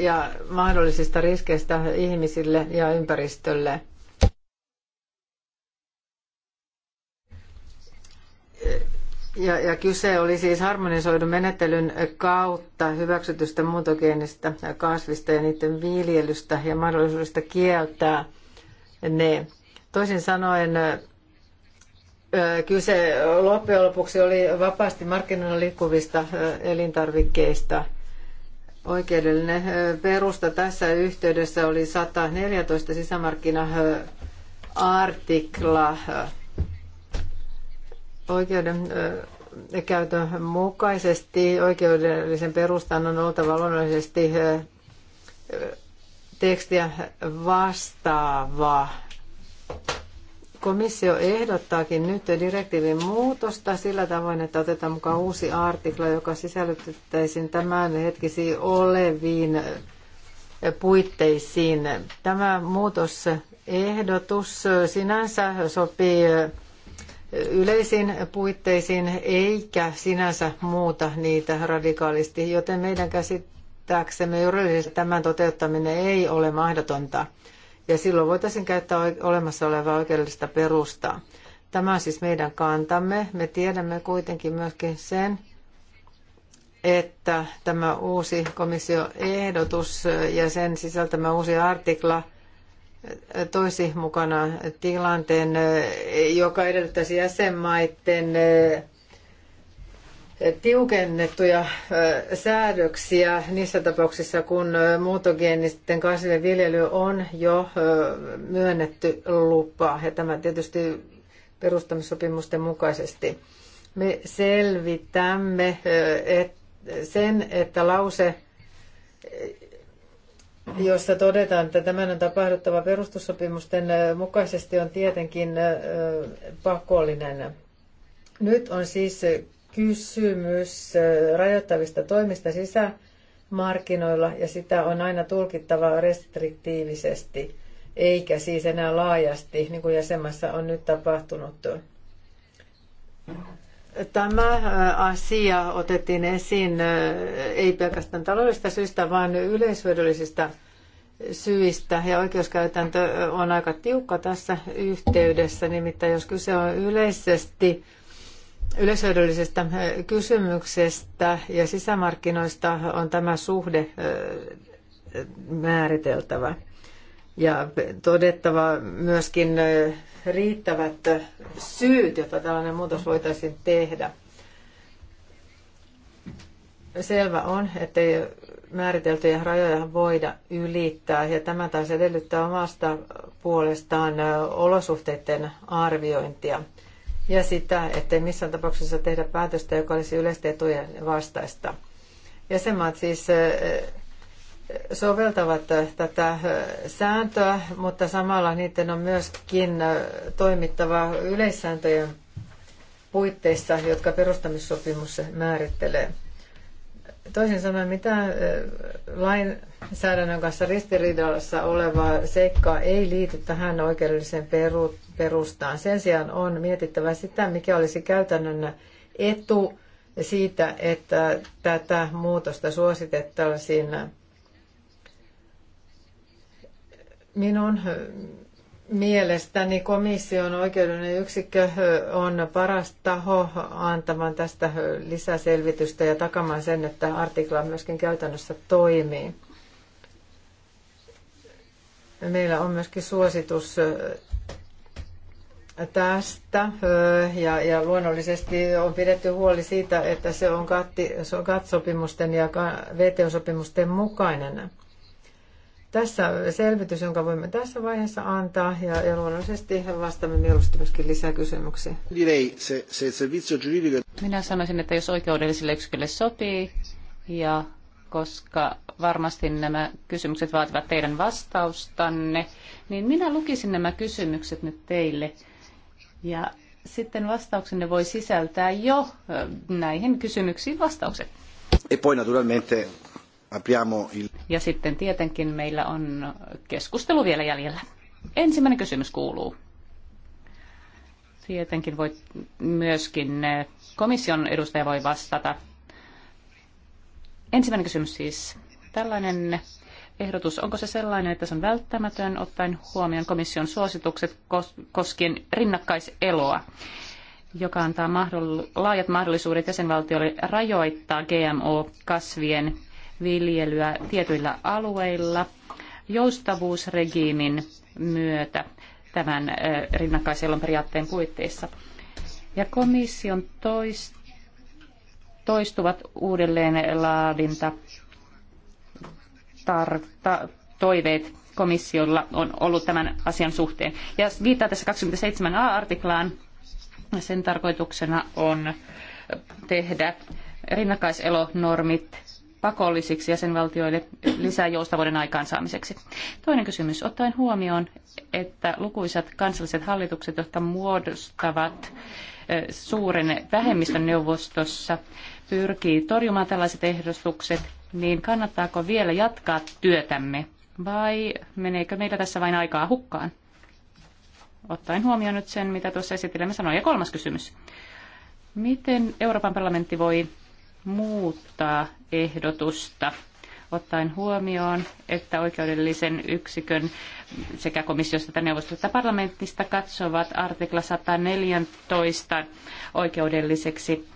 ja mahdollisista riskeistä ihmisille ja ympäristölle. Ja, ja kyse oli siis harmonisoidun menettelyn kautta hyväksytystä muuntogeenistä kasvista ja niiden viljelystä ja mahdollisuudesta kieltää ne. Toisin sanoen Kyse loppujen lopuksi oli vapaasti markkinoilla liikkuvista elintarvikkeista. Oikeudellinen perusta tässä yhteydessä oli 114 sisämarkkina-artikla oikeuden käytön mukaisesti oikeudellisen perustan on oltava luonnollisesti tekstiä vastaava. Komissio ehdottaakin nyt direktiivin muutosta sillä tavoin, että otetaan mukaan uusi artikla, joka sisällytettäisiin tämän hetkisiin oleviin puitteisiin. Tämä muutosehdotus sinänsä sopii yleisiin puitteisiin eikä sinänsä muuta niitä radikaalisti, joten meidän käsittääksemme juridisesti tämän toteuttaminen ei ole mahdotonta ja silloin voitaisiin käyttää olemassa olevaa oikeudellista perustaa. Tämä on siis meidän kantamme. Me tiedämme kuitenkin myöskin sen, että tämä uusi komissioehdotus ja sen sisältämä uusi artikla toisi mukana tilanteen, joka edellyttäisi jäsenmaiden tiukennettuja säädöksiä niissä tapauksissa, kun muuntogeenisten kasvien viljely on jo myönnetty lupa. Ja tämä tietysti perustamissopimusten mukaisesti. Me selvitämme sen, että lause, jossa todetaan, että tämän on tapahduttava perustussopimusten mukaisesti, on tietenkin pakollinen. Nyt on siis kysymys rajoittavista toimista sisämarkkinoilla ja sitä on aina tulkittava restriktiivisesti, eikä siis enää laajasti, niin kuin jäsenmässä on nyt tapahtunut. Tämä asia otettiin esiin ei pelkästään taloudellisista syistä, vaan yleishyödyllisistä syistä ja oikeuskäytäntö on aika tiukka tässä yhteydessä, nimittäin jos kyse on yleisesti yleishyödyllisestä kysymyksestä ja sisämarkkinoista on tämä suhde määriteltävä ja todettava myöskin riittävät syyt, jotta tällainen muutos voitaisiin tehdä. Selvä on, ettei määriteltyjä rajoja voida ylittää ja tämä taas edellyttää omasta puolestaan olosuhteiden arviointia ja sitä, ettei missään tapauksessa tehdä päätöstä, joka olisi yleisten etujen vastaista. Jäsenmaat siis soveltavat tätä sääntöä, mutta samalla niiden on myöskin toimittava yleissääntöjen puitteissa, jotka perustamissopimus määrittelee. Toisin sanoen, mitään lainsäädännön kanssa ristiriidassa olevaa seikkaa ei liity tähän oikeudelliseen perustaan. Sen sijaan on mietittävä sitä, mikä olisi käytännön etu siitä, että tätä muutosta suositettaisiin minun Mielestäni komission oikeudellinen yksikkö on paras taho antamaan tästä lisäselvitystä ja takamaan sen, että artikla myöskin käytännössä toimii. Meillä on myöskin suositus tästä ja, ja luonnollisesti on pidetty huoli siitä, että se on GATT-sopimusten ja VTO-sopimusten mukainen. Tässä selvitys, jonka voimme tässä vaiheessa antaa, ja, ja luonnollisesti vastaamme mieluusti myöskin lisää kysymyksiä. Minä sanoisin, että jos oikeudelliselle yksikölle sopii, ja koska varmasti nämä kysymykset vaativat teidän vastaustanne, niin minä lukisin nämä kysymykset nyt teille. Ja sitten vastauksenne voi sisältää jo näihin kysymyksiin vastaukset. E poi naturalmente ja sitten tietenkin meillä on keskustelu vielä jäljellä. Ensimmäinen kysymys kuuluu. Tietenkin voi myöskin eh, komission edustaja voi vastata. Ensimmäinen kysymys siis. Tällainen ehdotus, onko se sellainen, että se on välttämätön ottaen huomioon komission suositukset koskien rinnakkaiseloa, joka antaa mahdoll- laajat mahdollisuudet jäsenvaltioille rajoittaa GMO-kasvien viljelyä tietyillä alueilla joustavuusregiimin myötä tämän rinnakkaiselon periaatteen puitteissa. Ja komission toist, toistuvat uudelleen laadinta tar, ta, toiveet komissiolla on ollut tämän asian suhteen. Ja viittaa tässä 27a-artiklaan. Sen tarkoituksena on tehdä rinnakkaiselonormit pakollisiksi jäsenvaltioille lisää joustavuuden aikaansaamiseksi. Toinen kysymys. Ottaen huomioon, että lukuisat kansalliset hallitukset, jotka muodostavat suuren vähemmistön neuvostossa, pyrkii torjumaan tällaiset ehdotukset, niin kannattaako vielä jatkaa työtämme vai meneekö meillä tässä vain aikaa hukkaan? Ottaen huomioon nyt sen, mitä tuossa esittelemme sanoin. Ja kolmas kysymys. Miten Euroopan parlamentti voi muuttaa ehdotusta ottaen huomioon, että oikeudellisen yksikön sekä komissiosta että neuvostosta että parlamentista katsovat artikla 114 oikeudelliseksi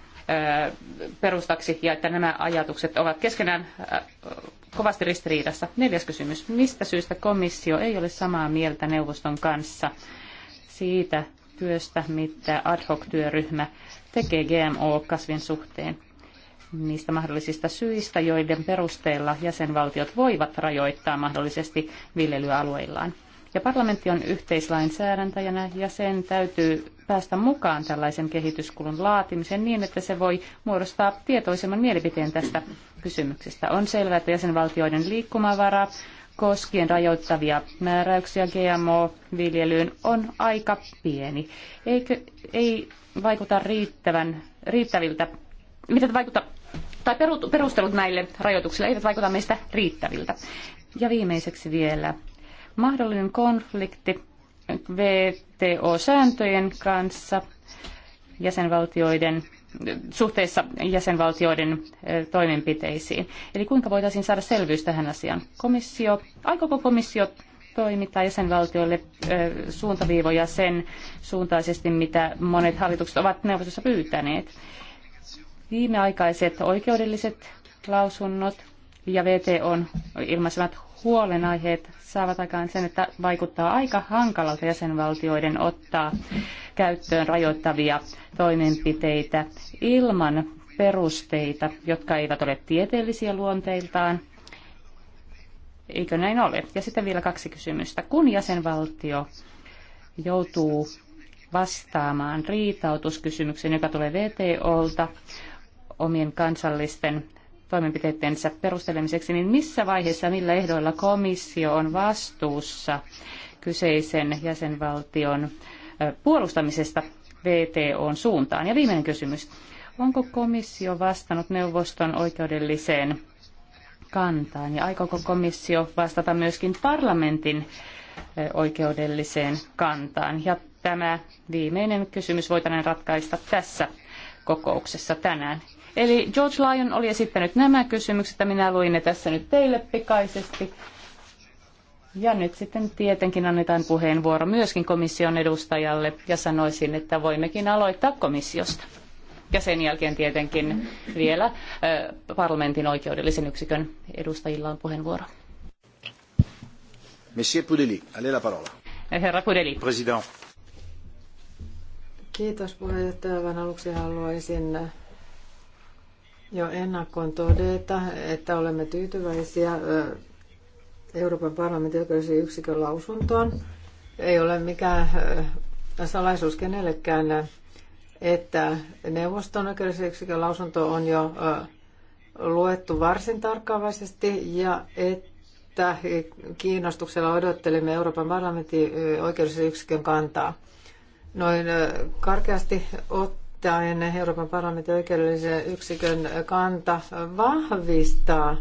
perustaksi ja että nämä ajatukset ovat keskenään kovasti ristiriidassa. Neljäs kysymys. Mistä syystä komissio ei ole samaa mieltä neuvoston kanssa siitä työstä, mitä ad hoc-työryhmä tekee GMO-kasvin suhteen? niistä mahdollisista syistä, joiden perusteella jäsenvaltiot voivat rajoittaa mahdollisesti viljelyalueillaan. Ja parlamentti on yhteislainsäädäntäjänä ja sen täytyy päästä mukaan tällaisen kehityskulun laatimiseen niin, että se voi muodostaa tietoisemman mielipiteen tästä kysymyksestä. On selvää, että jäsenvaltioiden liikkumavara koskien rajoittavia määräyksiä GMO-viljelyyn on aika pieni. Eikö, ei vaikuta riittävän, riittäviltä, mitä vaikuttaa tai perustelut näille rajoituksille eivät vaikuta meistä riittäviltä. Ja viimeiseksi vielä mahdollinen konflikti VTO-sääntöjen kanssa jäsenvaltioiden suhteessa jäsenvaltioiden toimenpiteisiin. Eli kuinka voitaisiin saada selvyys tähän asiaan? Komissio, aikooko komissio toimittaa jäsenvaltioille suuntaviivoja sen suuntaisesti, mitä monet hallitukset ovat neuvostossa pyytäneet? Viimeaikaiset oikeudelliset lausunnot ja VTOn ilmaisemat huolenaiheet saavat aikaan sen, että vaikuttaa aika hankalalta jäsenvaltioiden ottaa käyttöön rajoittavia toimenpiteitä ilman perusteita, jotka eivät ole tieteellisiä luonteiltaan. Eikö näin ole? Ja sitten vielä kaksi kysymystä. Kun jäsenvaltio joutuu vastaamaan riitautuskysymykseen, joka tulee VTOlta, omien kansallisten toimenpiteittensä perustelemiseksi, niin missä vaiheessa, millä ehdoilla komissio on vastuussa kyseisen jäsenvaltion puolustamisesta VTOn suuntaan? Ja viimeinen kysymys. Onko komissio vastannut neuvoston oikeudelliseen kantaan ja aikooko komissio vastata myöskin parlamentin oikeudelliseen kantaan? Ja tämä viimeinen kysymys voitaneen ratkaista tässä kokouksessa tänään. Eli George Lyon oli esittänyt nämä kysymykset, ja minä luin ne tässä nyt teille pikaisesti. Ja nyt sitten tietenkin annetaan puheenvuoro myöskin komission edustajalle, ja sanoisin, että voimmekin aloittaa komissiosta. Ja sen jälkeen tietenkin vielä parlamentin oikeudellisen yksikön edustajilla on puheenvuoro. Monsieur Pudeli, allez la parola. Herra Pudeli. President. Kiitos puheenjohtaja. Aivan aluksi haluaisin jo ennakkoon todeta, että olemme tyytyväisiä Euroopan parlamentin oikeudellisen yksikön lausuntoon. Ei ole mikään salaisuus kenellekään, että neuvoston oikeudellisen yksikön lausunto on jo luettu varsin tarkkaavaisesti ja että kiinnostuksella odottelemme Euroopan parlamentin oikeudellisen yksikön kantaa. Noin karkeasti ottaen viittaan Euroopan parlamentin oikeudellisen yksikön kanta vahvistaa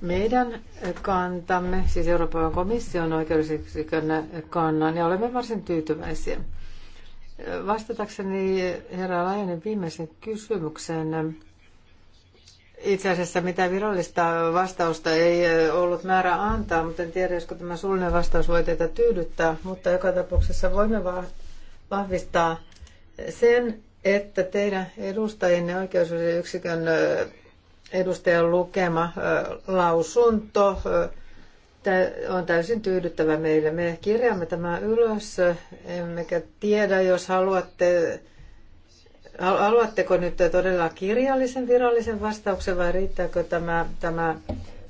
meidän kantamme, siis Euroopan komission oikeudellisen yksikön kannan, ja olemme varsin tyytyväisiä. Vastatakseni herra Laajanen viimeisen kysymykseen, itse asiassa mitään virallista vastausta ei ollut määrä antaa, mutta en tiedä, josko tämä suullinen vastaus voi teitä tyydyttää. Mutta joka tapauksessa voimme vahvistaa sen, että teidän edustajienne oikeusyksikön edustajan lukema lausunto on täysin tyydyttävä meille. Me kirjaamme tämän ylös, emmekä tiedä, jos haluatte, haluatteko nyt todella kirjallisen virallisen vastauksen vai riittääkö tämä, tämä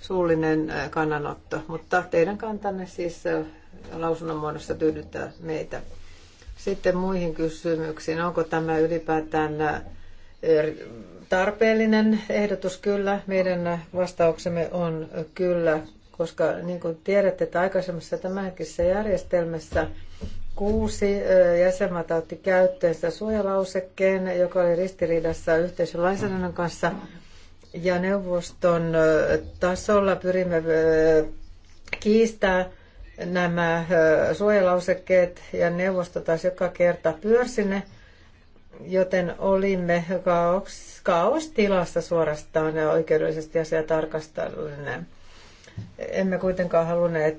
suullinen kannanotto. Mutta teidän kantanne siis lausunnon muodossa tyydyttää meitä. Sitten muihin kysymyksiin. Onko tämä ylipäätään äh, tarpeellinen ehdotus? Kyllä. Meidän vastauksemme on äh, kyllä, koska niin kuin tiedätte, että aikaisemmassa tämänhetkisessä järjestelmässä kuusi äh, jäsenmaata otti käyttöönsä suojalausekkeen, joka oli ristiriidassa yhteisön lainsäädännön kanssa. Ja neuvoston tasolla pyrimme kiistämään nämä suojalausekkeet ja neuvosto taas joka kerta pyörsinne, joten olimme kaostilassa suorastaan ja oikeudellisesti asiaa tarkastellen. Emme kuitenkaan halunneet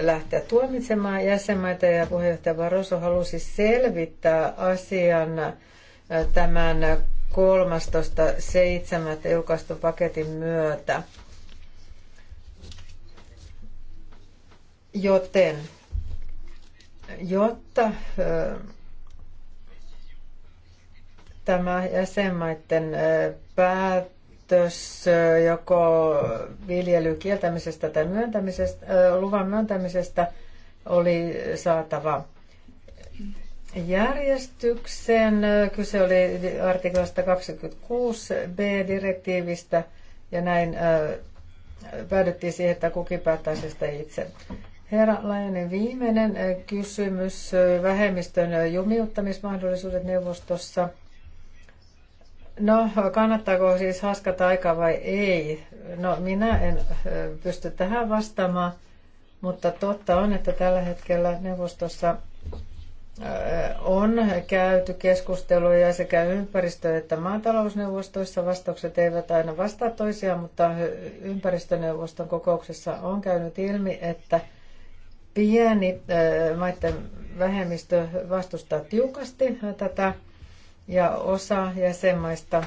lähteä tuomitsemaan jäsenmaita ja puheenjohtaja Barroso halusi selvittää asian tämän 13.7. julkaistun paketin myötä. Joten jotta tämä jäsenmaiden päätös joko viljelyn kieltämisestä tai myöntämisestä, luvan myöntämisestä oli saatava järjestyksen. Kyse oli artiklasta 26b-direktiivistä ja näin päädyttiin siihen, että kukin päättää sitä itse. Herra Lajanen, viimeinen äh, kysymys. Äh, vähemmistön äh, jumiuttamismahdollisuudet neuvostossa. No, kannattaako siis haskata aikaa vai ei? No, minä en pysty tähän vastaamaan, mutta totta on, että tällä hetkellä neuvostossa on käyty keskusteluja sekä ympäristö- että maatalousneuvostoissa. Vastaukset eivät aina vastaa toisiaan, mutta ympäristöneuvoston kokouksessa on käynyt ilmi, että – pieni äh, maiden vähemmistö vastustaa tiukasti tätä ja osa jäsenmaista,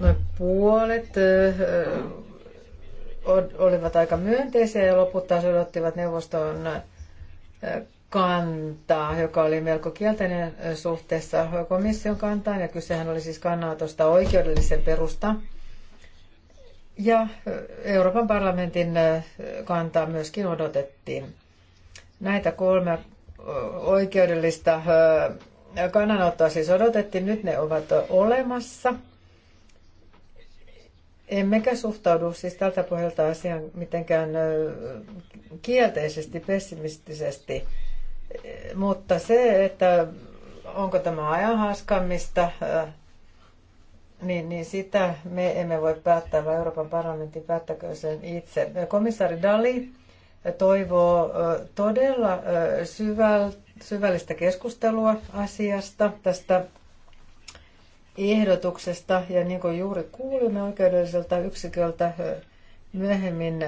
noin puolet, äh, äh, olivat aika myönteisiä ja loput taas odottivat neuvoston kantaa, joka oli melko kielteinen suhteessa komission kantaan, ja kysehän oli siis kannanotosta oikeudellisen perusta. Ja Euroopan parlamentin kantaa myöskin odotettiin. Näitä kolme oikeudellista kannanottoa siis odotettiin, nyt ne ovat olemassa. Emmekä suhtaudu siis tältä pohjalta asiaan mitenkään kielteisesti, pessimistisesti, mutta se, että onko tämä ajan haaskamista, niin, niin sitä me emme voi päättää, vaan Euroopan parlamentti päättäkö sen itse. Komissaari Dali toivoo todella syvällistä keskustelua asiasta, tästä ehdotuksesta. Ja niin kuin juuri kuulimme oikeudelliselta yksiköltä myöhemmin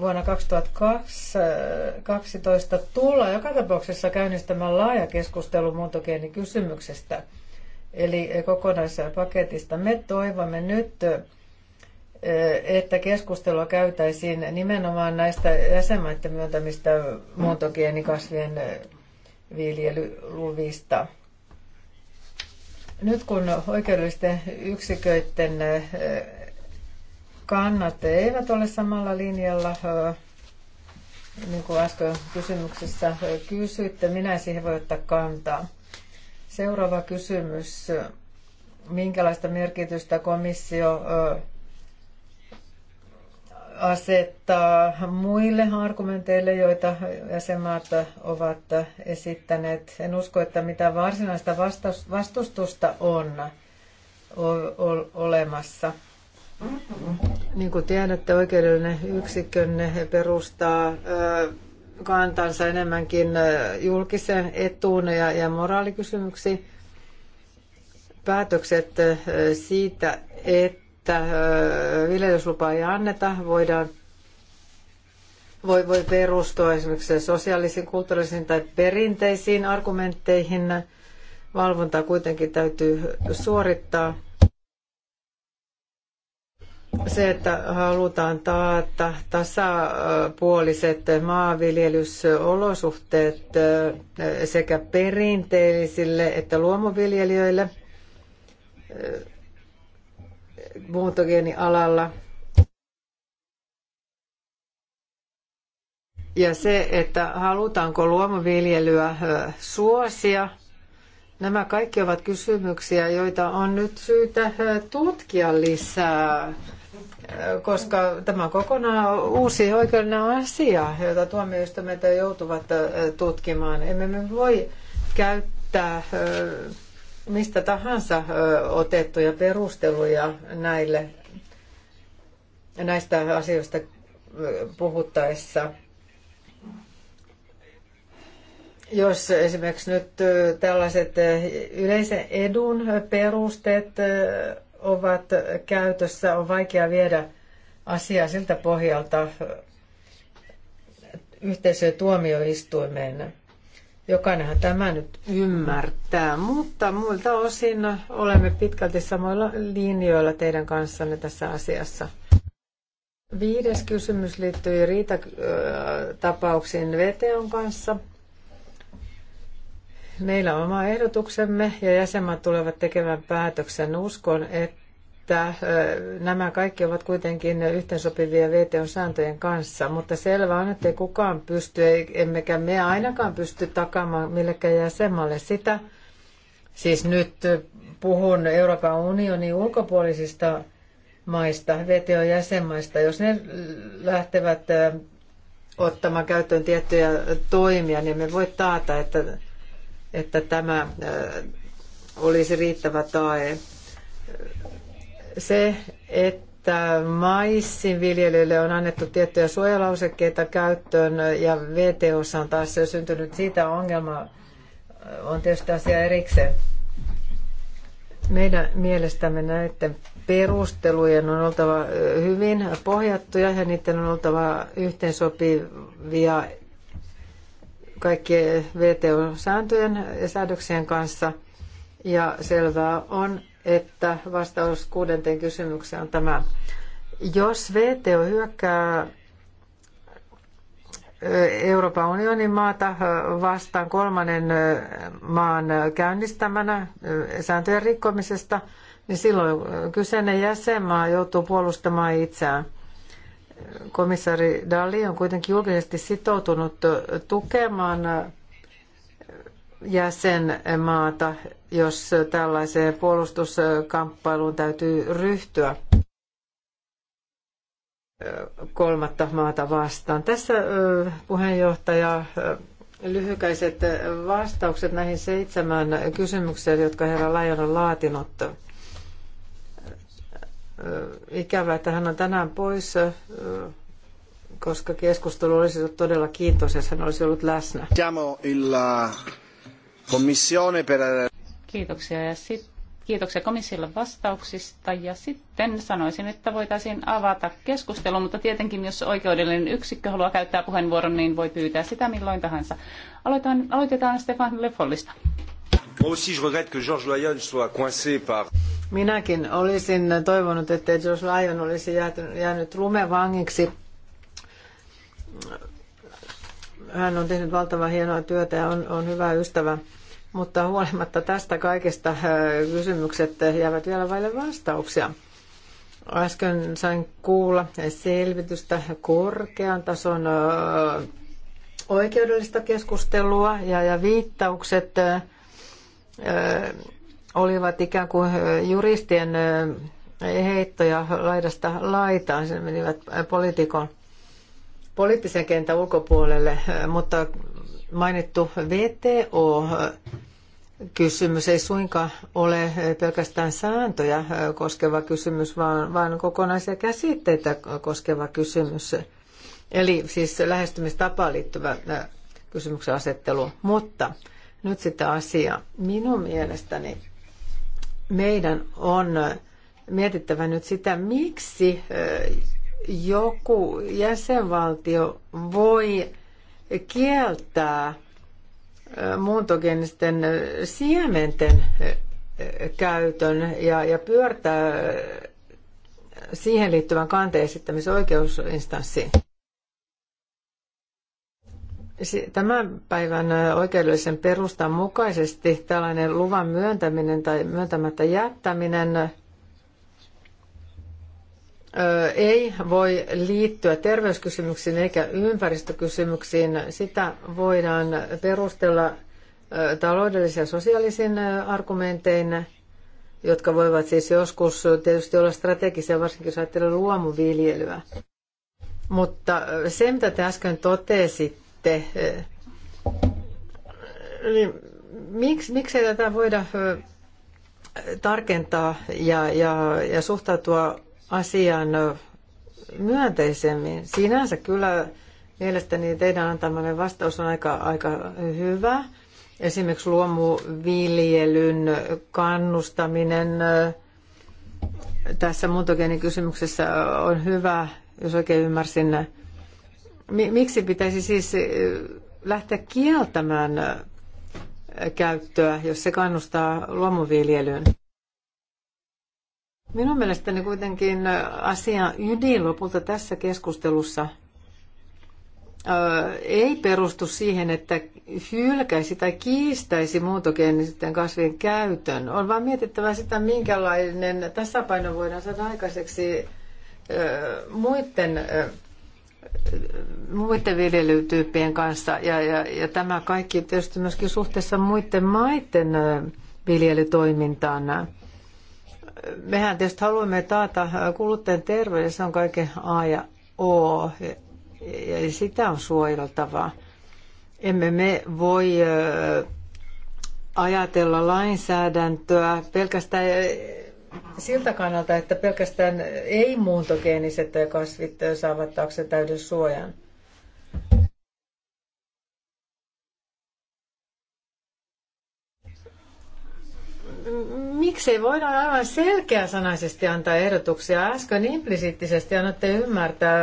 vuonna 2012 tulla joka tapauksessa käynnistämään laaja keskustelu muuntogeenikysymyksestä, eli kokonaispaketista. Me toivomme nyt että keskustelua käytäisiin nimenomaan näistä jäsenmaiden myöntämistä muuntogeenikasvien viljelyluvista. Nyt kun oikeudellisten yksiköiden kannat eivät ole samalla linjalla, niin kuin äsken kysymyksessä kysyitte, minä siihen voi ottaa kantaa. Seuraava kysymys. Minkälaista merkitystä komissio asettaa muille argumenteille, joita jäsenmaat ovat esittäneet. En usko, että mitään varsinaista vastustusta on olemassa. Niin kuin tiedätte, oikeudellinen yksikkönne perustaa kantansa enemmänkin julkisen etuun ja, ja moraalikysymyksiin. Päätökset siitä, että että viljelyslupaa ei anneta, voidaan voi, voi perustua esimerkiksi sosiaalisiin, kulttuurisiin tai perinteisiin argumentteihin. Valvontaa kuitenkin täytyy suorittaa. Se, että halutaan taata tasapuoliset maanviljelysolosuhteet sekä perinteellisille että luomuviljelijöille – muuntogeenialalla. Ja se, että halutaanko luomuviljelyä suosia, nämä kaikki ovat kysymyksiä, joita on nyt syytä tutkia lisää, koska tämä on kokonaan uusi oikeudellinen asia, jota tuomioistuimet joutuvat tutkimaan. Emme me voi käyttää mistä tahansa otettuja perusteluja näille näistä asioista puhuttaessa. Jos esimerkiksi nyt tällaiset yleisen edun perusteet ovat käytössä, on vaikea viedä asiaa siltä pohjalta yhteisötuomioistuimeen. Jokainenhan tämä nyt ymmärtää, mutta muilta osin olemme pitkälti samoilla linjoilla teidän kanssanne tässä asiassa. Viides kysymys liittyy riitatapauksiin VTOn kanssa. Meillä on oma ehdotuksemme ja jäsenmaat tulevat tekemään päätöksen. Uskon, että että nämä kaikki ovat kuitenkin yhteensopivia VTOn sääntöjen kanssa, mutta selvä on, että ei kukaan pysty, emmekä me ainakaan pysty takaamaan millekään jäsenmalle sitä. Siis nyt puhun Euroopan unionin ulkopuolisista maista, VTOn jäsenmaista, jos ne lähtevät ottamaan käyttöön tiettyjä toimia, niin me voi taata, että, että tämä olisi riittävä tae se, että maissin on annettu tiettyjä suojalausekkeita käyttöön ja VTOssa on taas syntynyt siitä ongelma, on tietysti asia erikseen. Meidän mielestämme näiden perustelujen on oltava hyvin pohjattuja ja niiden on oltava yhteensopivia kaikkien VTO-sääntöjen ja säädöksien kanssa. Ja selvää on, että vastaus kuudenteen kysymykseen on tämä. Jos VTO hyökkää Euroopan unionin maata vastaan kolmannen maan käynnistämänä sääntöjen rikkomisesta, niin silloin kyseinen jäsenmaa joutuu puolustamaan itseään. Komissaari Dali on kuitenkin julkisesti sitoutunut tukemaan jäsenmaata, jos tällaiseen puolustuskamppailuun täytyy ryhtyä kolmatta maata vastaan. Tässä puheenjohtaja lyhykäiset vastaukset näihin seitsemään kysymykseen, jotka herra Lajon on laatinut. Ikävä, että hän on tänään pois, koska keskustelu olisi ollut todella kiintoisa, jos hän olisi ollut läsnä. Siamo Illa Komissione per... Kiitoksia ja Kiitoksia komissiolle vastauksista ja sitten sanoisin, että voitaisiin avata keskustelu, mutta tietenkin jos oikeudellinen yksikkö haluaa käyttää puheenvuoron, niin voi pyytää sitä milloin tahansa. Aloitetaan, aloitetaan Stefan Leffollista. Minäkin olisin toivonut, että George Lyon olisi jäänyt lumevangiksi. Hän on tehnyt valtavan hienoa työtä ja on, on hyvä ystävä mutta huolimatta tästä kaikesta äh, kysymykset jäävät vielä vaille vastauksia. Äsken sain kuulla selvitystä korkean tason äh, oikeudellista keskustelua ja, ja viittaukset äh, olivat ikään kuin juristien heittoja laidasta laitaan. Se menivät poliitikon poliittisen kentän ulkopuolelle, mutta mainittu VTO kysymys ei suinkaan ole pelkästään sääntöjä koskeva kysymys, vaan, vaan kokonaisia käsitteitä koskeva kysymys. Eli siis lähestymistapaan liittyvä kysymyksen asettelu. Mutta nyt sitä asiaa. Minun mielestäni meidän on mietittävä nyt sitä, miksi joku jäsenvaltio voi kieltää muuntogenisten siementen käytön ja, ja pyörtää siihen liittyvän kanteen esittämisoikeusinstanssiin. Tämän päivän oikeudellisen perustan mukaisesti tällainen luvan myöntäminen tai myöntämättä jättäminen ei voi liittyä terveyskysymyksiin eikä ympäristökysymyksiin. Sitä voidaan perustella taloudellisin ja sosiaalisin argumentein, jotka voivat siis joskus tietysti olla strategisia, varsinkin jos ajattelee luomuviljelyä. Mutta se, mitä te äsken totesitte, niin miksi, miksei tätä voida tarkentaa ja, ja, ja suhtautua asiaan myönteisemmin. Sinänsä kyllä mielestäni teidän antamanne vastaus on aika, aika hyvä. Esimerkiksi luomuviljelyn kannustaminen äh, tässä muuntogeenikysymyksessä on hyvä, jos oikein ymmärsin. Miksi pitäisi siis äh, lähteä kieltämään äh, käyttöä, jos se kannustaa luomuviljelyyn? Minun mielestäni kuitenkin asia ydin lopulta tässä keskustelussa ei perustu siihen, että hylkäisi tai kiistäisi muuntogeenisten kasvien käytön. On vaan mietittävä sitä, minkälainen tasapaino voidaan saada aikaiseksi muiden, muiden viljelytyyppien kanssa. Ja, ja, ja tämä kaikki tietysti myöskin suhteessa muiden maiden viljelytoimintaan mehän tietysti haluamme taata kuluttajan terveyden, se on kaiken A ja O, eli sitä on suojeltavaa. Emme me voi ajatella lainsäädäntöä pelkästään siltä kannalta, että pelkästään ei-muuntogeeniset kasvit saavat taakse täyden suojan. miksei voida aivan selkeäsanaisesti antaa ehdotuksia. Äsken implisiittisesti annatte ymmärtää,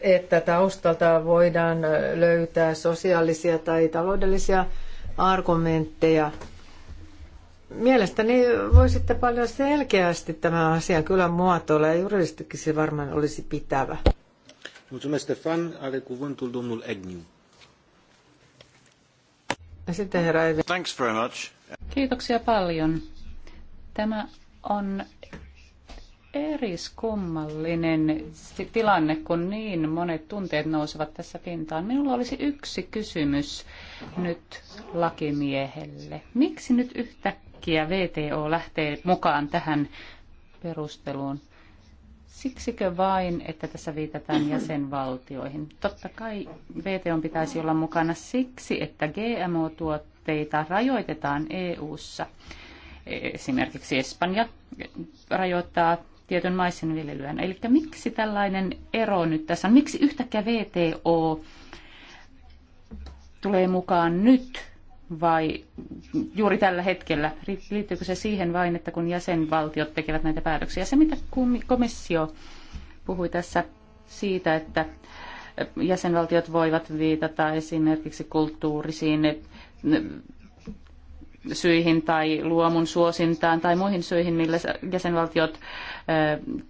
että taustalta voidaan löytää sosiaalisia tai taloudellisia argumentteja. Mielestäni voisitte paljon selkeästi tämän asian kyllä muotoilla ja juridisestikin se varmaan olisi pitävä. Mulțumesc, Stefan. Are cuvântul domnul Egniu. Sitten herra Evi. Thanks very much. Kiitoksia paljon. Tämä on eriskummallinen tilanne, kun niin monet tunteet nousevat tässä pintaan. Minulla olisi yksi kysymys nyt lakimiehelle. Miksi nyt yhtäkkiä VTO lähtee mukaan tähän perusteluun? Siksikö vain, että tässä viitataan jäsenvaltioihin? Totta kai VTO pitäisi olla mukana siksi, että GMO-tuotteita rajoitetaan EU-ssa. Esimerkiksi Espanja rajoittaa tietyn viljelyä. Eli miksi tällainen ero nyt tässä on? Miksi yhtäkkiä VTO tulee mukaan nyt vai juuri tällä hetkellä? Liittyykö se siihen vain, että kun jäsenvaltiot tekevät näitä päätöksiä? Se, mitä komissio puhui tässä siitä, että jäsenvaltiot voivat viitata esimerkiksi kulttuurisiin eh, syihin tai luomun suosintaan tai muihin syihin, millä jäsenvaltiot eh,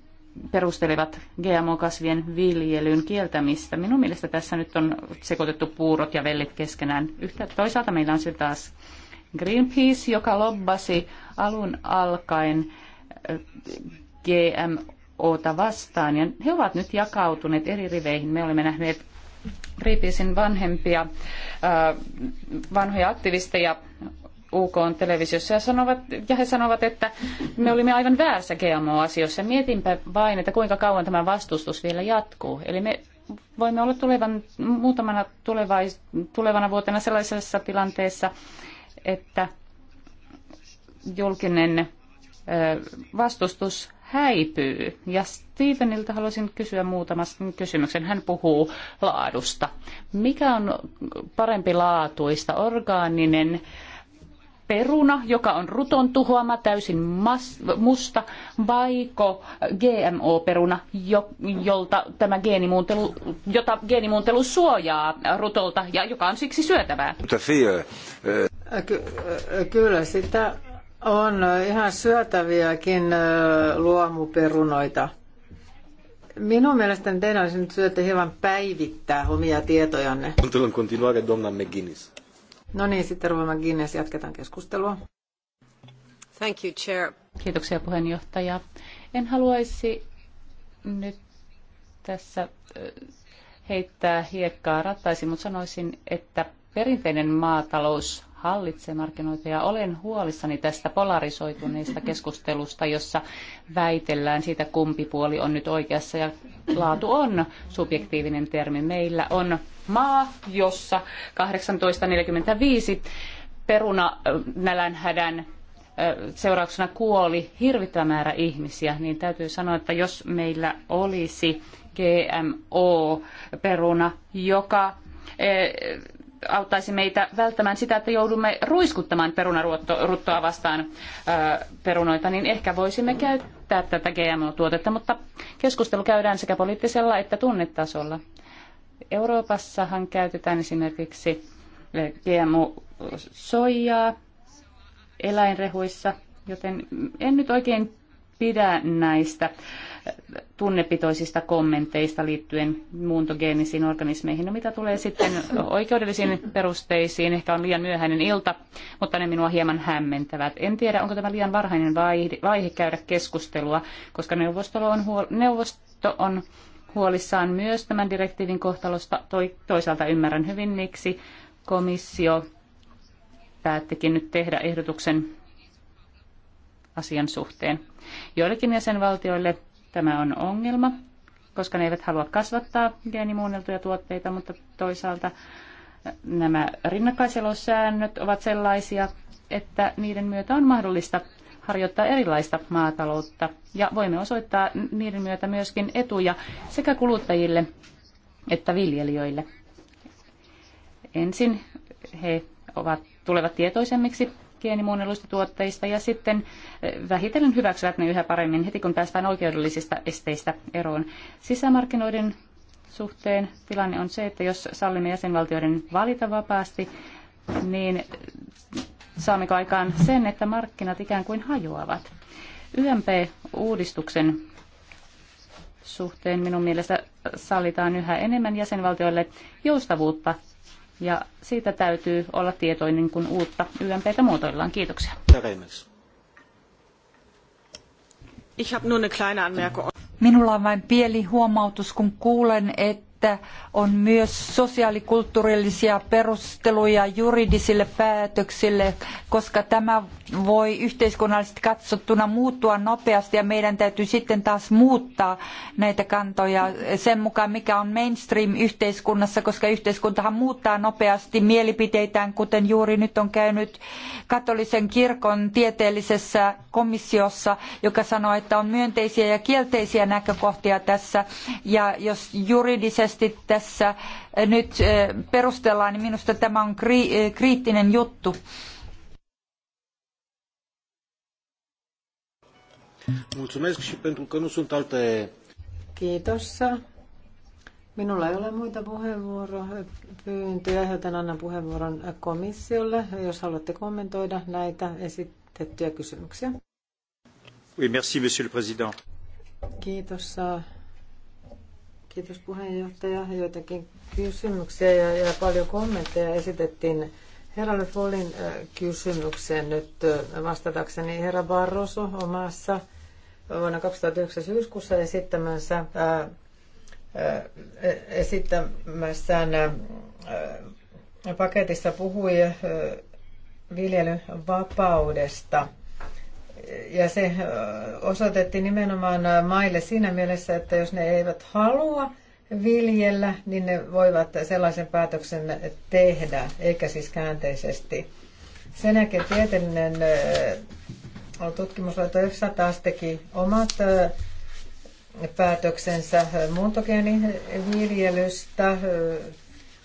perustelevat GMO-kasvien viljelyn kieltämistä. Minun mielestä tässä nyt on sekoitettu puurot ja vellit keskenään. Yhtä, toisaalta meillä on sitten taas Greenpeace, joka lobbasi alun alkaen eh, GMOta vastaan. Ja he ovat nyt jakautuneet eri riveihin. Me olemme nähneet Greenpeacein vanhempia, eh, vanhoja aktivisteja UK-televisiossa ja, sanovat, ja he sanovat, että me olimme aivan väärässä GMO-asioissa. Mietinpä vain, että kuinka kauan tämä vastustus vielä jatkuu. Eli me voimme olla tulevan, muutamana tulevais, tulevana vuotena sellaisessa tilanteessa, että julkinen vastustus häipyy. Ja Steveniltä haluaisin kysyä muutaman kysymyksen. Hän puhuu laadusta. Mikä on parempi laatuista, orgaaninen äh, peruna, joka on ruton tuhoama, täysin musta, vaiko GMO-peruna, jo, jolta tämä geenimuuntelu, jota geenimuuntelu suojaa rutolta ja joka on siksi syötävää? Eh, ky- kyllä sitä on ihan syötäviäkin luomuperunoita. Minun mielestäni teidän olisi nyt syötä hieman päivittää omia tietojanne. continuare, Donna McGuinness. No niin, sitten Ruva McGuinness, jatketaan keskustelua. Thank you, Chair. Kiitoksia puheenjohtaja. En haluaisi nyt tässä heittää hiekkaa rattaisiin, mutta sanoisin, että perinteinen maatalous hallitsee markkinoita ja olen huolissani tästä polarisoituneesta keskustelusta, jossa väitellään siitä, kumpi puoli on nyt oikeassa ja laatu on subjektiivinen termi. Meillä on maa, jossa 1845 peruna nälänhädän seurauksena kuoli hirvittävä määrä ihmisiä, niin täytyy sanoa, että jos meillä olisi GMO-peruna, joka auttaisi meitä välttämään sitä, että joudumme ruiskuttamaan perunaruttoa vastaan perunoita, niin ehkä voisimme käyttää tätä GMO-tuotetta, mutta keskustelu käydään sekä poliittisella että tunnetasolla. Euroopassahan käytetään esimerkiksi GMO-soijaa eläinrehuissa, joten en nyt oikein pidä näistä tunnepitoisista kommenteista liittyen muuntogeenisiin organismeihin. No mitä tulee sitten oikeudellisiin perusteisiin, ehkä on liian myöhäinen ilta, mutta ne minua hieman hämmentävät. En tiedä, onko tämä liian varhainen vaihe käydä keskustelua, koska neuvosto on, huol- neuvosto on huolissaan myös tämän direktiivin kohtalosta. toisaalta ymmärrän hyvin, miksi komissio päättikin nyt tehdä ehdotuksen asian suhteen. Joillekin jäsenvaltioille Tämä on ongelma, koska ne eivät halua kasvattaa geenimuunneltuja tuotteita, mutta toisaalta äh, nämä rinnakkaiselosäännöt ovat sellaisia, että niiden myötä on mahdollista harjoittaa erilaista maataloutta ja voimme osoittaa niiden myötä myöskin etuja sekä kuluttajille että viljelijöille. Ensin he ovat, tulevat tietoisemmiksi geenimuunnelluista tuotteista ja sitten eh, vähitellen hyväksyvät ne yhä paremmin heti kun päästään oikeudellisista esteistä eroon. Sisämarkkinoiden suhteen tilanne on se, että jos sallimme jäsenvaltioiden valita vapaasti, niin saammeko aikaan sen, että markkinat ikään kuin hajoavat. YMP-uudistuksen suhteen minun mielestä sallitaan yhä enemmän jäsenvaltioille joustavuutta ja siitä täytyy olla tietoinen, kun uutta YMPtä muotoillaan. Kiitoksia. Minulla on vain pieni huomautus, kun kuulen, että on myös sosiaalikulttuurillisia perusteluja juridisille päätöksille, koska tämä voi yhteiskunnallisesti katsottuna muuttua nopeasti ja meidän täytyy sitten taas muuttaa näitä kantoja sen mukaan, mikä on mainstream yhteiskunnassa, koska yhteiskuntahan muuttaa nopeasti mielipiteitään, kuten juuri nyt on käynyt katolisen kirkon tieteellisessä komissiossa, joka sanoo, että on myönteisiä ja kielteisiä näkökohtia tässä. Ja jos juridisesti tässä nyt eh, perustellaan, niin minusta tämä on eh, kriittinen juttu. Mulțumesc și pentru că nu sunt alte... Kiitos. Minulla ei ole muita puheenvuoropyyntöjä, joten annan puheenvuoron komissiolle, jos haluatte kommentoida näitä esitettyjä kysymyksiä. Oui, merci, monsieur le président. Kiitos. Kiitos puheenjohtaja. Joitakin kysymyksiä ja, ja paljon kommentteja esitettiin herra Follin äh, kysymykseen nyt äh, vastatakseni. Herra Barroso omassa vuonna 2009 syyskuussa esittämänsä, ää, esittämässään ää, paketissa puhui ää, viljelyn vapaudesta. Ja se osoitettiin nimenomaan maille siinä mielessä, että jos ne eivät halua viljellä, niin ne voivat sellaisen päätöksen tehdä, eikä siis käänteisesti. Sen jälkeen tieteellinen tutkimuslaito EFSA taas teki omat päätöksensä muuntogeeniviljelystä,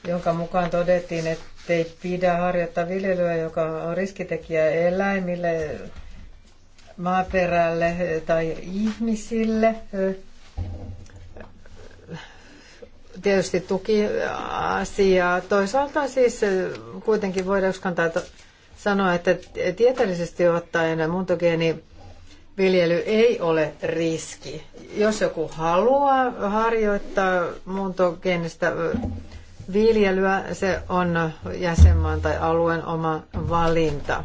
jonka mukaan todettiin, että ei pidä harjoittaa viljelyä, joka on riskitekijä eläimille, maaperälle tai ihmisille. Tietysti tuki asiaa. Toisaalta siis kuitenkin voidaan että sanoa, että tieteellisesti ottaen muuntogeeni viljely ei ole riski. Jos joku haluaa harjoittaa muuntogeenistä viljelyä, se on jäsenmaan tai alueen oma valinta.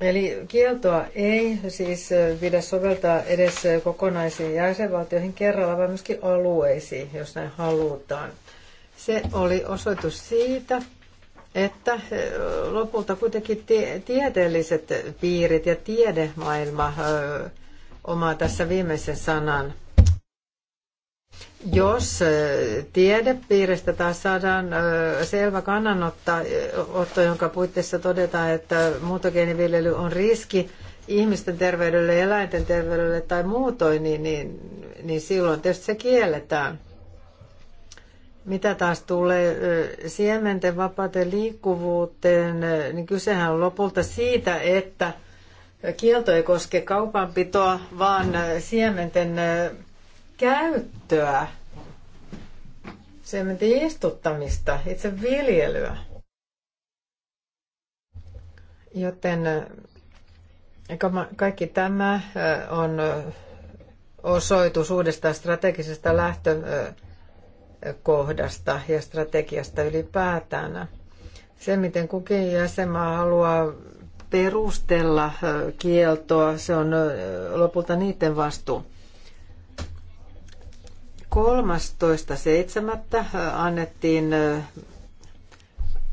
Eli kieltoa ei siis pidä soveltaa edes kokonaisiin jäsenvaltioihin kerralla, vaan myöskin alueisiin, jos näin halutaan. Se oli osoitus siitä, että eh, lopulta kuitenkin tieteelliset piirit ja tiedemaailma eh, omaa tässä viimeisen sanan. Jos eh, tiedepiiristä taas saadaan selvä kannanotto, jonka puitteissa todetaan, että muutogeeniviljely on riski ihmisten terveydelle, eläinten terveydelle tai muutoin, niin, niin, niin silloin tietysti se kielletään. Mitä taas tulee siementen vapaateen liikkuvuuteen, niin kysehän on lopulta siitä, että kielto ei koske kaupanpitoa, vaan siementen käyttöä, siementen istuttamista, itse viljelyä. Joten kaikki tämä on osoitus uudesta strategisesta lähtöä kohdasta ja strategiasta ylipäätään. Se, miten kukin jäsenmaa haluaa perustella kieltoa, se on lopulta niiden vastuu. 13.7. annettiin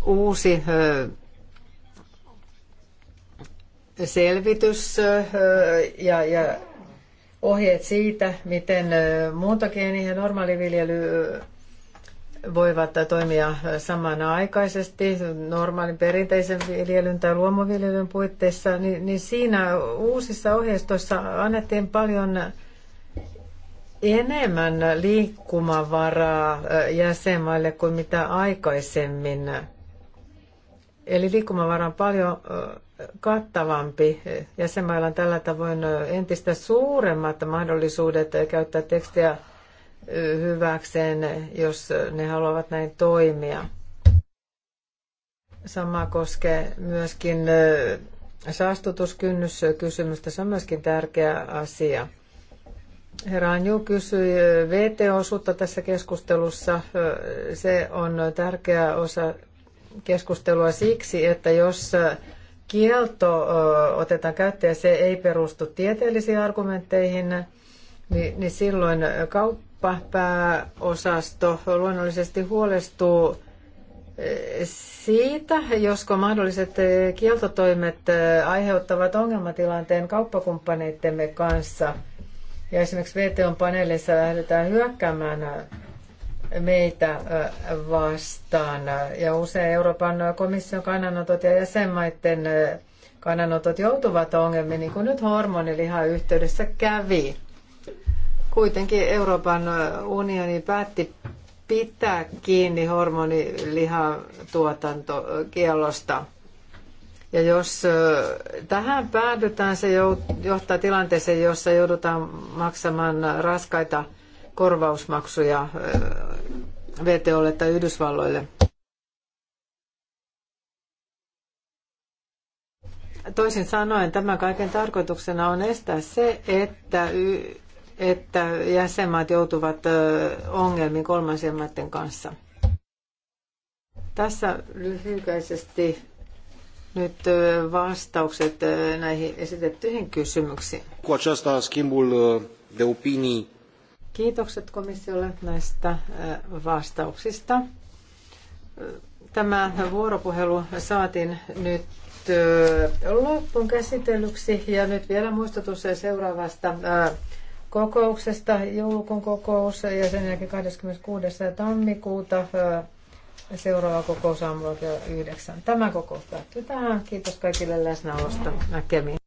uusi selvitys ja, ja ohjeet siitä, miten ja normaaliviljely voivat toimia samanaikaisesti normaalin perinteisen viljelyn tai luomuviljelyn puitteissa, niin, niin siinä uusissa ohjeistoissa annettiin paljon enemmän liikkumavaraa eh, jäsenmaille kuin mitä aikaisemmin. Eli liikkumavara on paljon eh, kattavampi. Jäsenmailla on tällä tavoin eh, entistä suuremmat mahdollisuudet käyttää tekstiä hyväkseen, jos ne haluavat näin toimia. Sama koskee myöskin saastutuskynnyskysymystä. Se on myöskin tärkeä asia. Herra Anju kysyi VT-osuutta tässä keskustelussa. Se on tärkeä osa keskustelua siksi, että jos kielto otetaan käyttöön ja se ei perustu tieteellisiin argumentteihin, niin, niin silloin kauppa pääosasto luonnollisesti huolestuu eh, siitä, josko mahdolliset eh, kieltotoimet eh, aiheuttavat ongelmatilanteen kauppakumppaneittemme kanssa. Ja esimerkiksi VTOn paneelissa lähdetään hyökkäämään meitä vastaan. Ja usein Euroopan komission kannanotot ja jäsenmaiden kannanotot joutuvat ongelmiin, niin kuin nyt hormonilihan yhteydessä kävi. Kuitenkin Euroopan unioni päätti pitää kiinni hormonilihatuotantokielosta. Ja jos tähän päädytään, se johtaa tilanteeseen, jossa joudutaan maksamaan raskaita korvausmaksuja VTOlle tai Yhdysvalloille. Toisin sanoen tämän kaiken tarkoituksena on estää se, että että jäsenmaat joutuvat ongelmiin kolmansien maiden kanssa. Tässä lyhykäisesti nyt vastaukset näihin esitettyihin kysymyksiin. de Kiitokset komissiolle näistä vastauksista. Tämä vuoropuhelu saatiin nyt loppuun käsitellyksi ja nyt vielä muistutus seuraavasta kokouksesta, joulukuun kokous ja sen jälkeen 26. tammikuuta seuraava kokous aamulla kello 9. Tämä kokous päättyy tähän. Kiitos kaikille läsnäolosta. Näkemiin.